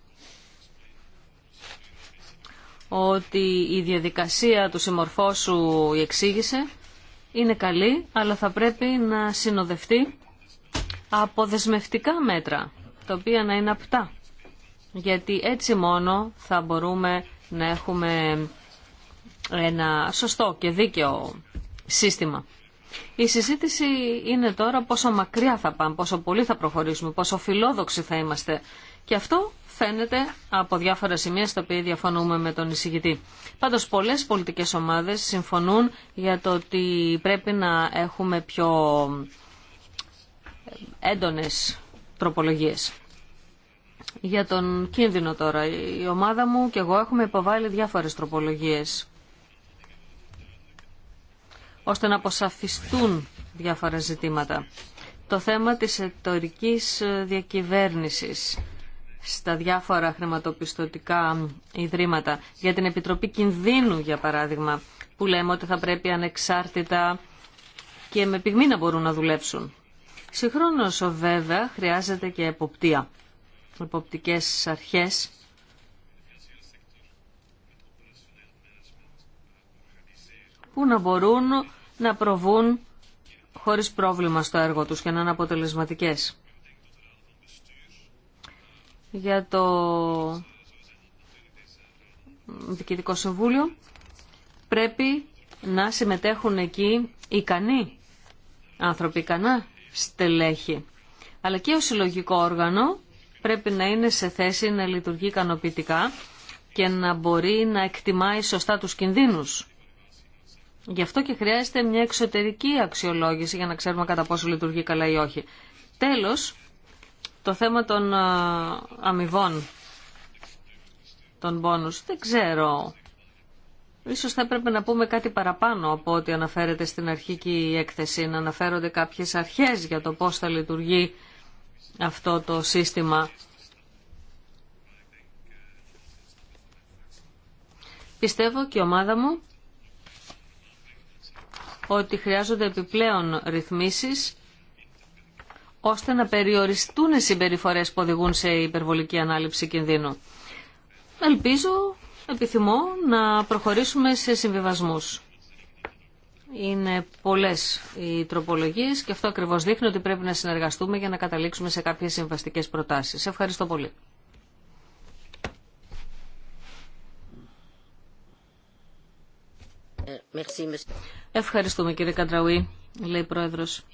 ότι η διαδικασία του συμμορφώσου η εξήγησε είναι καλή, αλλά θα πρέπει να συνοδευτεί από δεσμευτικά μέτρα, τα οποία να είναι απτά. Γιατί έτσι μόνο θα μπορούμε να έχουμε ένα σωστό και δίκαιο σύστημα. Η συζήτηση είναι τώρα πόσο μακριά θα πάμε, πόσο πολύ θα προχωρήσουμε, πόσο φιλόδοξοι θα είμαστε και αυτό φαίνεται από διάφορα σημεία στα οποία διαφωνούμε με τον εισηγητή. Πάντως πολλές πολιτικές ομάδες συμφωνούν για το ότι πρέπει να έχουμε πιο έντονες τροπολογίες. Για τον κίνδυνο τώρα, η ομάδα μου και εγώ έχουμε υποβάλει διάφορες τροπολογίες ώστε να αποσαφιστούν διάφορα ζητήματα. Το θέμα της ετορικής διακυβέρνησης στα διάφορα χρηματοπιστωτικά ιδρύματα. Για την Επιτροπή Κινδύνου, για παράδειγμα, που λέμε ότι θα πρέπει ανεξάρτητα και με πυγμή να μπορούν να δουλέψουν. Συγχρόνως βέβαια χρειάζεται και εποπτεία. Εποπτικές αρχές που να μπορούν να προβούν χωρίς πρόβλημα στο έργο τους και να είναι αποτελεσματικές για το Διοικητικό Συμβούλιο πρέπει να συμμετέχουν εκεί ικανοί άνθρωποι, ικανά στελέχη. Αλλά και ο συλλογικό όργανο πρέπει να είναι σε θέση να λειτουργεί ικανοποιητικά και να μπορεί να εκτιμάει σωστά τους κινδύνους. Γι' αυτό και χρειάζεται μια εξωτερική αξιολόγηση για να ξέρουμε κατά πόσο λειτουργεί καλά ή όχι. Τέλος, το θέμα των ε, αμοιβών, των πόνους, δεν ξέρω. Ίσως θα έπρεπε να πούμε κάτι παραπάνω από ό,τι αναφέρεται στην αρχική έκθεση, να αναφέρονται κάποιες αρχές για το πώς θα λειτουργεί αυτό το σύστημα. Πιστεύω και η ομάδα μου ότι χρειάζονται επιπλέον ρυθμίσεις ώστε να περιοριστούν οι συμπεριφορές που οδηγούν σε υπερβολική ανάληψη κινδύνου. Ελπίζω, επιθυμώ, να προχωρήσουμε σε συμβιβασμούς. Είναι πολλές οι τροπολογίες και αυτό ακριβώς δείχνει ότι πρέπει να συνεργαστούμε για να καταλήξουμε σε κάποιες συμβαστικές προτάσεις. Ευχαριστώ πολύ. Ε, Ευχαριστούμε κύριε Καντραουή, λέει η Πρόεδρος.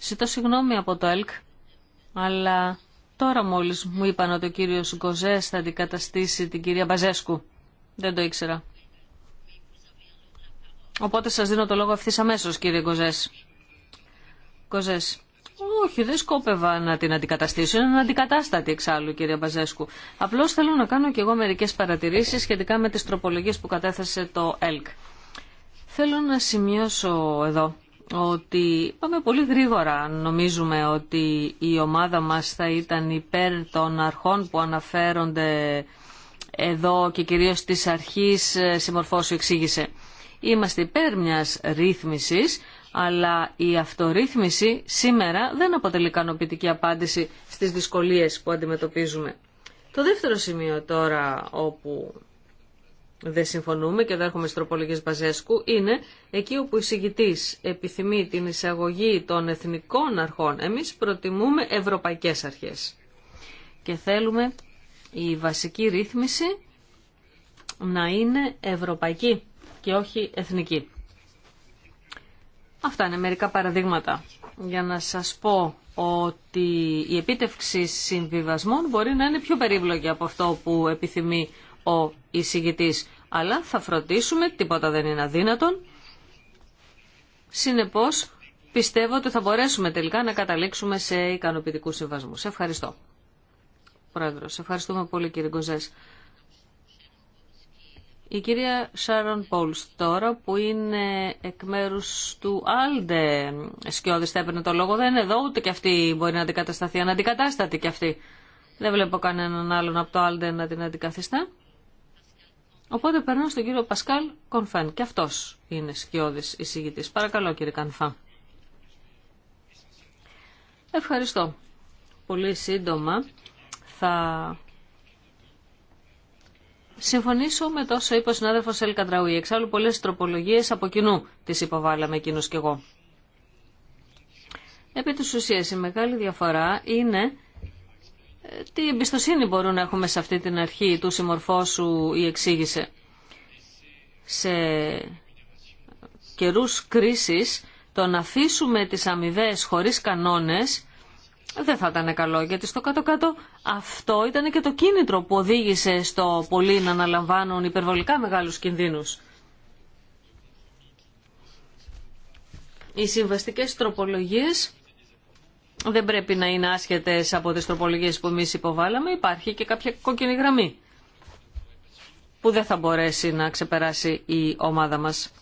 Ζητώ συγγνώμη από το ΕΛΚ, αλλά τώρα μόλις μου είπαν ότι ο κύριος Γκοζές θα αντικαταστήσει την κυρία Μπαζέσκου. Δεν το ήξερα. Οπότε σας δίνω το λόγο ευθύ αμέσως κύριε Γκοζές. Γκοζές. Όχι, δεν σκόπευα να την αντικαταστήσω. Είναι αντικατάστατη εξάλλου, κύριε Μπαζέσκου. Απλώ θέλω να κάνω και εγώ μερικέ παρατηρήσει σχετικά με τι τροπολογίε που κατέθεσε το ΕΛΚ. Θέλω να σημειώσω εδώ ότι πάμε πολύ γρήγορα. Νομίζουμε ότι η ομάδα μας θα ήταν υπέρ των αρχών που αναφέρονται εδώ και κυρίως της αρχής ε, συμμορφώσου εξήγησε. Είμαστε υπέρ μιας ρύθμισης, αλλά η αυτορύθμιση σήμερα δεν αποτελεί ικανοποιητική απάντηση στις δυσκολίες που αντιμετωπίζουμε. Το δεύτερο σημείο τώρα όπου δεν συμφωνούμε και δεν έχουμε στροπολογίε Μπαζέσκου, είναι εκεί όπου η επιθυμεί την εισαγωγή των εθνικών αρχών. Εμείς προτιμούμε ευρωπαϊκές αρχές και θέλουμε η βασική ρύθμιση να είναι ευρωπαϊκή και όχι εθνική. Αυτά είναι μερικά παραδείγματα για να σας πω ότι η επίτευξη συμβιβασμών μπορεί να είναι πιο περίπλοκη από αυτό που επιθυμεί ο εισηγητής. Αλλά θα φροντίσουμε, τίποτα δεν είναι αδύνατον. Συνεπώς, πιστεύω ότι θα μπορέσουμε τελικά να καταλήξουμε σε ικανοποιητικούς συμβασμούς. Ευχαριστώ. Πρόεδρος, ευχαριστούμε πολύ κύριε Γκοζές. Η κυρία Σάρον Πόλς τώρα που είναι εκ μέρου του Άλντε Σκιώδης θα έπαιρνε το λόγο. Δεν είναι εδώ ούτε και αυτή μπορεί να αντικατασταθεί. αντικατάστατη και αυτή. Δεν βλέπω κανέναν άλλον από το Άλντε να την αντικαθιστά. Οπότε περνώ στον κύριο Πασκάλ Κονφέν και αυτός είναι σκιώδης εισηγητής. Παρακαλώ κύριε Κανφά. Ευχαριστώ. Πολύ σύντομα θα συμφωνήσω με τόσο είπε ο συνάδελφο Ελ Καντραούι. Εξάλλου πολλές τροπολογίες από κοινού τις υποβάλαμε εκείνο και εγώ. Επί τη ουσία η μεγάλη διαφορά είναι τι εμπιστοσύνη μπορούν να έχουμε σε αυτή την αρχή του συμμορφώσου ή εξήγησε. Σε καιρούς κρίσης το να αφήσουμε τις αμοιβέ χωρίς κανόνες δεν θα ήταν καλό γιατί στο κάτω-κάτω αυτό ήταν και το κίνητρο που οδήγησε στο πολλοί να αναλαμβάνουν υπερβολικά μεγάλους κινδύνους. Οι συμβαστικές τροπολογίες δεν πρέπει να είναι άσχετες από τις τροπολογίες που εμείς υποβάλαμε. Υπάρχει και κάποια κόκκινη γραμμή που δεν θα μπορέσει να ξεπεράσει η ομάδα μας.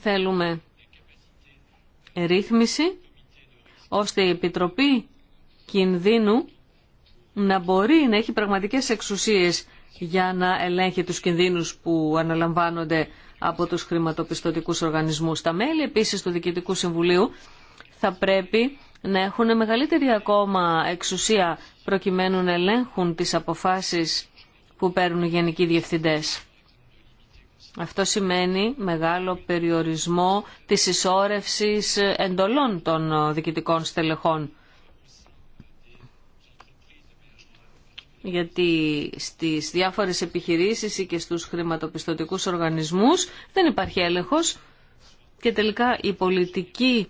Θέλουμε ρύθμιση ώστε η Επιτροπή Κινδύνου να μπορεί να έχει πραγματικές εξουσίες για να ελέγχει τους κινδύνους που αναλαμβάνονται από τους χρηματοπιστωτικούς οργανισμούς. Τα μέλη επίσης του Διοικητικού Συμβουλίου θα πρέπει να έχουν μεγαλύτερη ακόμα εξουσία προκειμένου να ελέγχουν τις αποφάσεις που παίρνουν οι γενικοί διευθυντές. Αυτό σημαίνει μεγάλο περιορισμό της ισόρευσης εντολών των διοικητικών στελεχών γιατί στις διάφορες επιχειρήσεις ή και στους χρηματοπιστωτικούς οργανισμούς δεν υπάρχει έλεγχος και τελικά η πολιτική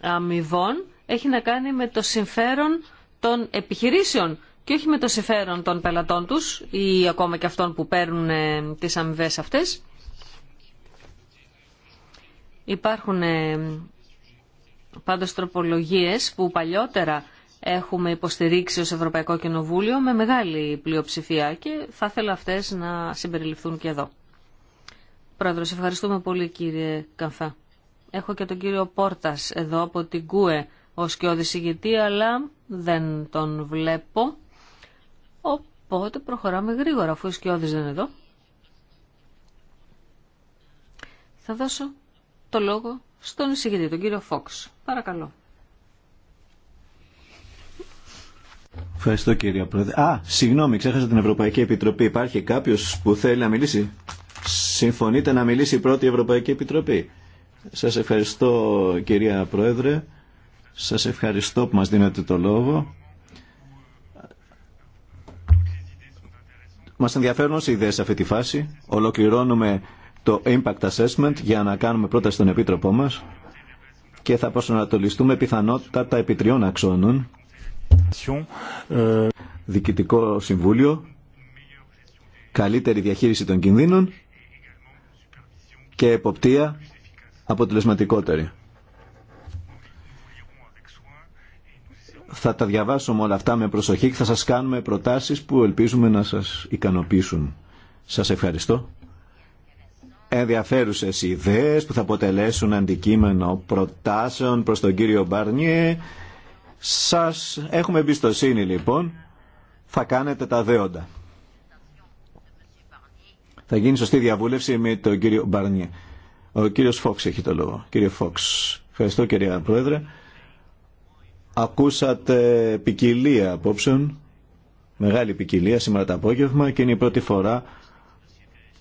αμοιβών έχει να κάνει με το συμφέρον των επιχειρήσεων και όχι με το συμφέρον των πελατών τους ή ακόμα και αυτών που παίρνουν ε, τις αμοιβέ αυτές. Υπάρχουν ε, πάντως τροπολογίες που παλιότερα έχουμε υποστηρίξει ως Ευρωπαϊκό Κοινοβούλιο με μεγάλη πλειοψηφία και θα ήθελα αυτές να συμπεριληφθούν και εδώ. Πρόεδρος, ευχαριστούμε πολύ κύριε Καμφά. Έχω και τον κύριο Πόρτας εδώ από την ΚΟΕ ως και αλλά δεν τον βλέπω. Οπότε προχωράμε γρήγορα, αφού ο Σκιώδης δεν είναι εδώ. Θα δώσω το λόγο στον εισηγητή, τον κύριο Φόξ. Παρακαλώ. Ευχαριστώ κύριε Πρόεδρε. Α, συγγνώμη, ξέχασα την Ευρωπαϊκή Επιτροπή. Υπάρχει κάποιο που θέλει να μιλήσει. Συμφωνείτε να μιλήσει πρώτη Ευρωπαϊκή Επιτροπή. Σας ευχαριστώ κυρία Πρόεδρε. Σας ευχαριστώ που μας δίνετε το λόγο. Μας ενδιαφέρουν όσοι ιδέες σε αυτή τη φάση. Ολοκληρώνουμε το Impact Assessment για να κάνουμε πρόταση στον Επίτροπό μας και θα προσανατολιστούμε πιθανότατα επί τριών αξώνων ε, διοικητικό Συμβούλιο, καλύτερη διαχείριση των κινδύνων και εποπτεία αποτελεσματικότερη. Θα τα διαβάσουμε όλα αυτά με προσοχή και θα σας κάνουμε προτάσεις που ελπίζουμε να σας ικανοποιήσουν. Σας ευχαριστώ. Ενδιαφέρουσες ιδέες που θα αποτελέσουν αντικείμενο προτάσεων προς τον κύριο Μπαρνιέ. Σας έχουμε εμπιστοσύνη λοιπόν, θα κάνετε τα δέοντα. Θα γίνει σωστή διαβούλευση με τον κύριο Μπαρνιέ. Ο κύριος Φόξ έχει το λόγο. Κύριε Φόξ, ευχαριστώ κυρία Πρόεδρε. Ακούσατε ποικιλία απόψεων, μεγάλη ποικιλία σήμερα το απόγευμα και είναι η πρώτη φορά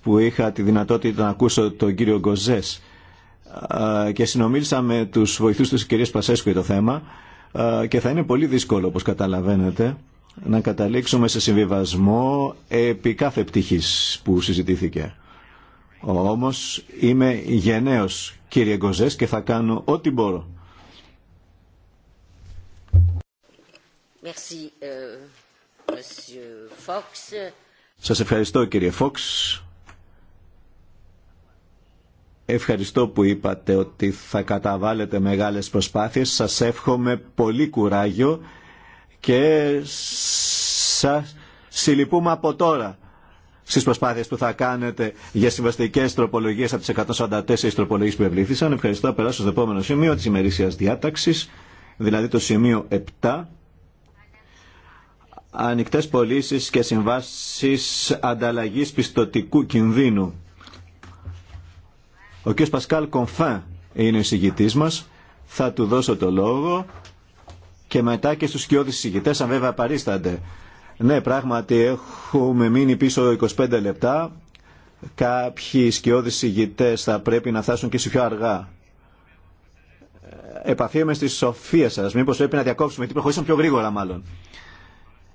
που είχα τη δυνατότητα να ακούσω τον κύριο Γκοζές και συνομίλησα με τους βοηθούς της Πασέσκου για το θέμα και θα είναι πολύ δύσκολο όπως καταλαβαίνετε να καταλήξουμε σε συμβιβασμό επί κάθε πτυχής που συζητήθηκε. Όμως είμαι γενναίος κύριε Γκοζές και θα κάνω ό,τι μπορώ. Merci, euh, Σας ευχαριστώ κύριε Φόξ. Ευχαριστώ που είπατε ότι θα καταβάλλετε μεγάλες προσπάθειες. Σας εύχομαι πολύ κουράγιο και σας συλληπούμε από τώρα στις προσπάθειες που θα κάνετε για συμβαστικές τροπολογίες από τις 144 τροπολογίες που ευλήθησαν. Ευχαριστώ. Περάσω στο επόμενο σημείο της ημερήσιας διάταξης, δηλαδή το σημείο 7. Ανοιχτές πωλήσει και συμβάσεις ανταλλαγής πιστοτικού κινδύνου. Ο κ. Πασκάλ Κομφά είναι ο συγητή μα, Θα του δώσω το λόγο και μετά και στους σκιώδη εισηγητέ, αν βέβαια παρίστανται. Ναι, πράγματι έχουμε μείνει πίσω 25 λεπτά. Κάποιοι σκιώδεις εισηγητές θα πρέπει να φτάσουν και σε πιο αργά. Ε, Επαφίεμαι στη σοφία σας. Μήπως πρέπει να διακόψουμε, γιατί προχωρήσαν πιο γρήγορα μάλλον.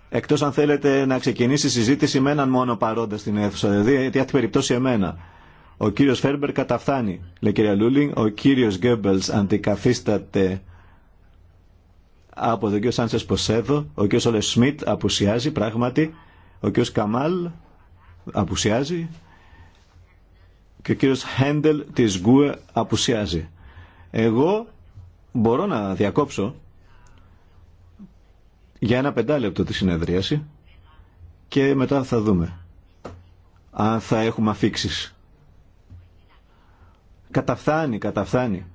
Εκτός αν θέλετε να ξεκινήσει η συζήτηση με έναν μόνο παρόντα στην αίθουσα, δηλαδή γιατί έχει περιπτώσει εμένα. Ο κύριος Φέρμπερ καταφθάνει, λέει κυρία Λούλινγκ. Ο κύριος Γκέμπελς αντικαθίσταται από τον κύριο Σάντσες Ποσέδο. Ο κύριος Όλε Σμιτ απουσιάζει πράγματι. Ο κύριος Καμάλ απουσιάζει. Και ο κύριος Χέντελ της Γκουε απουσιάζει. Εγώ μπορώ να διακόψω για ένα πεντάλεπτο τη συνεδρίαση και μετά θα δούμε αν θα έχουμε αφήξεις. Καταφθάνει, καταφθάνει.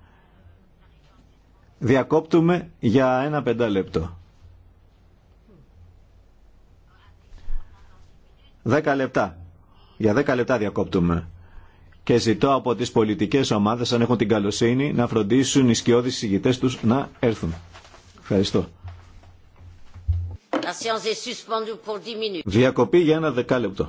Διακόπτουμε για ένα πεντάλεπτο. Δέκα λεπτά. Για δέκα λεπτά διακόπτουμε. Και ζητώ από τις πολιτικές ομάδες, αν έχουν την καλοσύνη, να φροντίσουν οι σκιώδεις συγητές τους να έρθουν. Ευχαριστώ. Διακοπή για ένα δεκάλεπτο.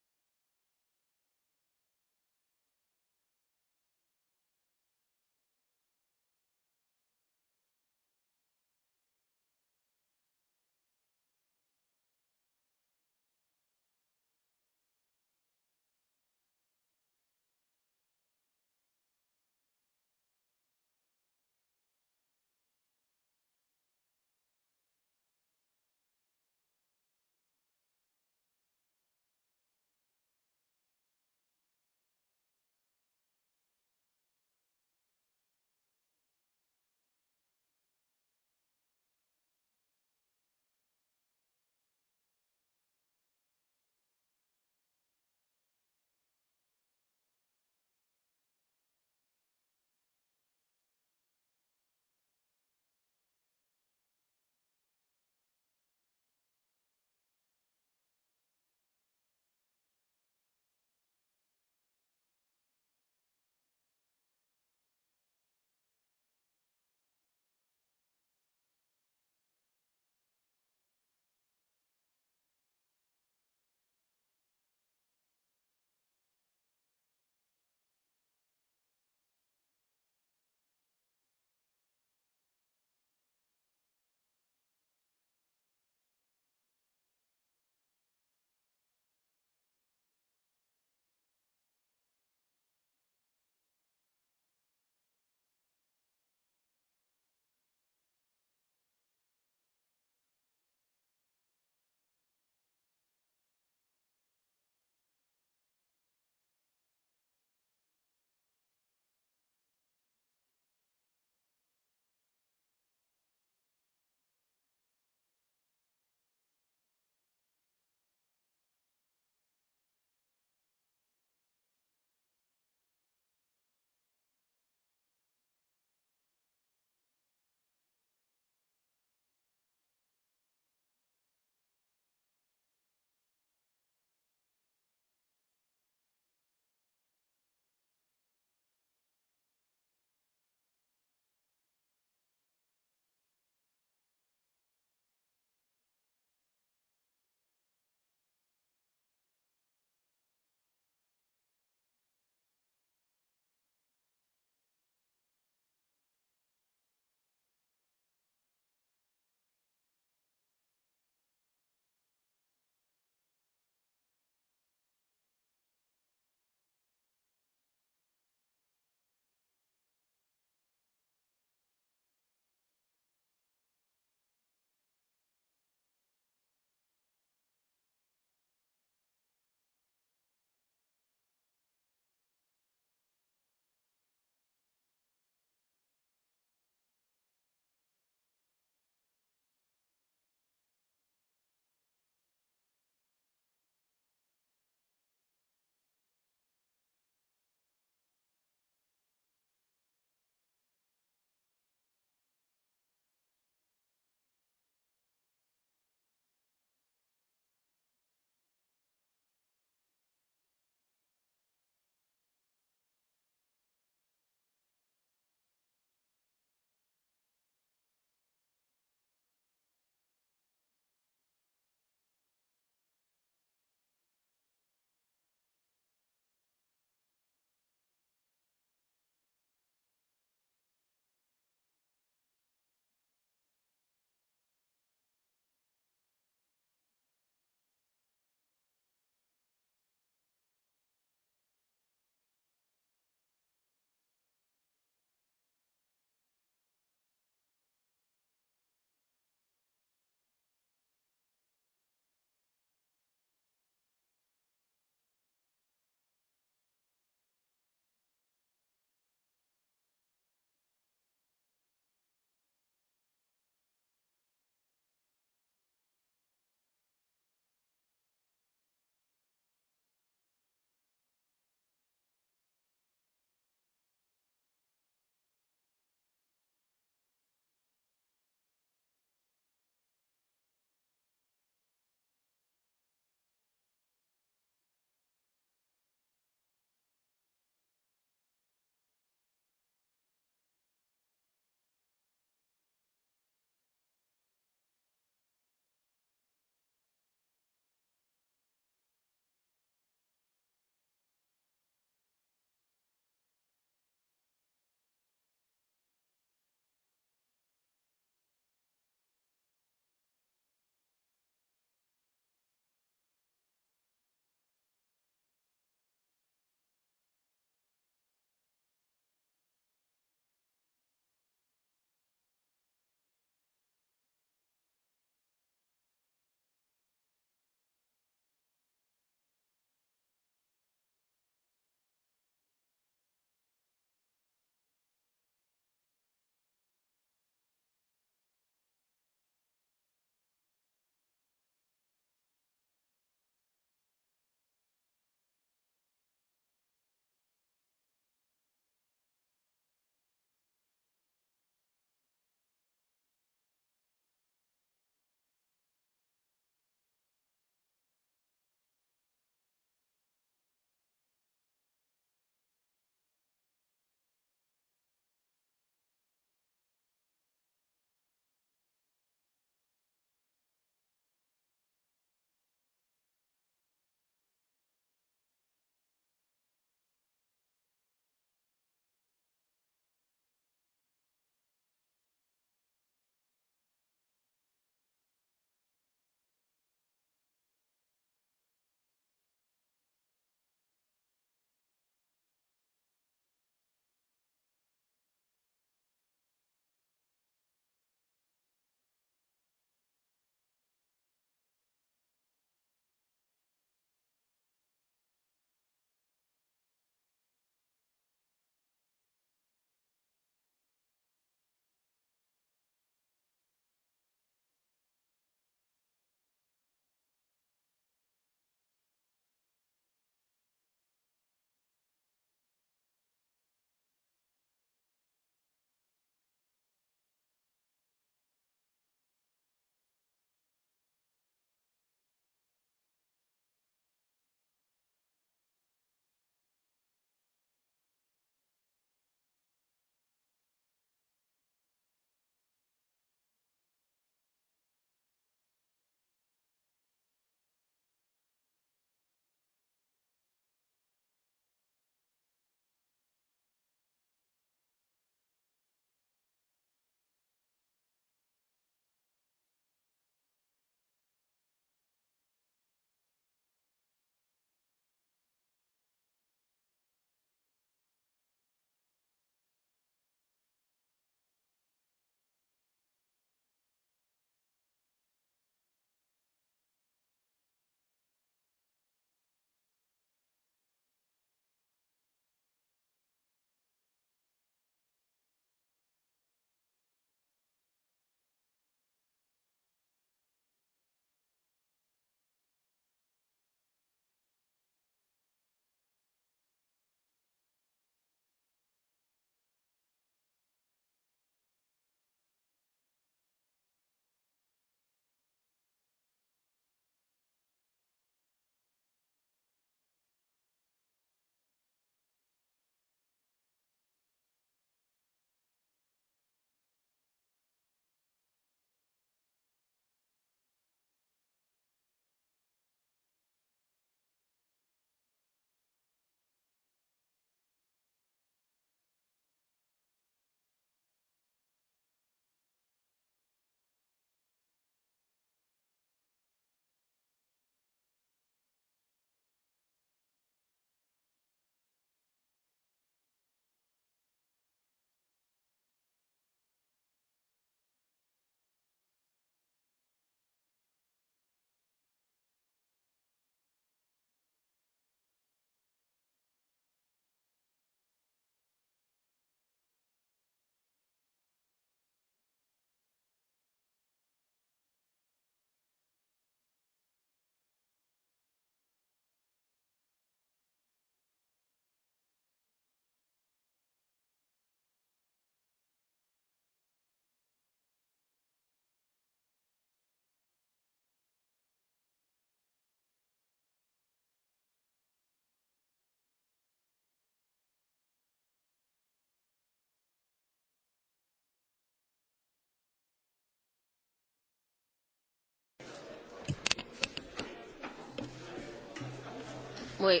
Oui.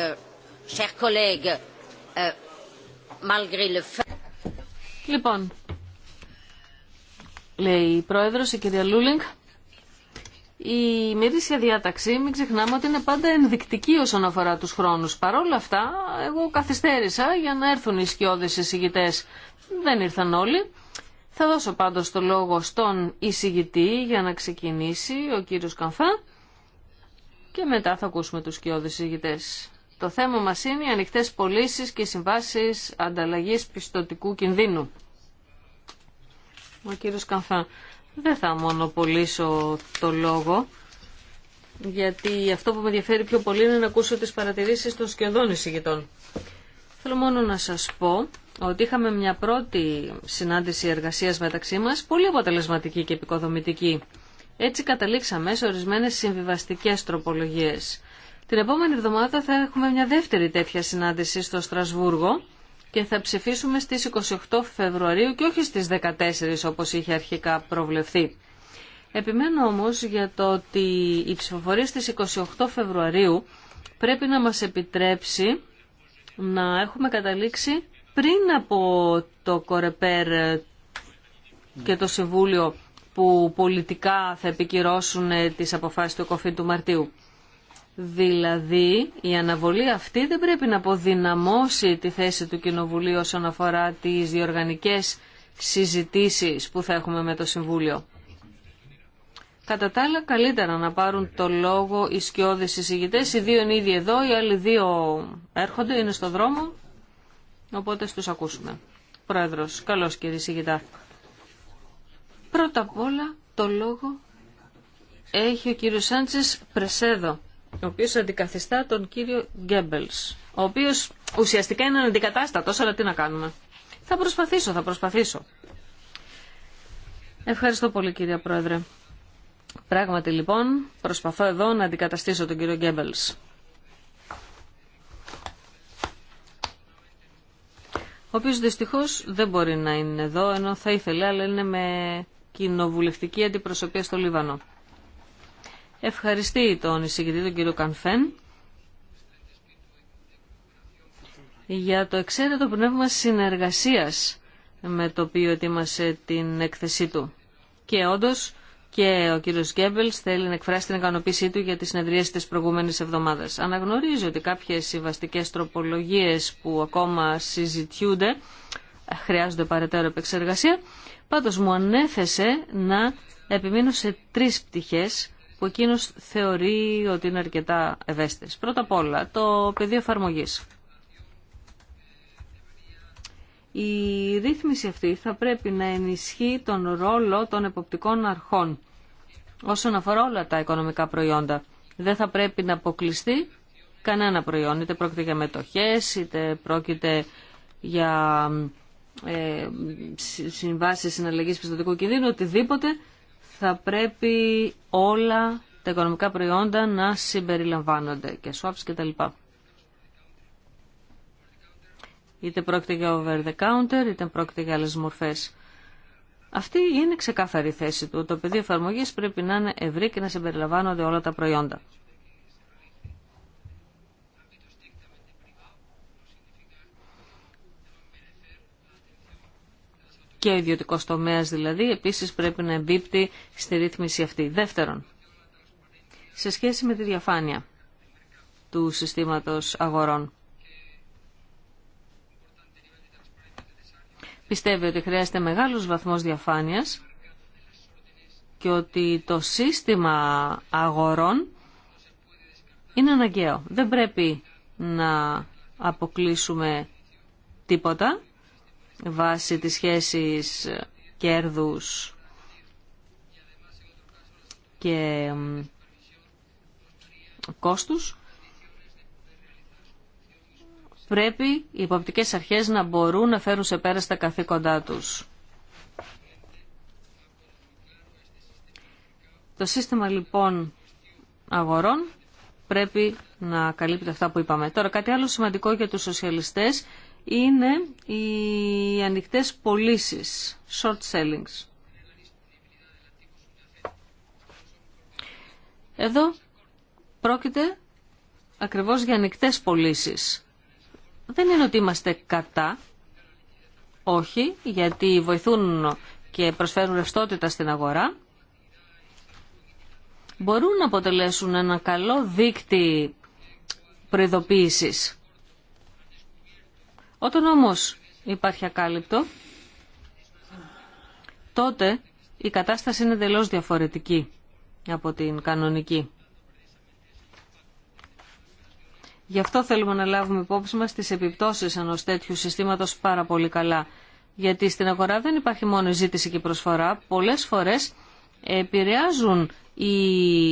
Euh, chers collègues, euh, malgré le fait... Λοιπόν, λέει η πρόεδρος, η κυρία Λούλινγκ, η μερίσια διάταξη, μην ξεχνάμε ότι είναι πάντα ενδεικτική όσον αφορά τους χρόνους. Παρ' όλα αυτά, εγώ καθυστέρησα για να έρθουν οι σκιώδες εισηγητέ. Δεν ήρθαν όλοι. Θα δώσω πάντως το λόγο στον εισηγητή για να ξεκινήσει, ο κύριος Καμφά και μετά θα ακούσουμε τους σκιώδεις ηγητές. Το θέμα μας είναι οι ανοιχτές πωλήσει και συμβάσεις ανταλλαγής πιστοτικού κινδύνου. Ο κύριος Καμφά, δεν θα μονοπολίσω το λόγο, γιατί αυτό που με ενδιαφέρει πιο πολύ είναι να ακούσω τις παρατηρήσεις των σκιωδών εισηγητών. Θέλω μόνο να σας πω ότι είχαμε μια πρώτη συνάντηση εργασίας μεταξύ μας, πολύ αποτελεσματική και επικοδομητική. Έτσι καταλήξαμε σε ορισμένε συμβιβαστικέ τροπολογίες. Την επόμενη εβδομάδα θα έχουμε μια δεύτερη τέτοια συνάντηση στο Στρασβούργο και θα ψηφίσουμε στις 28 Φεβρουαρίου και όχι στις 14 όπως είχε αρχικά προβλεφθεί. Επιμένω όμως για το ότι η ψηφοφορία στις 28 Φεβρουαρίου πρέπει να μας επιτρέψει να έχουμε καταλήξει πριν από το Κορεπέρ και το Συμβούλιο που πολιτικά θα επικυρώσουν ε, τις αποφάσεις του κοφή του Μαρτίου. Δηλαδή, η αναβολή αυτή δεν πρέπει να αποδυναμώσει τη θέση του Κοινοβουλίου όσον αφορά τις διοργανικές συζητήσεις που θα έχουμε με το Συμβούλιο. Κατά τα άλλα, καλύτερα να πάρουν το λόγο οι σκιώδες συζητητές. Οι δύο είναι ήδη εδώ, οι άλλοι δύο έρχονται, είναι στο δρόμο, οπότε τους ακούσουμε. Πρόεδρος, καλώς κύριε Πρώτα απ' όλα το λόγο έχει ο κύριος Σάντσες Πρεσέδο, ο οποίος αντικαθιστά τον κύριο Γκέμπελς, ο οποίος ουσιαστικά είναι αντικατάστατος, αλλά τι να κάνουμε. Θα προσπαθήσω, θα προσπαθήσω. Ευχαριστώ πολύ κύριε Πρόεδρε. Πράγματι λοιπόν προσπαθώ εδώ να αντικαταστήσω τον κύριο Γκέμπελς. ο οποίος δυστυχώς δεν μπορεί να είναι εδώ, ενώ θα ήθελε, αλλά είναι με κοινοβουλευτική αντιπροσωπεία στο Λίβανο. Ευχαριστεί τον εισηγητή τον κύριο Κανφέν για το εξαίρετο πνεύμα συνεργασίας με το οποίο ετοίμασε την έκθεσή του. Και όντως και ο κύριος Γκέμπελς θέλει να εκφράσει την ικανοποίησή του για τις συνεδρίες της προηγούμενης εβδομάδας. Αναγνωρίζει ότι κάποιες συμβαστικές τροπολογίες που ακόμα συζητιούνται χρειάζονται παρετέρω επεξεργασία Πάντως μου ανέθεσε να επιμείνω σε τρεις πτυχές που εκείνο θεωρεί ότι είναι αρκετά ευαίσθητες. Πρώτα απ' όλα, το πεδίο εφαρμογή. Η ρύθμιση αυτή θα πρέπει να ενισχύει τον ρόλο των εποπτικών αρχών όσον αφορά όλα τα οικονομικά προϊόντα. Δεν θα πρέπει να αποκλειστεί κανένα προϊόν, είτε πρόκειται για μετοχές, είτε πρόκειται για ε, συμβάσεις συναλλαγής πιστοτικού κινδύνου, οτιδήποτε, θα πρέπει όλα τα οικονομικά προϊόντα να συμπεριλαμβάνονται και swaps κτλ. Είτε πρόκειται για over the counter, είτε πρόκειται για άλλε μορφέ. Αυτή είναι ξεκάθαρη θέση του. Το πεδίο εφαρμογή πρέπει να είναι ευρύ και να συμπεριλαμβάνονται όλα τα προϊόντα. και ο ιδιωτικό τομέα δηλαδή επίσης πρέπει να εμπίπτει στη ρύθμιση αυτή. Δεύτερον, σε σχέση με τη διαφάνεια του συστήματος αγορών. Πιστεύει ότι χρειάζεται μεγάλος βαθμός διαφάνειας και ότι το σύστημα αγορών είναι αναγκαίο. Δεν πρέπει να αποκλείσουμε τίποτα βάσει της σχέσης κέρδους και κόστους πρέπει οι υποπτικές αρχές να μπορούν να φέρουν σε πέρα στα καθήκοντά τους. Το σύστημα λοιπόν αγορών πρέπει να καλύπτει αυτά που είπαμε. Τώρα κάτι άλλο σημαντικό για τους σοσιαλιστές είναι οι ανοιχτές πωλήσει, short sellings. Εδώ πρόκειται ακριβώς για ανοιχτέ πωλήσει. Δεν είναι ότι είμαστε κατά, όχι, γιατί βοηθούν και προσφέρουν ρευστότητα στην αγορά. Μπορούν να αποτελέσουν ένα καλό δίκτυ προειδοποίησης. Όταν όμως υπάρχει ακάλυπτο, τότε η κατάσταση είναι εντελώ διαφορετική από την κανονική. Γι' αυτό θέλουμε να λάβουμε υπόψη μας τις επιπτώσεις ενός τέτοιου συστήματος πάρα πολύ καλά. Γιατί στην αγορά δεν υπάρχει μόνο η ζήτηση και η προσφορά. Πολλές φορές επηρεάζουν οι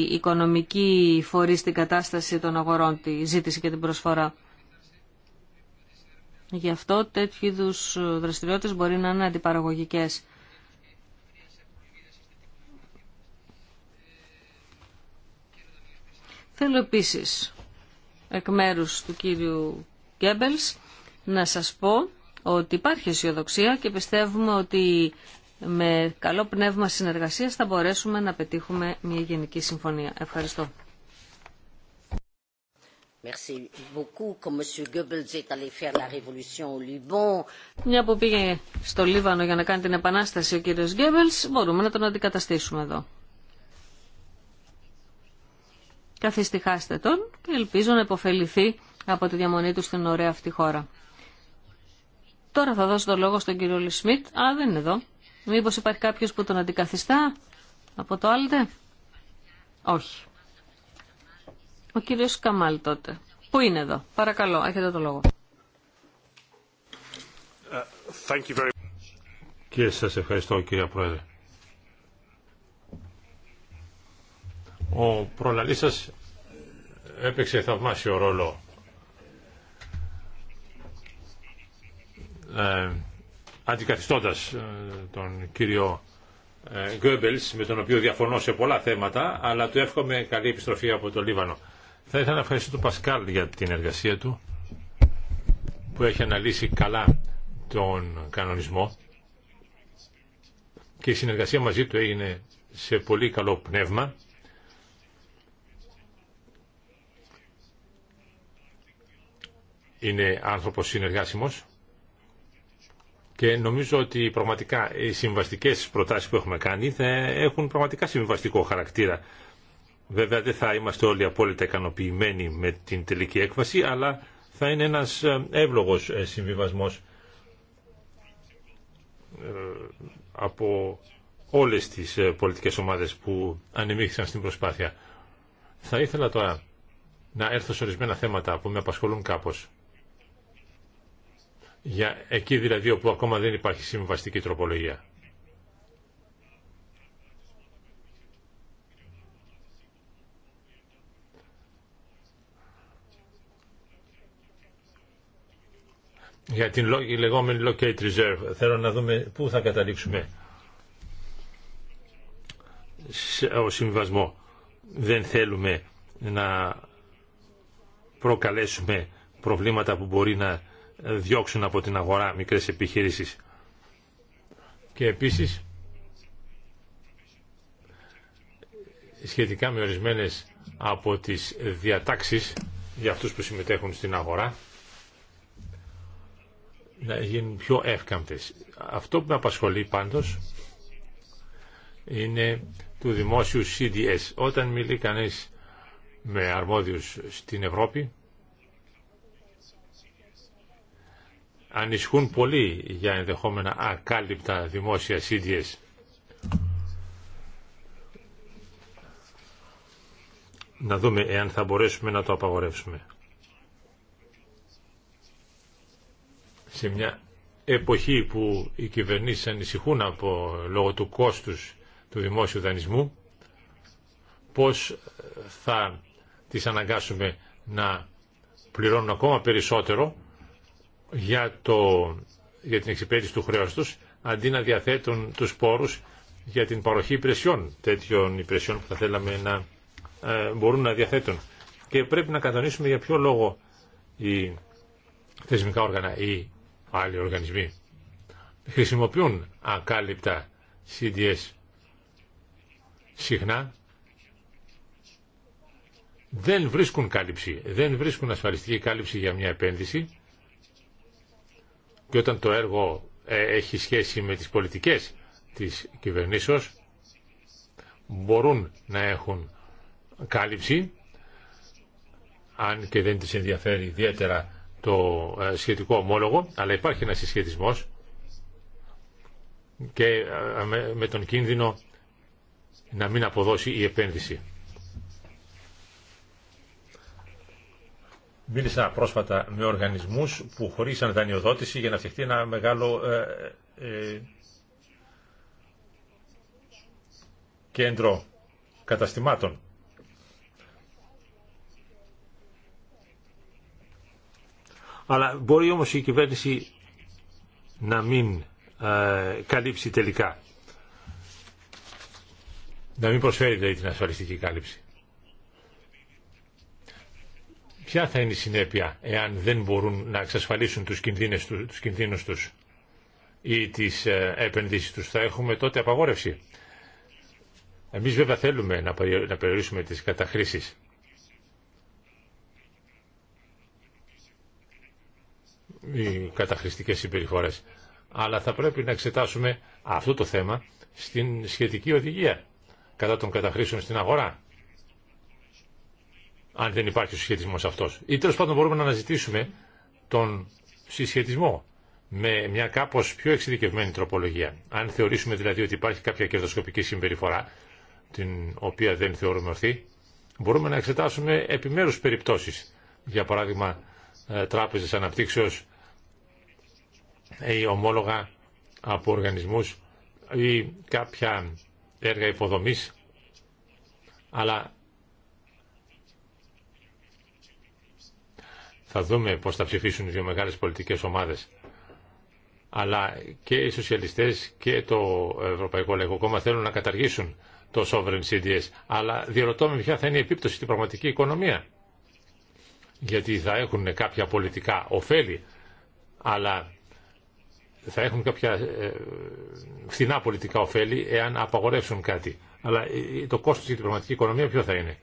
οικονομικοί φορείς την κατάσταση των αγορών, τη ζήτηση και την προσφορά. Γι' αυτό τέτοιου είδου δραστηριότητες μπορεί να είναι αντιπαραγωγικέ. Θέλω επίσης εκ μέρου του κύριου Γκέμπελ να σας πω ότι υπάρχει αισιοδοξία και πιστεύουμε ότι με καλό πνεύμα συνεργασίας θα μπορέσουμε να πετύχουμε μια γενική συμφωνία. Ευχαριστώ. Merci beaucoup, allé faire Μια που πήγε στο Λίβανο για να κάνει την επανάσταση ο κύριος Γκέμπελς, μπορούμε να τον αντικαταστήσουμε εδώ. Καθιστυχάστε τον και ελπίζω να υποφεληθεί από τη διαμονή του στην ωραία αυτή χώρα. Τώρα θα δώσω το λόγο στον κύριο Λισμίτ. Α, δεν είναι εδώ. Μήπως υπάρχει κάποιος που τον αντικαθιστά από το Άλτε. Όχι. Ο κύριος Καμάλ τότε. Πού είναι εδώ. Παρακαλώ, έχετε το λόγο. Thank Και σας ευχαριστώ κύριε Πρόεδρε. Ο προλαλής σας έπαιξε θαυμάσιο ρόλο. Ε, αντικαθιστώντας ε, τον κύριο Γκέμπελς, με τον οποίο διαφωνώ σε πολλά θέματα, αλλά του εύχομαι καλή επιστροφή από το Λίβανο. Θα ήθελα να ευχαριστήσω τον Πασκάλ για την εργασία του που έχει αναλύσει καλά τον κανονισμό και η συνεργασία μαζί του έγινε σε πολύ καλό πνεύμα. Είναι άνθρωπος συνεργάσιμος και νομίζω ότι πραγματικά οι συμβαστικές προτάσεις που έχουμε κάνει θα έχουν πραγματικά συμβαστικό χαρακτήρα Βέβαια δεν θα είμαστε όλοι απόλυτα ικανοποιημένοι με την τελική έκβαση, αλλά θα είναι ένας ε, εύλογος ε, συμβιβασμός ε, από όλες τις πολιτικές ομάδες που ανεμίχθησαν στην προσπάθεια. Θα ήθελα τώρα να έρθω σε ορισμένα θέματα που με απασχολούν κάπως. Για εκεί δηλαδή όπου ακόμα δεν υπάρχει συμβαστική τροπολογία. για την λεγόμενη locate reserve. Θέλω να δούμε πού θα καταλήξουμε ο συμβασμό. Δεν θέλουμε να προκαλέσουμε προβλήματα που μπορεί να διώξουν από την αγορά μικρές επιχειρήσεις. Και επίσης, σχετικά με ορισμένες από τις διατάξεις για αυτούς που συμμετέχουν στην αγορά, να γίνουν πιο εύκαμπτες. Αυτό που με απασχολεί πάντως είναι του δημόσιου CDS. Όταν μιλεί κανείς με αρμόδιους στην Ευρώπη, ανισχούν πολύ για ενδεχόμενα ακάλυπτα δημόσια CDS. Να δούμε εάν θα μπορέσουμε να το απαγορεύσουμε. σε μια εποχή που οι κυβερνήσεις ανησυχούν από λόγω του κόστους του δημόσιου δανεισμού πώς θα τις αναγκάσουμε να πληρώνουν ακόμα περισσότερο για, το, για την εξυπηρέτηση του χρέους τους αντί να διαθέτουν τους πόρους για την παροχή υπηρεσιών τέτοιων υπηρεσιών που θα θέλαμε να ε, μπορούν να διαθέτουν και πρέπει να κατανοήσουμε για ποιο λόγο οι θεσμικά όργανα, οι άλλοι οργανισμοί χρησιμοποιούν ακάλυπτα CDS συχνά δεν βρίσκουν κάλυψη, δεν βρίσκουν ασφαλιστική κάλυψη για μια επένδυση και όταν το έργο ε, έχει σχέση με τις πολιτικές της κυβερνήσεως μπορούν να έχουν κάλυψη αν και δεν τις ενδιαφέρει ιδιαίτερα το ε, σχετικό ομόλογο, αλλά υπάρχει ένα συσχετισμός και ε, με τον κίνδυνο να μην αποδώσει η επένδυση. Μίλησα πρόσφατα με οργανισμούς που χωρίσαν δανειοδότηση για να φτιαχτεί ένα μεγάλο ε, κέντρο καταστημάτων. Αλλά μπορεί όμως η κυβέρνηση να μην ε, καλύψει τελικά. Να μην προσφέρει δηλαδή την ασφαλιστική κάλυψη. Ποια θα είναι η συνέπεια εάν δεν μπορούν να εξασφαλίσουν τους κινδύνους, τους, κινδύνους τους ή τις ε, επενδύσεις τους. Θα έχουμε τότε απαγόρευση. Εμείς βέβαια θέλουμε να περιορίσουμε τις καταχρήσεις. οι καταχρηστικές συμπεριφορές. Αλλά θα πρέπει να εξετάσουμε αυτό το θέμα στην σχετική οδηγία κατά των καταχρήσεων στην αγορά. Αν δεν υπάρχει ο συσχετισμός αυτός. Ή τέλος πάντων μπορούμε να αναζητήσουμε τον συσχετισμό με μια κάπως πιο εξειδικευμένη τροπολογία. Αν θεωρήσουμε δηλαδή ότι υπάρχει κάποια κερδοσκοπική συμπεριφορά, την οποία δεν θεωρούμε ορθή, μπορούμε να εξετάσουμε επιμέρους περιπτώσεις. Για παράδειγμα, ε, τράπεζες αναπτύξεως ή ομόλογα από οργανισμούς ή κάποια έργα υποδομής, αλλά θα δούμε πώς θα ψηφίσουν οι δύο μεγάλες πολιτικές ομάδες. Αλλά και οι σοσιαλιστές και το Ευρωπαϊκό Λαϊκό Κόμμα θέλουν να καταργήσουν το Sovereign CDS. Αλλά διαρωτώ με ποια θα είναι η επίπτωση στην πραγματική οικονομία. Γιατί θα έχουν κάποια πολιτικά ωφέλη, αλλά θα έχουν κάποια ε, φθηνά πολιτικά ωφέλη εάν απαγορεύσουν κάτι. Αλλά ε, το κόστος για την πραγματική οικονομία ποιο θα είναι.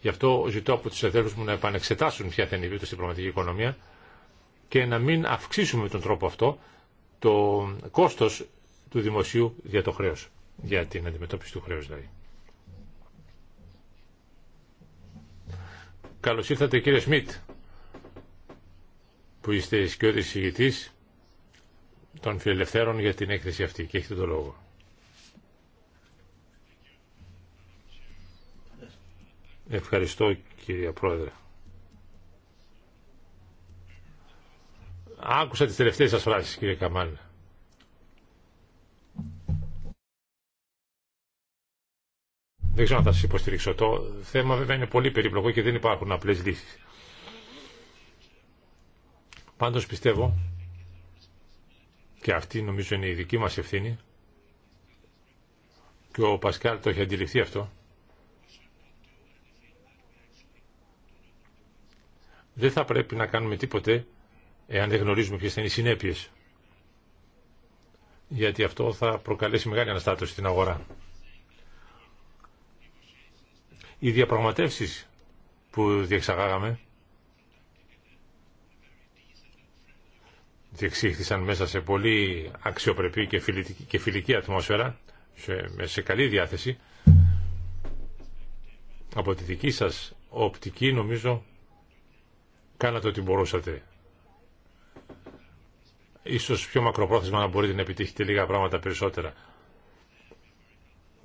Γι' αυτό ζητώ από τους αδέρφους μου να επανεξετάσουν ποια θα είναι η βίωση στην πραγματική οικονομία και να μην αυξήσουμε τον τρόπο αυτό το κόστος του δημοσίου για το χρέος, για την αντιμετώπιση του χρέους δηλαδή. Καλώς ήρθατε κύριε Σμιτ, που είστε σκιώδης ηγητής των φιλελευθέρων για την έκθεση αυτή και έχετε το λόγο. Ευχαριστώ κυρία Πρόεδρε. Άκουσα τις τελευταίες σας φράσεις κύριε Καμάν. Δεν ξέρω αν θα σας υποστηρίξω. Το θέμα βέβαια είναι πολύ περίπλοκο και δεν υπάρχουν απλές λύσεις. Πάντως πιστεύω και αυτή νομίζω είναι η δική μας ευθύνη και ο Πασκάλ το έχει αντιληφθεί αυτό δεν θα πρέπει να κάνουμε τίποτε εάν δεν γνωρίζουμε ποιες θα είναι οι συνέπειες γιατί αυτό θα προκαλέσει μεγάλη αναστάτωση στην αγορά οι διαπραγματεύσεις που διεξαγάγαμε διεξήχθησαν μέσα σε πολύ αξιοπρεπή και φιλική, και φιλική ατμόσφαιρα, σε, σε καλή διάθεση. Από τη δική σας οπτική νομίζω κάνατε ό,τι μπορούσατε. Ίσως πιο μακροπρόθεσμα να μπορείτε να επιτύχετε λίγα πράγματα περισσότερα.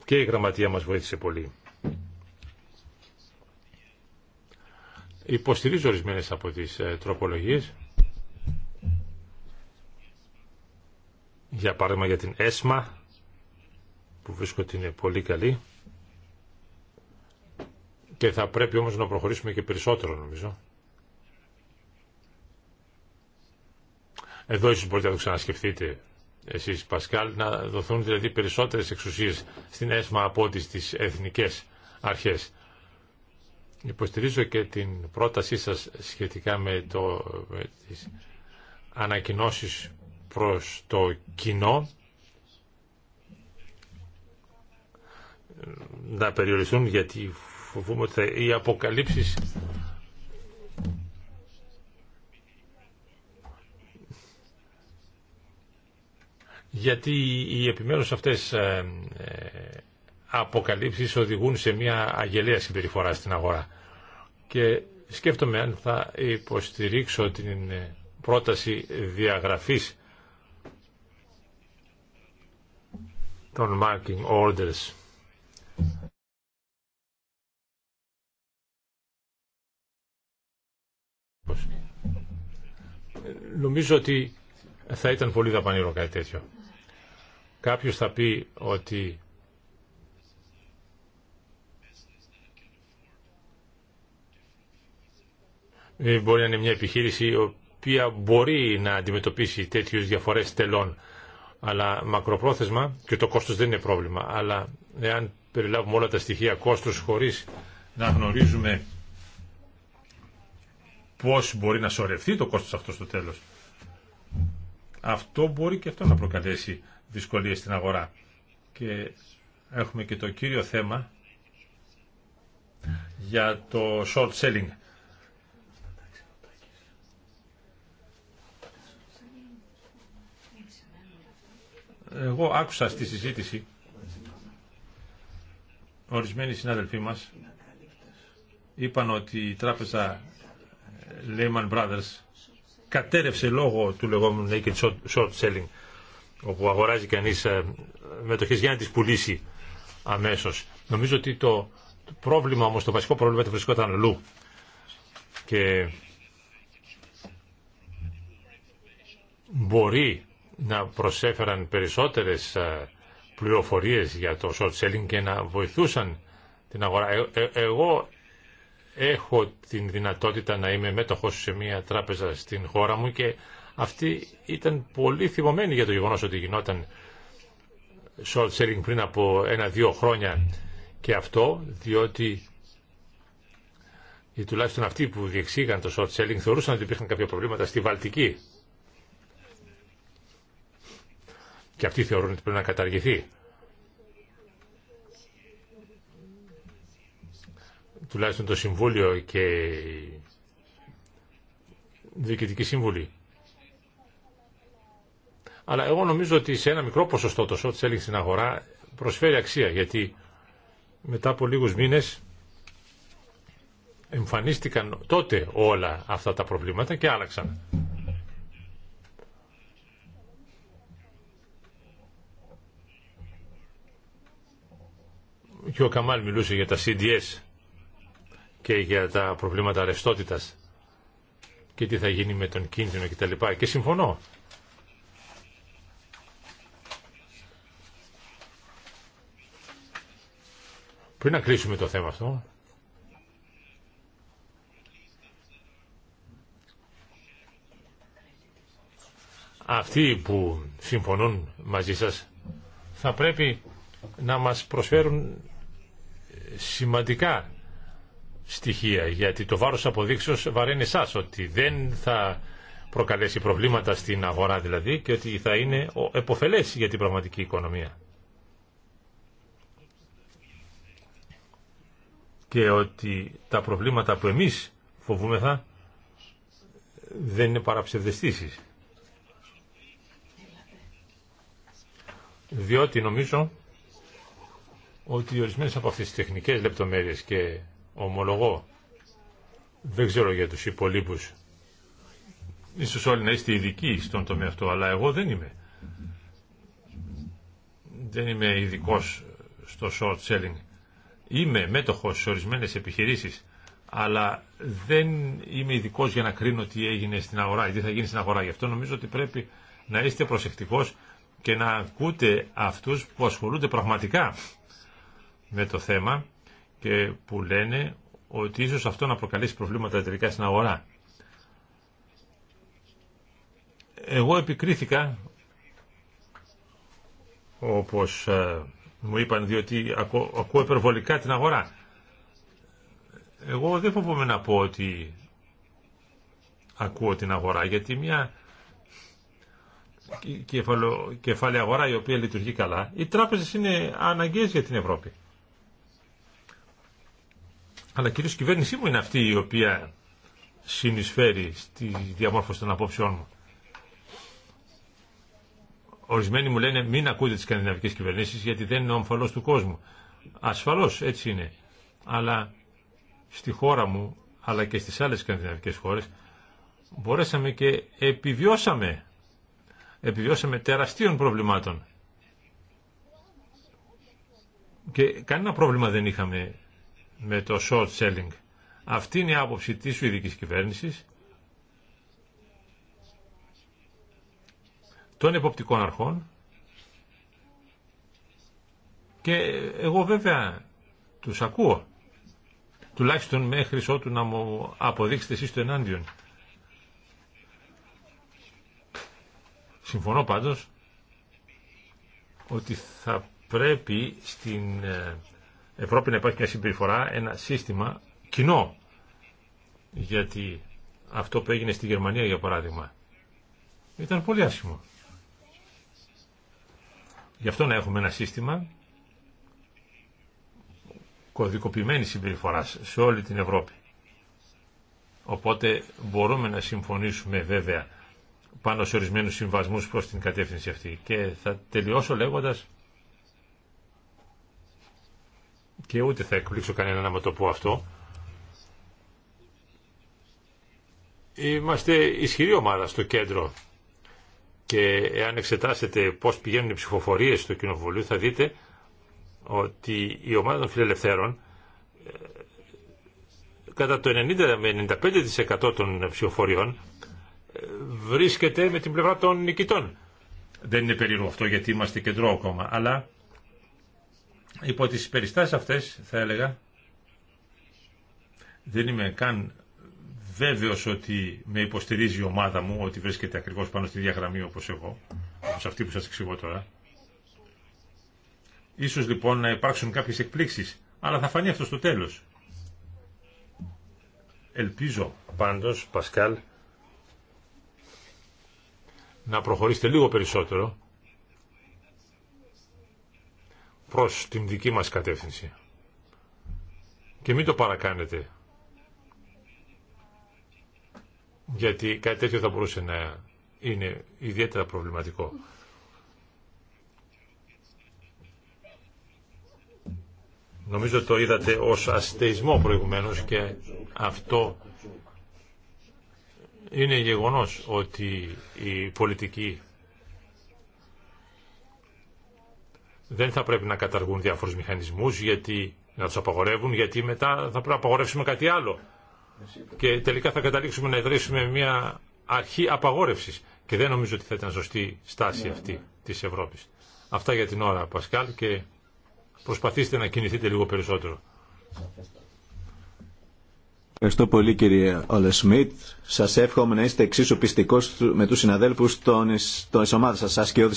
Και η γραμματεία μας βοήθησε πολύ. Υποστηρίζω ορισμένες από τις ε, τροπολογίες. για παράδειγμα για την ΕΣΜΑ που βρίσκω ότι είναι πολύ καλή και θα πρέπει όμως να προχωρήσουμε και περισσότερο νομίζω. Εδώ ίσως μπορείτε να το ξανασκεφτείτε εσείς Πασκάλ, να δοθούν δηλαδή περισσότερες εξουσίες στην ΕΣΜΑ από ό,τι στις εθνικές αρχές. Υποστηρίζω και την πρότασή σας σχετικά με, το, με τις προς το κοινό να περιοριστούν γιατί φοβούμαι ότι οι αποκαλύψεις γιατί οι επιμέρους αυτές ε, ε, αποκαλύψεις οδηγούν σε μια αγελία συμπεριφορά στην αγορά. Και σκέφτομαι αν θα υποστηρίξω την ε, πρόταση διαγραφής των marking orders. Νομίζω ότι θα ήταν πολύ δαπανηρό κάτι τέτοιο. Κάποιος θα πει ότι μπορεί να είναι μια επιχείρηση η οποία μπορεί να αντιμετωπίσει τέτοιους διαφορές τελών αλλά μακροπρόθεσμα, και το κόστος δεν είναι πρόβλημα, αλλά εάν περιλάβουμε όλα τα στοιχεία κόστος χωρίς να γνωρίζουμε πώς μπορεί να σωρευτεί το κόστος αυτό στο τέλος, αυτό μπορεί και αυτό να προκαλέσει δυσκολίες στην αγορά. Και έχουμε και το κύριο θέμα για το short selling Εγώ άκουσα στη συζήτηση ορισμένοι συνάδελφοί μας είπαν ότι η τράπεζα Lehman Brothers κατέρευσε λόγω του λεγόμενου naked short selling όπου αγοράζει κανείς ε, μετοχές για να τις πουλήσει αμέσως. Νομίζω ότι το πρόβλημα όμως, το βασικό πρόβλημα το βρισκόταν αλλού και μπορεί να προσέφεραν περισσότερες ε, πληροφορίες για το short selling και να βοηθούσαν την αγορά. Ε, ε, εγώ έχω την δυνατότητα να είμαι μέτοχος σε μια τράπεζα στην χώρα μου και αυτή ήταν πολύ θυμωμένη για το γεγονός ότι γινόταν short selling πριν από ένα-δύο χρόνια και αυτό διότι ή τουλάχιστον αυτοί που διεξήγαν το short selling θεωρούσαν ότι υπήρχαν κάποια προβλήματα στη Βαλτική Και αυτοί θεωρούν ότι πρέπει να καταργηθεί. Τουλάχιστον το Συμβούλιο και ...η Διοικητική Σύμβουλη. Αλλά εγώ νομίζω ότι σε ένα μικρό ποσοστό το σώτ έλεγχη στην αγορά προσφέρει αξία γιατί μετά από λίγους μήνες εμφανίστηκαν τότε όλα αυτά τα προβλήματα και άλλαξαν. και ο Καμάλ μιλούσε για τα CDS και για τα προβλήματα αρεστότητας και τι θα γίνει με τον κίνδυνο κτλ. Και συμφωνώ. Πριν να κλείσουμε το θέμα αυτό, αυτοί που συμφωνούν μαζί σας θα πρέπει να μας προσφέρουν σημαντικά στοιχεία γιατί το βάρος αποδείξεως βαραίνει εσά ότι δεν θα προκαλέσει προβλήματα στην αγορά δηλαδή και ότι θα είναι εποφελές για την πραγματική οικονομία. Και ότι τα προβλήματα που εμείς φοβούμεθα δεν είναι παραψευδεστήσεις. Διότι νομίζω ότι ορισμένες από αυτές τεχνικές λεπτομέρειες και ομολογώ δεν ξέρω για τους υπολείπους ίσως όλοι να είστε ειδικοί στον τομέα αυτό αλλά εγώ δεν είμαι δεν είμαι ειδικό στο short selling είμαι μέτοχος σε ορισμένες επιχειρήσεις αλλά δεν είμαι ειδικό για να κρίνω τι έγινε στην αγορά ή τι θα γίνει στην αγορά γι' αυτό νομίζω ότι πρέπει να είστε προσεκτικό και να ακούτε αυτούς που ασχολούνται πραγματικά με το θέμα και που λένε ότι ίσως αυτό να προκαλέσει προβλήματα τελικά στην αγορά. Εγώ επικρίθηκα, όπως ε, μου είπαν, διότι ακούω υπερβολικά την αγορά. Εγώ δεν φοβούμαι να πω ότι ακούω την αγορά, γιατί μια κεφαλαία αγορά η οποία λειτουργεί καλά, οι τράπεζες είναι αναγκαίες για την Ευρώπη αλλά κυρίω η κυβέρνησή μου είναι αυτή η οποία συνεισφέρει στη διαμόρφωση των απόψεών μου. Ορισμένοι μου λένε μην ακούτε τι σκανδιναβικέ κυβερνήσεις γιατί δεν είναι ο αμφαλός του κόσμου. Ασφαλώ, έτσι είναι. Αλλά στη χώρα μου αλλά και στις άλλες σκανδιναβικέ χώρες μπορέσαμε και επιβιώσαμε. Επιβιώσαμε τεραστίων προβλημάτων. Και κανένα πρόβλημα δεν είχαμε με το short selling. Αυτή είναι η άποψη της Σουηδικής κυβέρνησης των εποπτικών αρχών και εγώ βέβαια τους ακούω τουλάχιστον μέχρι ότου να μου αποδείξετε εσείς το ενάντιον. Συμφωνώ πάντως ότι θα πρέπει στην ε, Ευρώπη να υπάρχει μια συμπεριφορά, ένα σύστημα κοινό. Γιατί αυτό που έγινε στη Γερμανία, για παράδειγμα, ήταν πολύ άσχημο. Γι' αυτό να έχουμε ένα σύστημα κωδικοποιημένη συμπεριφορά σε όλη την Ευρώπη. Οπότε μπορούμε να συμφωνήσουμε βέβαια πάνω σε ορισμένους συμβασμούς προς την κατεύθυνση αυτή. Και θα τελειώσω λέγοντας και ούτε θα εκπλήξω κανένα να με το πω αυτό. Είμαστε ισχυρή ομάδα στο κέντρο και εάν εξετάσετε πώς πηγαίνουν οι ψηφοφορίες στο Κοινοβουλίο θα δείτε ότι η ομάδα των φιλελευθέρων ε, κατά το 90 με 95% των ψηφοφοριών ε, βρίσκεται με την πλευρά των νικητών. Δεν είναι περίεργο αυτό γιατί είμαστε κεντρό ακόμα, αλλά υπό τις περιστάσεις αυτές θα έλεγα δεν είμαι καν βέβαιος ότι με υποστηρίζει η ομάδα μου ότι βρίσκεται ακριβώς πάνω στη διαγραμμή όπως εγώ όπως αυτή που σας εξηγώ τώρα Ίσως λοιπόν να υπάρξουν κάποιες εκπλήξεις αλλά θα φανεί αυτό στο τέλος Ελπίζω πάντως Πασκάλ να προχωρήσετε λίγο περισσότερο προς την δική μας κατεύθυνση. Και μην το παρακάνετε. Γιατί κάτι τέτοιο θα μπορούσε να είναι ιδιαίτερα προβληματικό. Νομίζω το είδατε ως αστεισμό προηγουμένως και αυτό είναι γεγονός ότι η πολιτική δεν θα πρέπει να καταργούν διάφορους μηχανισμούς, γιατί, να τους απαγορεύουν, γιατί μετά θα πρέπει να απαγορεύσουμε κάτι άλλο. Και τελικά θα καταλήξουμε να ιδρύσουμε μια αρχή απαγόρευσης. Και δεν νομίζω ότι θα ήταν σωστή στάση ναι, αυτή ναι. της Ευρώπης. Αυτά για την ώρα, Πασκάλ, και προσπαθήστε να κινηθείτε λίγο περισσότερο. Ευχαριστώ πολύ κύριε Όλε Σμιτ. Σα εύχομαι να είστε εξίσου πιστικό με του συναδέλφου των, ομάδα σα και ο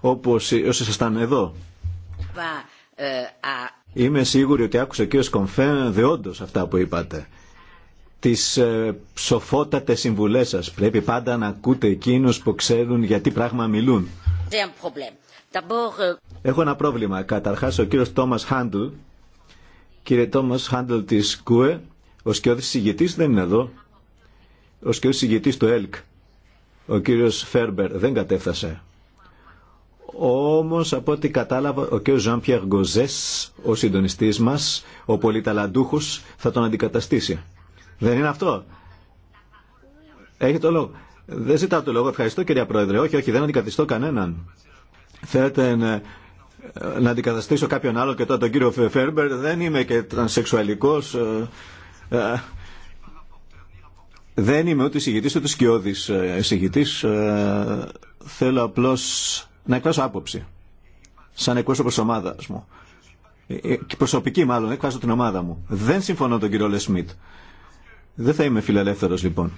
όπως ε, όσοι ήσασταν εδώ. Ε, Είμαι σίγουρη ότι άκουσε ο κύριος Κομφέν δεόντως αυτά που είπατε. Τις ε, σοφότατες συμβουλές σας. Πρέπει πάντα να ακούτε εκείνους που ξέρουν για τι πράγμα μιλούν. Ε, Έχω ένα πρόβλημα. Καταρχάς ο κύριος Τόμας Χάντλ, κύριε Τόμας Χάντλ της ΚΟΕ, ο σκιώδης ηγετής δεν είναι εδώ. Ο σκιώδης ηγετής του ΕΛΚ, ο κύριος Φέρμπερ, δεν κατέφθασε. Όμως από ό,τι κατάλαβα ο κ. Ζαν Γκοζές, ο συντονιστής μας, ο πολυταλαντούχος, θα τον αντικαταστήσει. Δεν είναι αυτό. Έχει το λόγο. Δεν ζητάω το λόγο. Ευχαριστώ κυρία Πρόεδρε. Όχι, όχι, δεν αντικαθιστώ κανέναν. Θέλετε να, να αντικαταστήσω κάποιον άλλο και τώρα τον κύριο Φέρμπερ. Δεν είμαι και τρανσεξουαλικός. Ε, ε, δεν είμαι ούτε συγητής ούτε σκιώδης ε, συγητής. Θέλω απλώς να εκφράσω άποψη. Σαν εκπρόσωπο προ ομάδα μου. Ε, ε, και προσωπική μάλλον, εκφράζω την ομάδα μου. Δεν συμφωνώ τον κύριο Λεσμιτ. Δεν θα είμαι φιλελεύθερο λοιπόν.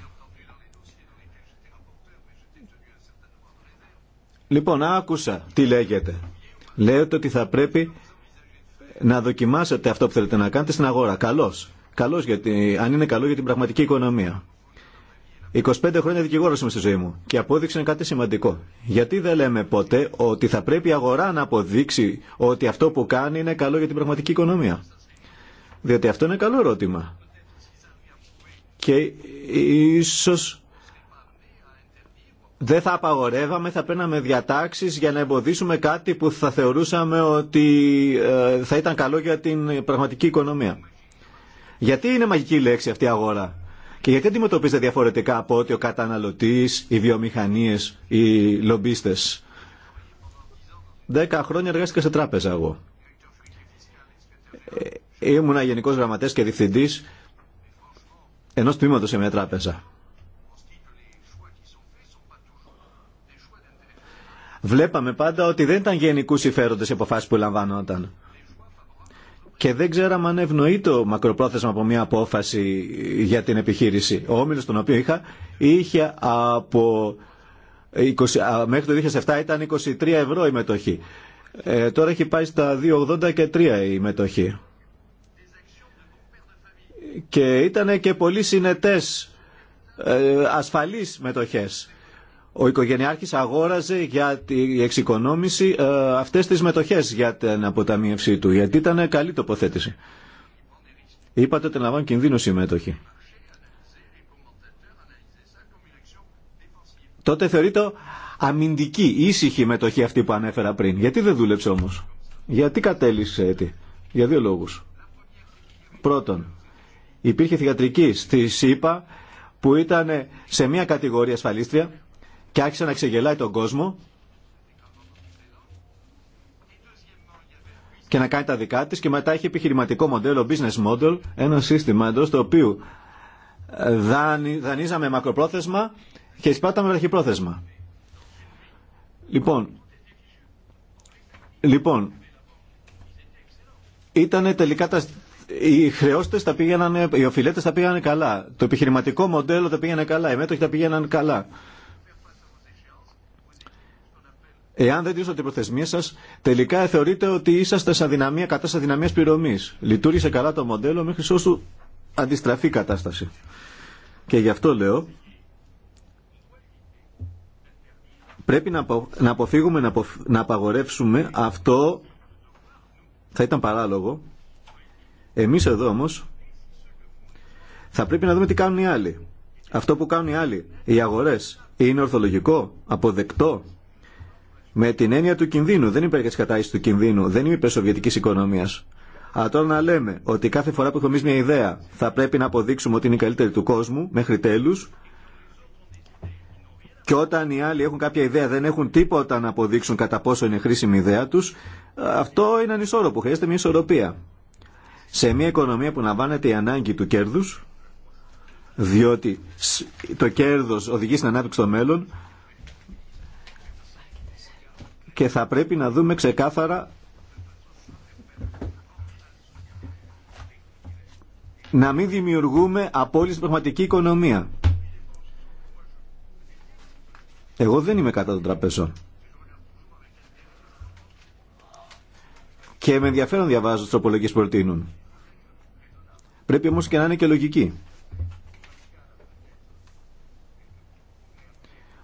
Λοιπόν, άκουσα τι λέγεται. Λέτε ότι θα πρέπει να δοκιμάσετε αυτό που θέλετε να κάνετε στην αγορά. Καλώς. Καλώς γιατί, αν είναι καλό για την πραγματική οικονομία. 25 χρόνια δικηγόρο είμαι στη ζωή μου και απόδειξε κάτι σημαντικό. Γιατί δεν λέμε ποτέ ότι θα πρέπει η αγορά να αποδείξει ότι αυτό που κάνει είναι καλό για την πραγματική οικονομία. Διότι αυτό είναι καλό ερώτημα. Και ίσω δεν θα απαγορεύαμε, θα παίρναμε διατάξεις για να εμποδίσουμε κάτι που θα θεωρούσαμε ότι ε, θα ήταν καλό για την πραγματική οικονομία. Γιατί είναι μαγική λέξη αυτή η αγορά. Και γιατί αντιμετωπίζετε διαφορετικά από ότι ο καταναλωτής, οι βιομηχανίες, οι λομπίστε. Δέκα χρόνια εργάστηκα σε τράπεζα εγώ. Ε, ήμουνα γενικό γραμματέας και διευθυντή, ενό τμήματο σε μια τράπεζα. Βλέπαμε πάντα ότι δεν ήταν γενικού συμφέροντε οι αποφάσει που λαμβάνονταν και δεν ξέραμε αν ευνοεί το μακροπρόθεσμα από μια απόφαση για την επιχείρηση. Ο όμιλος τον οποίο είχα είχε από 20, μέχρι το 2007 ήταν 23 ευρώ η μετοχή. Ε, τώρα έχει πάει στα 2,80 και 3 η μετοχή. Και ήταν και πολύ συνετές ε, ασφαλείς μετοχές ο οικογενειάρχης αγόραζε για την εξοικονόμηση ε, αυτές τις μετοχές για την αποταμίευσή του, γιατί ήταν καλή τοποθέτηση. Είπατε ότι λαμβάνουν κινδύνου οι μέτοχοι. Τότε θεωρείται αμυντική, ήσυχη μετοχή αυτή που ανέφερα πριν. Γιατί δεν δούλεψε όμως. Γιατί κατέληξε έτσι. Για δύο λόγους. Πρώτον, υπήρχε θηγατρική στη ΣΥΠΑ που ήταν σε μια κατηγορία ασφαλίστρια και άρχισε να ξεγελάει τον κόσμο και να κάνει τα δικά της και μετά έχει επιχειρηματικό μοντέλο, business model, ένα σύστημα εντό το οποίο ε, δανείζαμε μακροπρόθεσμα και εισπάταμε βραχυπρόθεσμα. Λοιπόν, λοιπόν ήταν τελικά τα, οι χρεώστε τα πήγαιναν, οι οφειλέτε τα πήγαιναν καλά. Το επιχειρηματικό μοντέλο τα πήγαινε καλά, οι μέτοχοι τα πήγαιναν καλά. Εάν δεν δείξω την προθεσμία σα, τελικά θεωρείτε ότι είσαστε σε αδυναμία, κατά σε δυναμία πληρωμή. Λειτουργήσε καλά το μοντέλο μέχρι όσου αντιστραφεί η κατάσταση. Και γι' αυτό λέω, πρέπει να αποφύγουμε να απαγορεύσουμε αυτό, θα ήταν παράλογο. Εμείς εδώ όμως θα πρέπει να δούμε τι κάνουν οι άλλοι. Αυτό που κάνουν οι άλλοι, οι αγορές, είναι ορθολογικό, αποδεκτό με την έννοια του κινδύνου. Δεν υπάρχει για τη κατάσταση του κινδύνου. Δεν είμαι υπέρ σοβιετική οικονομία. Αλλά τώρα να λέμε ότι κάθε φορά που έχουμε μια ιδέα θα πρέπει να αποδείξουμε ότι είναι η καλύτερη του κόσμου μέχρι τέλου. Και όταν οι άλλοι έχουν κάποια ιδέα, δεν έχουν τίποτα να αποδείξουν κατά πόσο είναι χρήσιμη η ιδέα του, αυτό είναι ανισόρροπο. Χρειάζεται μια ισορροπία. Σε μια οικονομία που λαμβάνεται η ανάγκη του κέρδου, διότι το κέρδο οδηγεί στην ανάπτυξη στο μέλλον, και θα πρέπει να δούμε ξεκάθαρα να μην δημιουργούμε απόλυτη πραγματική οικονομία. Εγώ δεν είμαι κατά των τραπεζών. Και με ενδιαφέρον διαβάζω τις τροπολογίες που προτείνουν. Πρέπει όμως και να είναι και λογική.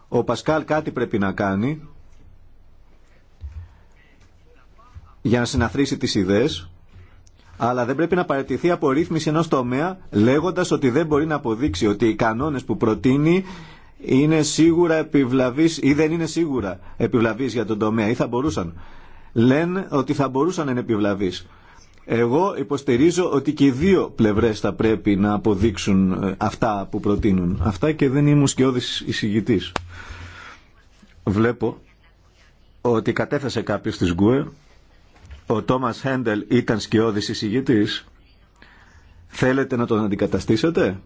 Ο Πασκάλ κάτι πρέπει να κάνει για να συναθρήσει τις ιδέες, αλλά δεν πρέπει να παραιτηθεί από ρύθμιση ενός τομέα λέγοντας ότι δεν μπορεί να αποδείξει ότι οι κανόνες που προτείνει είναι σίγουρα επιβλαβείς ή δεν είναι σίγουρα επιβλαβείς για τον τομέα ή θα μπορούσαν. Λένε ότι θα μπορούσαν να είναι επιβλαβείς. Εγώ υποστηρίζω ότι και οι δύο πλευρές θα πρέπει να αποδείξουν ε, αυτά που προτείνουν. Αυτά και δεν ήμουν σκιώδης εισηγητής. Βλέπω ότι κατέθεσε κάποιος της ΓΚΟΕ ο Τόμας Χέντελ ήταν σκιώδης εισηγητής. Θέλετε να τον αντικαταστήσετε?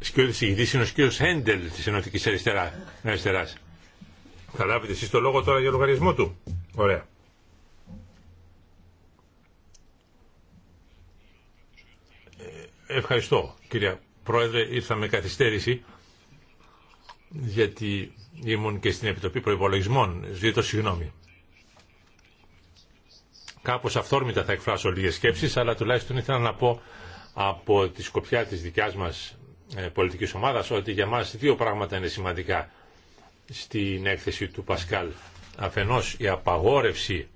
Σκιώδης εισηγητής είναι ο σκιώδης Χέντελ της Ενωτικής αριστερά Αριστεράς. Θα λάβετε εσείς το λόγο τώρα για λογαριασμό του. Ωραία. Ευχαριστώ κυρία Πρόεδρε, ήρθα με καθυστέρηση γιατί ήμουν και στην Επιτροπή Προϋπολογισμών, ζητώ συγγνώμη. Κάπως αυθόρμητα θα εκφράσω λίγες σκέψεις, αλλά τουλάχιστον ήθελα να πω από τη σκοπιά της δικιάς μας ε, πολιτικής ομάδας ότι για μας δύο πράγματα είναι σημαντικά στην έκθεση του Πασκάλ. Αφενός η απαγόρευση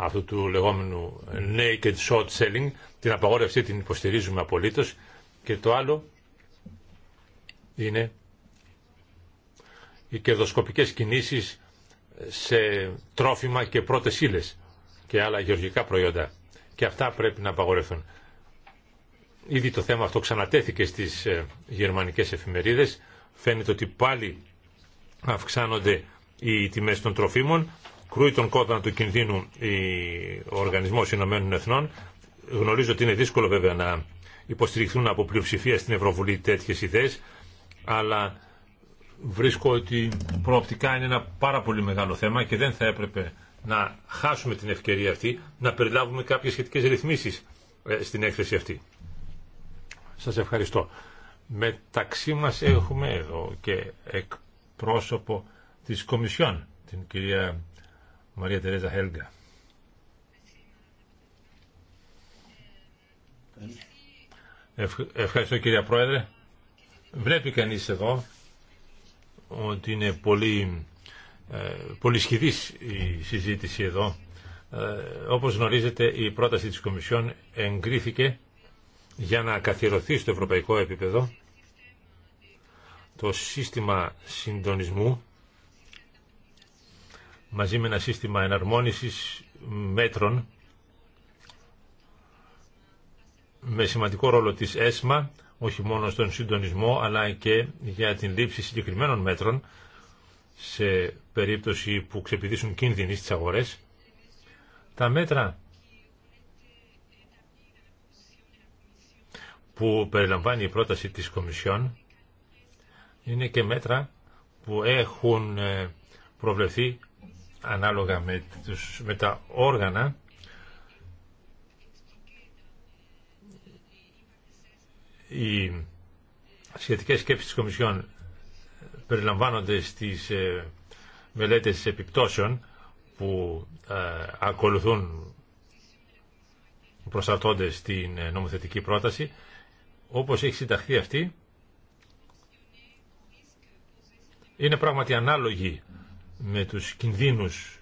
αυτού του λεγόμενου naked ναι short selling, την απαγόρευση την υποστηρίζουμε απολύτως και το άλλο είναι οι κερδοσκοπικές κινήσεις σε τρόφιμα και πρώτες ύλες και άλλα γεωργικά προϊόντα και αυτά πρέπει να απαγορευτούν. Ήδη το θέμα αυτό ξανατέθηκε στις ε, γερμανικές εφημερίδες. Φαίνεται ότι πάλι αυξάνονται οι τιμές των τροφίμων κρούει τον κόδωνα του κινδύνου ο Οργανισμό Ηνωμένων Εθνών. Γνωρίζω ότι είναι δύσκολο βέβαια να υποστηριχθούν από πλειοψηφία στην Ευρωβουλή τέτοιε ιδέε, αλλά βρίσκω ότι προοπτικά είναι ένα πάρα πολύ μεγάλο θέμα και δεν θα έπρεπε να χάσουμε την ευκαιρία αυτή να περιλάβουμε κάποιες σχετικές ρυθμίσεις ε, στην έκθεση αυτή. Σας ευχαριστώ. Μεταξύ μας έχουμε εδώ και εκπρόσωπο της Κομισιόν, την κυρία Μαρία Τερέζα Χέλγκα. Ευχαριστώ κύριε Πρόεδρε. Βλέπει κανείς εδώ ότι είναι πολύ, ε, πολύ σχηδής η συζήτηση εδώ. Ε, όπως γνωρίζετε η πρόταση της Κομισιόν εγκρίθηκε για να καθιερωθεί στο ευρωπαϊκό επίπεδο το σύστημα συντονισμού μαζί με ένα σύστημα εναρμόνισης μέτρων με σημαντικό ρόλο της ΕΣΜΑ, όχι μόνο στον συντονισμό, αλλά και για την λήψη συγκεκριμένων μέτρων σε περίπτωση που ξεπηδήσουν κίνδυνοι στις αγορές. Τα μέτρα που περιλαμβάνει η πρόταση της Κομισιόν είναι και μέτρα που έχουν ε, προβλεφθεί ανάλογα με, τους, με τα όργανα οι σχετικές σκέψεις της Κομισιόν περιλαμβάνονται στις ε, μελέτες επιπτώσεων που ε, ακολουθούν προσαρτώνται την ε, νομοθετική πρόταση όπως έχει συνταχθεί αυτή είναι πράγματι ανάλογη με τους κινδύνους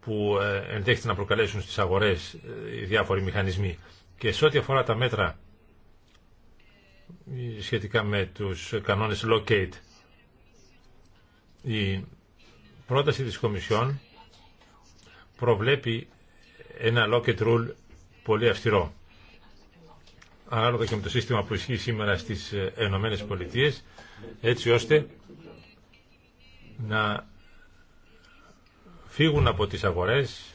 που ε, ενδέχεται να προκαλέσουν στις αγορές ε, οι διάφοροι μηχανισμοί. Και σε ό,τι αφορά τα μέτρα ε, σχετικά με τους κανόνες locate, η πρόταση της Κομισιόν προβλέπει ένα Locate rule πολύ αυστηρό. Ανάλογα και με το σύστημα που ισχύει σήμερα στις Ηνωμένες Πολιτείες, έτσι ώστε να φύγουν από τις αγορές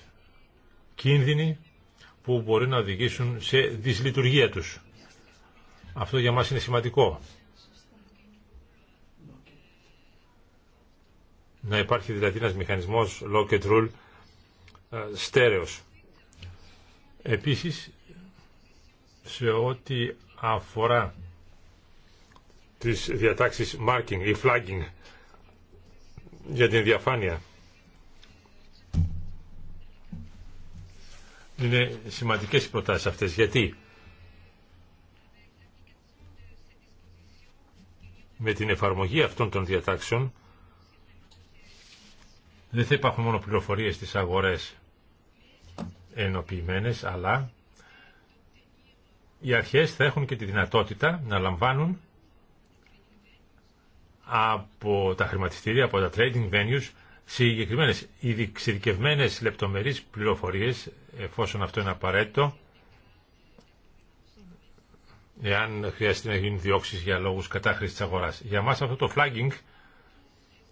κίνδυνοι που μπορεί να οδηγήσουν σε δυσλειτουργία τους. Αυτό για μας είναι σημαντικό. Να υπάρχει δηλαδή ένας μηχανισμός lock and rule ε, στέρεος. Επίσης, σε ό,τι αφορά τις διατάξεις marking ή flagging για την διαφάνεια Είναι σημαντικές οι προτάσεις αυτές. Γιατί με την εφαρμογή αυτών των διατάξεων δεν θα υπάρχουν μόνο πληροφορίες στις αγορές ενοποιημένες, αλλά οι αρχές θα έχουν και τη δυνατότητα να λαμβάνουν από τα χρηματιστήρια, από τα trading venues, συγκεκριμένες ειδικευμένες λεπτομερείς πληροφορίες εφόσον αυτό είναι απαραίτητο, εάν χρειαστεί να γίνουν διώξει για λόγους κατάχρησης της αγοράς. Για μας αυτό το flagging,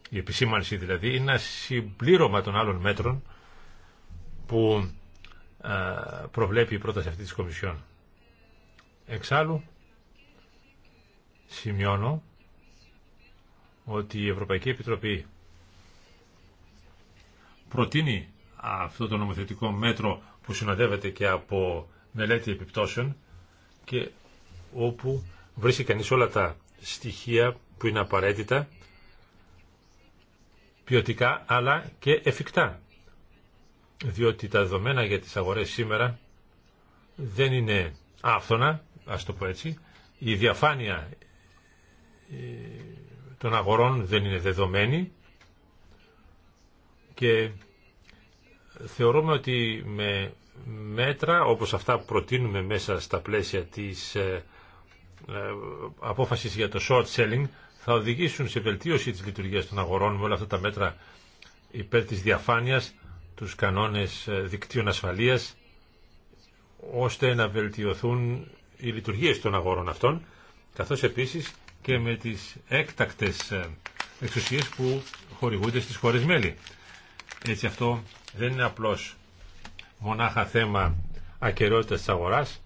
η επισήμανση δηλαδή, είναι ένα συμπλήρωμα των άλλων μέτρων που προβλέπει η πρόταση αυτή τη Κομισιόν. Εξάλλου, σημειώνω ότι η Ευρωπαϊκή Επιτροπή προτείνει αυτό το νομοθετικό μέτρο που συνοδεύεται και από μελέτη επιπτώσεων και όπου βρίσκει κανείς όλα τα στοιχεία που είναι απαραίτητα ποιοτικά αλλά και εφικτά διότι τα δεδομένα για τις αγορές σήμερα δεν είναι άφθονα, ας το πω έτσι. Η διαφάνεια ε, των αγορών δεν είναι δεδομένη και Θεωρούμε ότι με μέτρα όπως αυτά που προτείνουμε μέσα στα πλαίσια της ε, ε, απόφασης για το short selling θα οδηγήσουν σε βελτίωση της λειτουργίας των αγορών με όλα αυτά τα μέτρα υπέρ της διαφάνειας, τους κανόνες ε, δικτύων ασφαλείας, ώστε να βελτιωθούν οι λειτουργίες των αγορών αυτών, καθώς επίσης και με τις έκτακτες εξουσίες που χορηγούνται στις χώρες μέλη. Έτσι αυτό δεν είναι απλώς μονάχα θέμα ακαιρεότητας της αγοράς,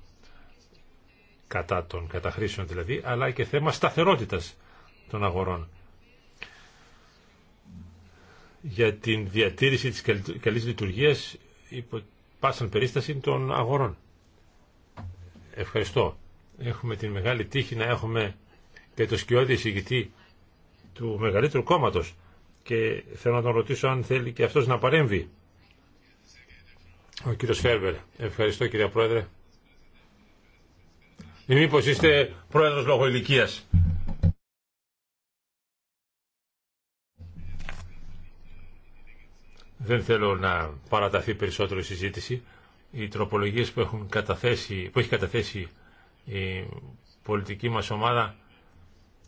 κατά των καταχρήσεων δηλαδή, αλλά και θέμα σταθερότητας των αγορών. Για την διατήρηση της καλής λειτουργίας υπό πάσαν περίσταση των αγορών. Ευχαριστώ. Έχουμε την μεγάλη τύχη να έχουμε και το σκιώδη εισηγητή του μεγαλύτερου κόμματος και θέλω να τον ρωτήσω αν θέλει και αυτός να παρέμβει. Ο κύριος Φέρβερ. Ευχαριστώ κύριε Πρόεδρε. Ή μήπως είστε πρόεδρος λόγω ηλικίας. Δεν θέλω να παραταθεί περισσότερο η συζήτηση. Οι τροπολογίες που, έχουν καταθέσει, που έχει καταθέσει η πολιτική μας ομάδα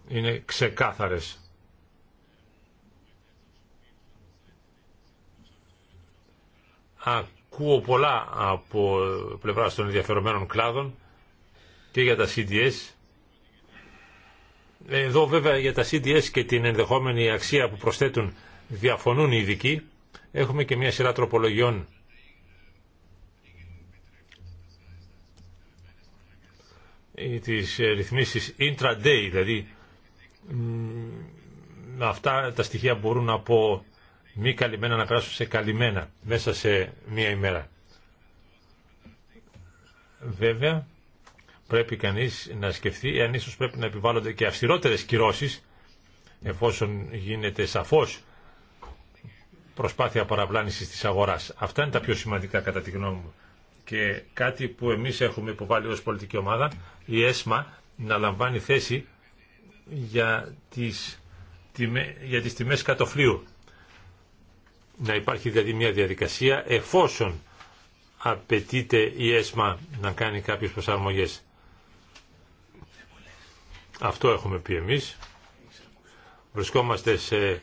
είναι ξεκάθαρες. Ακούω πολλά από πλευρά των ενδιαφερομένων κλάδων και για τα CDS. Εδώ βέβαια για τα CDS και την ενδεχόμενη αξία που προσθέτουν διαφωνούν οι ειδικοί. Έχουμε και μια σειρά τροπολογιών ε, τις ε, ρυθμίσεις intraday, δηλαδή αυτά τα στοιχεία μπορούν από μη καλυμμένα να περάσουν σε καλυμμένα μέσα σε μία ημέρα. Βέβαια, πρέπει κανείς να σκεφτεί αν ίσως πρέπει να επιβάλλονται και αυστηρότερες κυρώσεις εφόσον γίνεται σαφώς προσπάθεια παραπλάνησης της αγοράς. Αυτά είναι τα πιο σημαντικά κατά τη γνώμη μου. Και κάτι που εμείς έχουμε υποβάλει ως πολιτική ομάδα, η ΕΣΜΑ να λαμβάνει θέση για τις, για τις τιμές κατοφλίου να υπάρχει δηλαδή μια διαδικασία εφόσον απαιτείται η ΕΣΜΑ να κάνει κάποιες προσαρμογές. Αυτό έχουμε πει εμείς. Βρισκόμαστε σε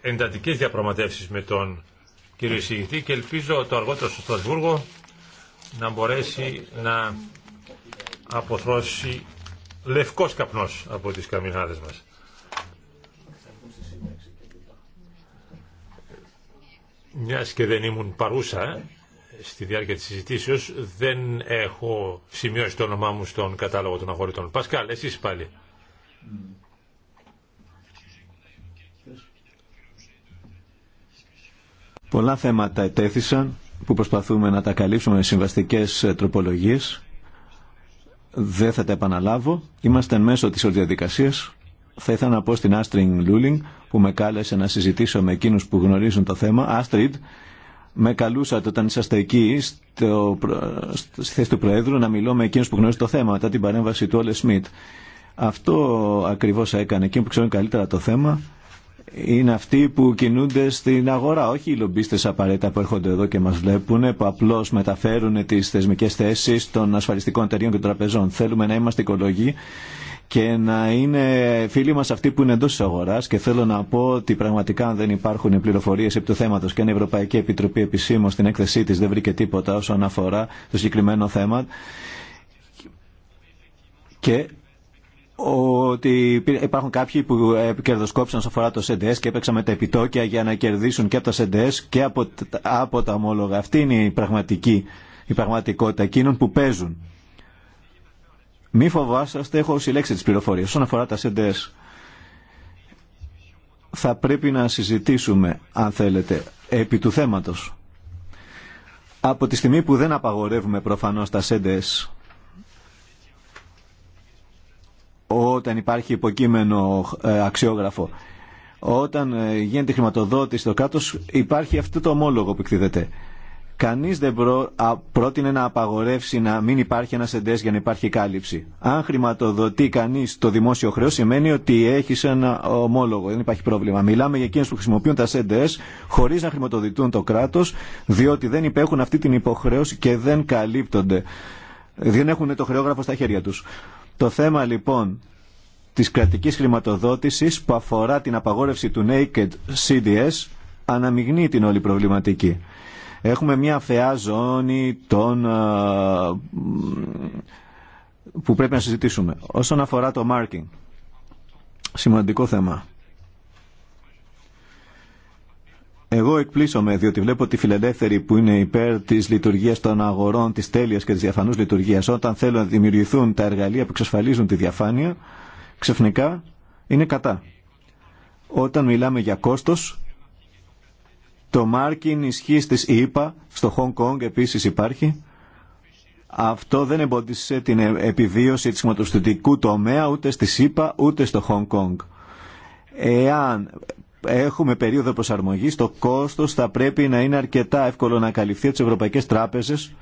εντατικές διαπραγματεύσεις με τον κύριο εισηγητή και ελπίζω το αργότερο στο Στρασβούργο να μπορέσει να αποθρώσει λευκός καπνός από τις καμινάδες μας. Μιας και δεν ήμουν παρούσα ε, στη διάρκεια της συζητήσεως, δεν έχω σημειώσει το όνομά μου στον κατάλογο των αγορητών. Πασκάλ, εσεί πάλι. Πολλά θέματα ετέθησαν που προσπαθούμε να τα καλύψουμε με συμβαστικές ε, τροπολογίες. Δεν θα τα επαναλάβω. Είμαστε μέσω της διαδικασίας θα ήθελα να πω στην Άστριν Λούλινγκ που με κάλεσε να συζητήσω με εκείνους που γνωρίζουν το θέμα. Άστριν, με καλούσατε όταν είσαστε εκεί στο, στη θέση του Προέδρου να μιλώ με εκείνους που γνωρίζουν το θέμα μετά την παρέμβαση του Όλε Σμιτ. Αυτό ακριβώς έκανε. Εκείνοι που ξέρουν καλύτερα το θέμα είναι αυτοί που κινούνται στην αγορά, όχι οι λομπίστες απαραίτητα που έρχονται εδώ και μας βλέπουν, που απλώς μεταφέρουν τις θεσμικές θέσει των ασφαλιστικών εταιριών και των τραπεζών. Θέλουμε να είμαστε οικολογοί και να είναι φίλοι μα αυτοί που είναι εντό τη αγοράς και θέλω να πω ότι πραγματικά αν δεν υπάρχουν πληροφορίε επί του θέματο και αν η Ευρωπαϊκή Επιτροπή Επισήμω στην έκθεσή τη δεν βρήκε τίποτα όσον αφορά το συγκεκριμένο θέμα και ότι υπάρχουν κάποιοι που ε, κερδοσκόπησαν όσον αφορά το ΣΕΝΤΕΣ και έπαιξαν με τα επιτόκια για να κερδίσουν και από τα ΣΕΝΤΕΣ και από, από τα ομόλογα. Αυτή είναι η πραγματική η πραγματικότητα εκείνων που παίζουν. Μη φοβάσαστε, έχω συλλέξει τις πληροφορίες. Όσον αφορά τα CDS, θα πρέπει να συζητήσουμε, αν θέλετε, επί του θέματος. Από τη στιγμή που δεν απαγορεύουμε προφανώς τα CDS, όταν υπάρχει υποκείμενο ε, αξιόγραφο, όταν ε, γίνεται χρηματοδότηση στο κράτος, υπάρχει αυτό το ομόλογο που εκδίδεται. Κανείς δεν προ... α... πρότεινε να απαγορεύσει να μην υπάρχει ένα εντές για να υπάρχει κάλυψη. Αν χρηματοδοτεί κανείς το δημόσιο χρέος σημαίνει ότι έχει ένα ομόλογο, δεν υπάρχει πρόβλημα. Μιλάμε για εκείνους που χρησιμοποιούν τα ΣΕΝΤΕΣ χωρίς να χρηματοδοτούν το κράτος διότι δεν υπέχουν αυτή την υποχρέωση και δεν καλύπτονται. Δεν έχουν το χρεόγραφο στα χέρια τους. Το θέμα λοιπόν της κρατικής χρηματοδότησης που αφορά την απαγόρευση του Naked CDS αναμειγνύει την όλη προβληματική. Έχουμε μια φαιά ζώνη των, ε, που πρέπει να συζητήσουμε. Όσον αφορά το marking, σημαντικό θέμα. Εγώ εκπλήσωμαι διότι βλέπω τη φιλελεύθερη που είναι υπέρ τη λειτουργία των αγορών, τη τέλεια και τη διαφανού λειτουργία, όταν θέλουν να δημιουργηθούν τα εργαλεία που εξασφαλίζουν τη διαφάνεια, ξεφνικά είναι κατά. Όταν μιλάμε για κόστος, το μάρκιν ισχύει στις ΗΠΑ, στο Hong Kong επίσης υπάρχει. Αυτό δεν εμπόδισε την ε, επιβίωση της χρηματοπιστωτικού τομέα ούτε στη ΣΥΠΑ ούτε στο Χονγκ Κόνγκ. Εάν έχουμε περίοδο προσαρμογής, το κόστος θα πρέπει να είναι αρκετά εύκολο να καλυφθεί από τις ευρωπαϊκές τράπεζες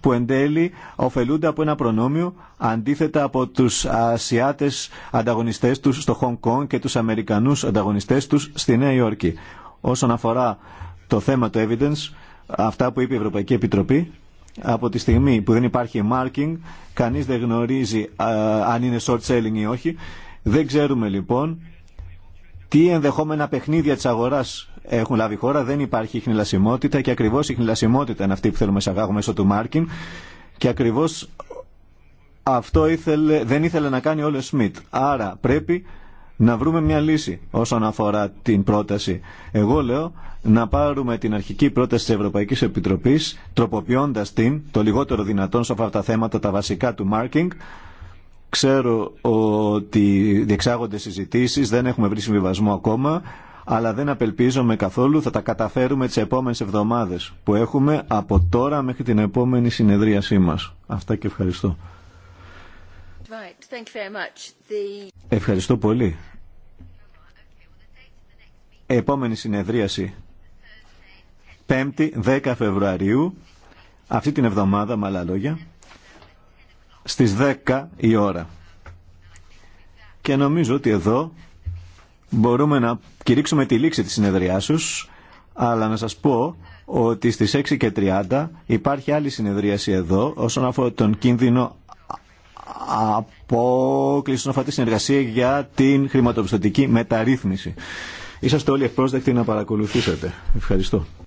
που εν τέλει ωφελούνται από ένα προνόμιο αντίθετα από τους Ασιάτες ανταγωνιστές τους στο Χονγκ Κόνγκ και τους Αμερικανούς ανταγωνιστές τους στη Νέα Υόρκη όσον αφορά το θέμα του evidence, αυτά που είπε η Ευρωπαϊκή Επιτροπή, από τη στιγμή που δεν υπάρχει marking, κανείς δεν γνωρίζει αν είναι short selling ή όχι. Δεν ξέρουμε λοιπόν τι ενδεχόμενα παιχνίδια της αγοράς έχουν λάβει η χώρα, δεν υπάρχει χνηλασιμότητα και ακριβώς χνηλασιμότητα είναι αυτή που θέλουμε να εισαγάγουμε μέσω του marking και ακριβώς αυτό ήθελε, δεν ήθελε να κάνει όλο ο Σμιτ. Άρα πρέπει να βρούμε μια λύση όσον αφορά την πρόταση. Εγώ λέω να πάρουμε την αρχική πρόταση της Ευρωπαϊκής Επιτροπής, τροποποιώντας την το λιγότερο δυνατόν σε αυτά τα θέματα τα βασικά του marking. Ξέρω ότι διεξάγονται συζητήσεις, δεν έχουμε βρει συμβιβασμό ακόμα, αλλά δεν απελπίζομαι καθόλου, θα τα καταφέρουμε τις επόμενες εβδομάδες που έχουμε από τώρα μέχρι την επόμενη συνεδρίασή μας. Αυτά και ευχαριστώ. Ευχαριστώ πολύ. Επόμενη συνεδρίαση. 5η 10 Φεβρουαρίου, αυτή την εβδομάδα με άλλα λόγια, στις 10 η ώρα. Και νομίζω ότι εδώ μπορούμε να κηρύξουμε τη λήξη της συνεδριάσεως, αλλά να σας πω ότι στις 6 και 30 υπάρχει άλλη συνεδρίαση εδώ όσον αφορά τον κίνδυνο από όσον αφορά συνεργασία για την χρηματοπιστωτική μεταρρύθμιση. Είσαστε όλοι ευπρόσδεκτοι να παρακολουθήσετε. Ευχαριστώ.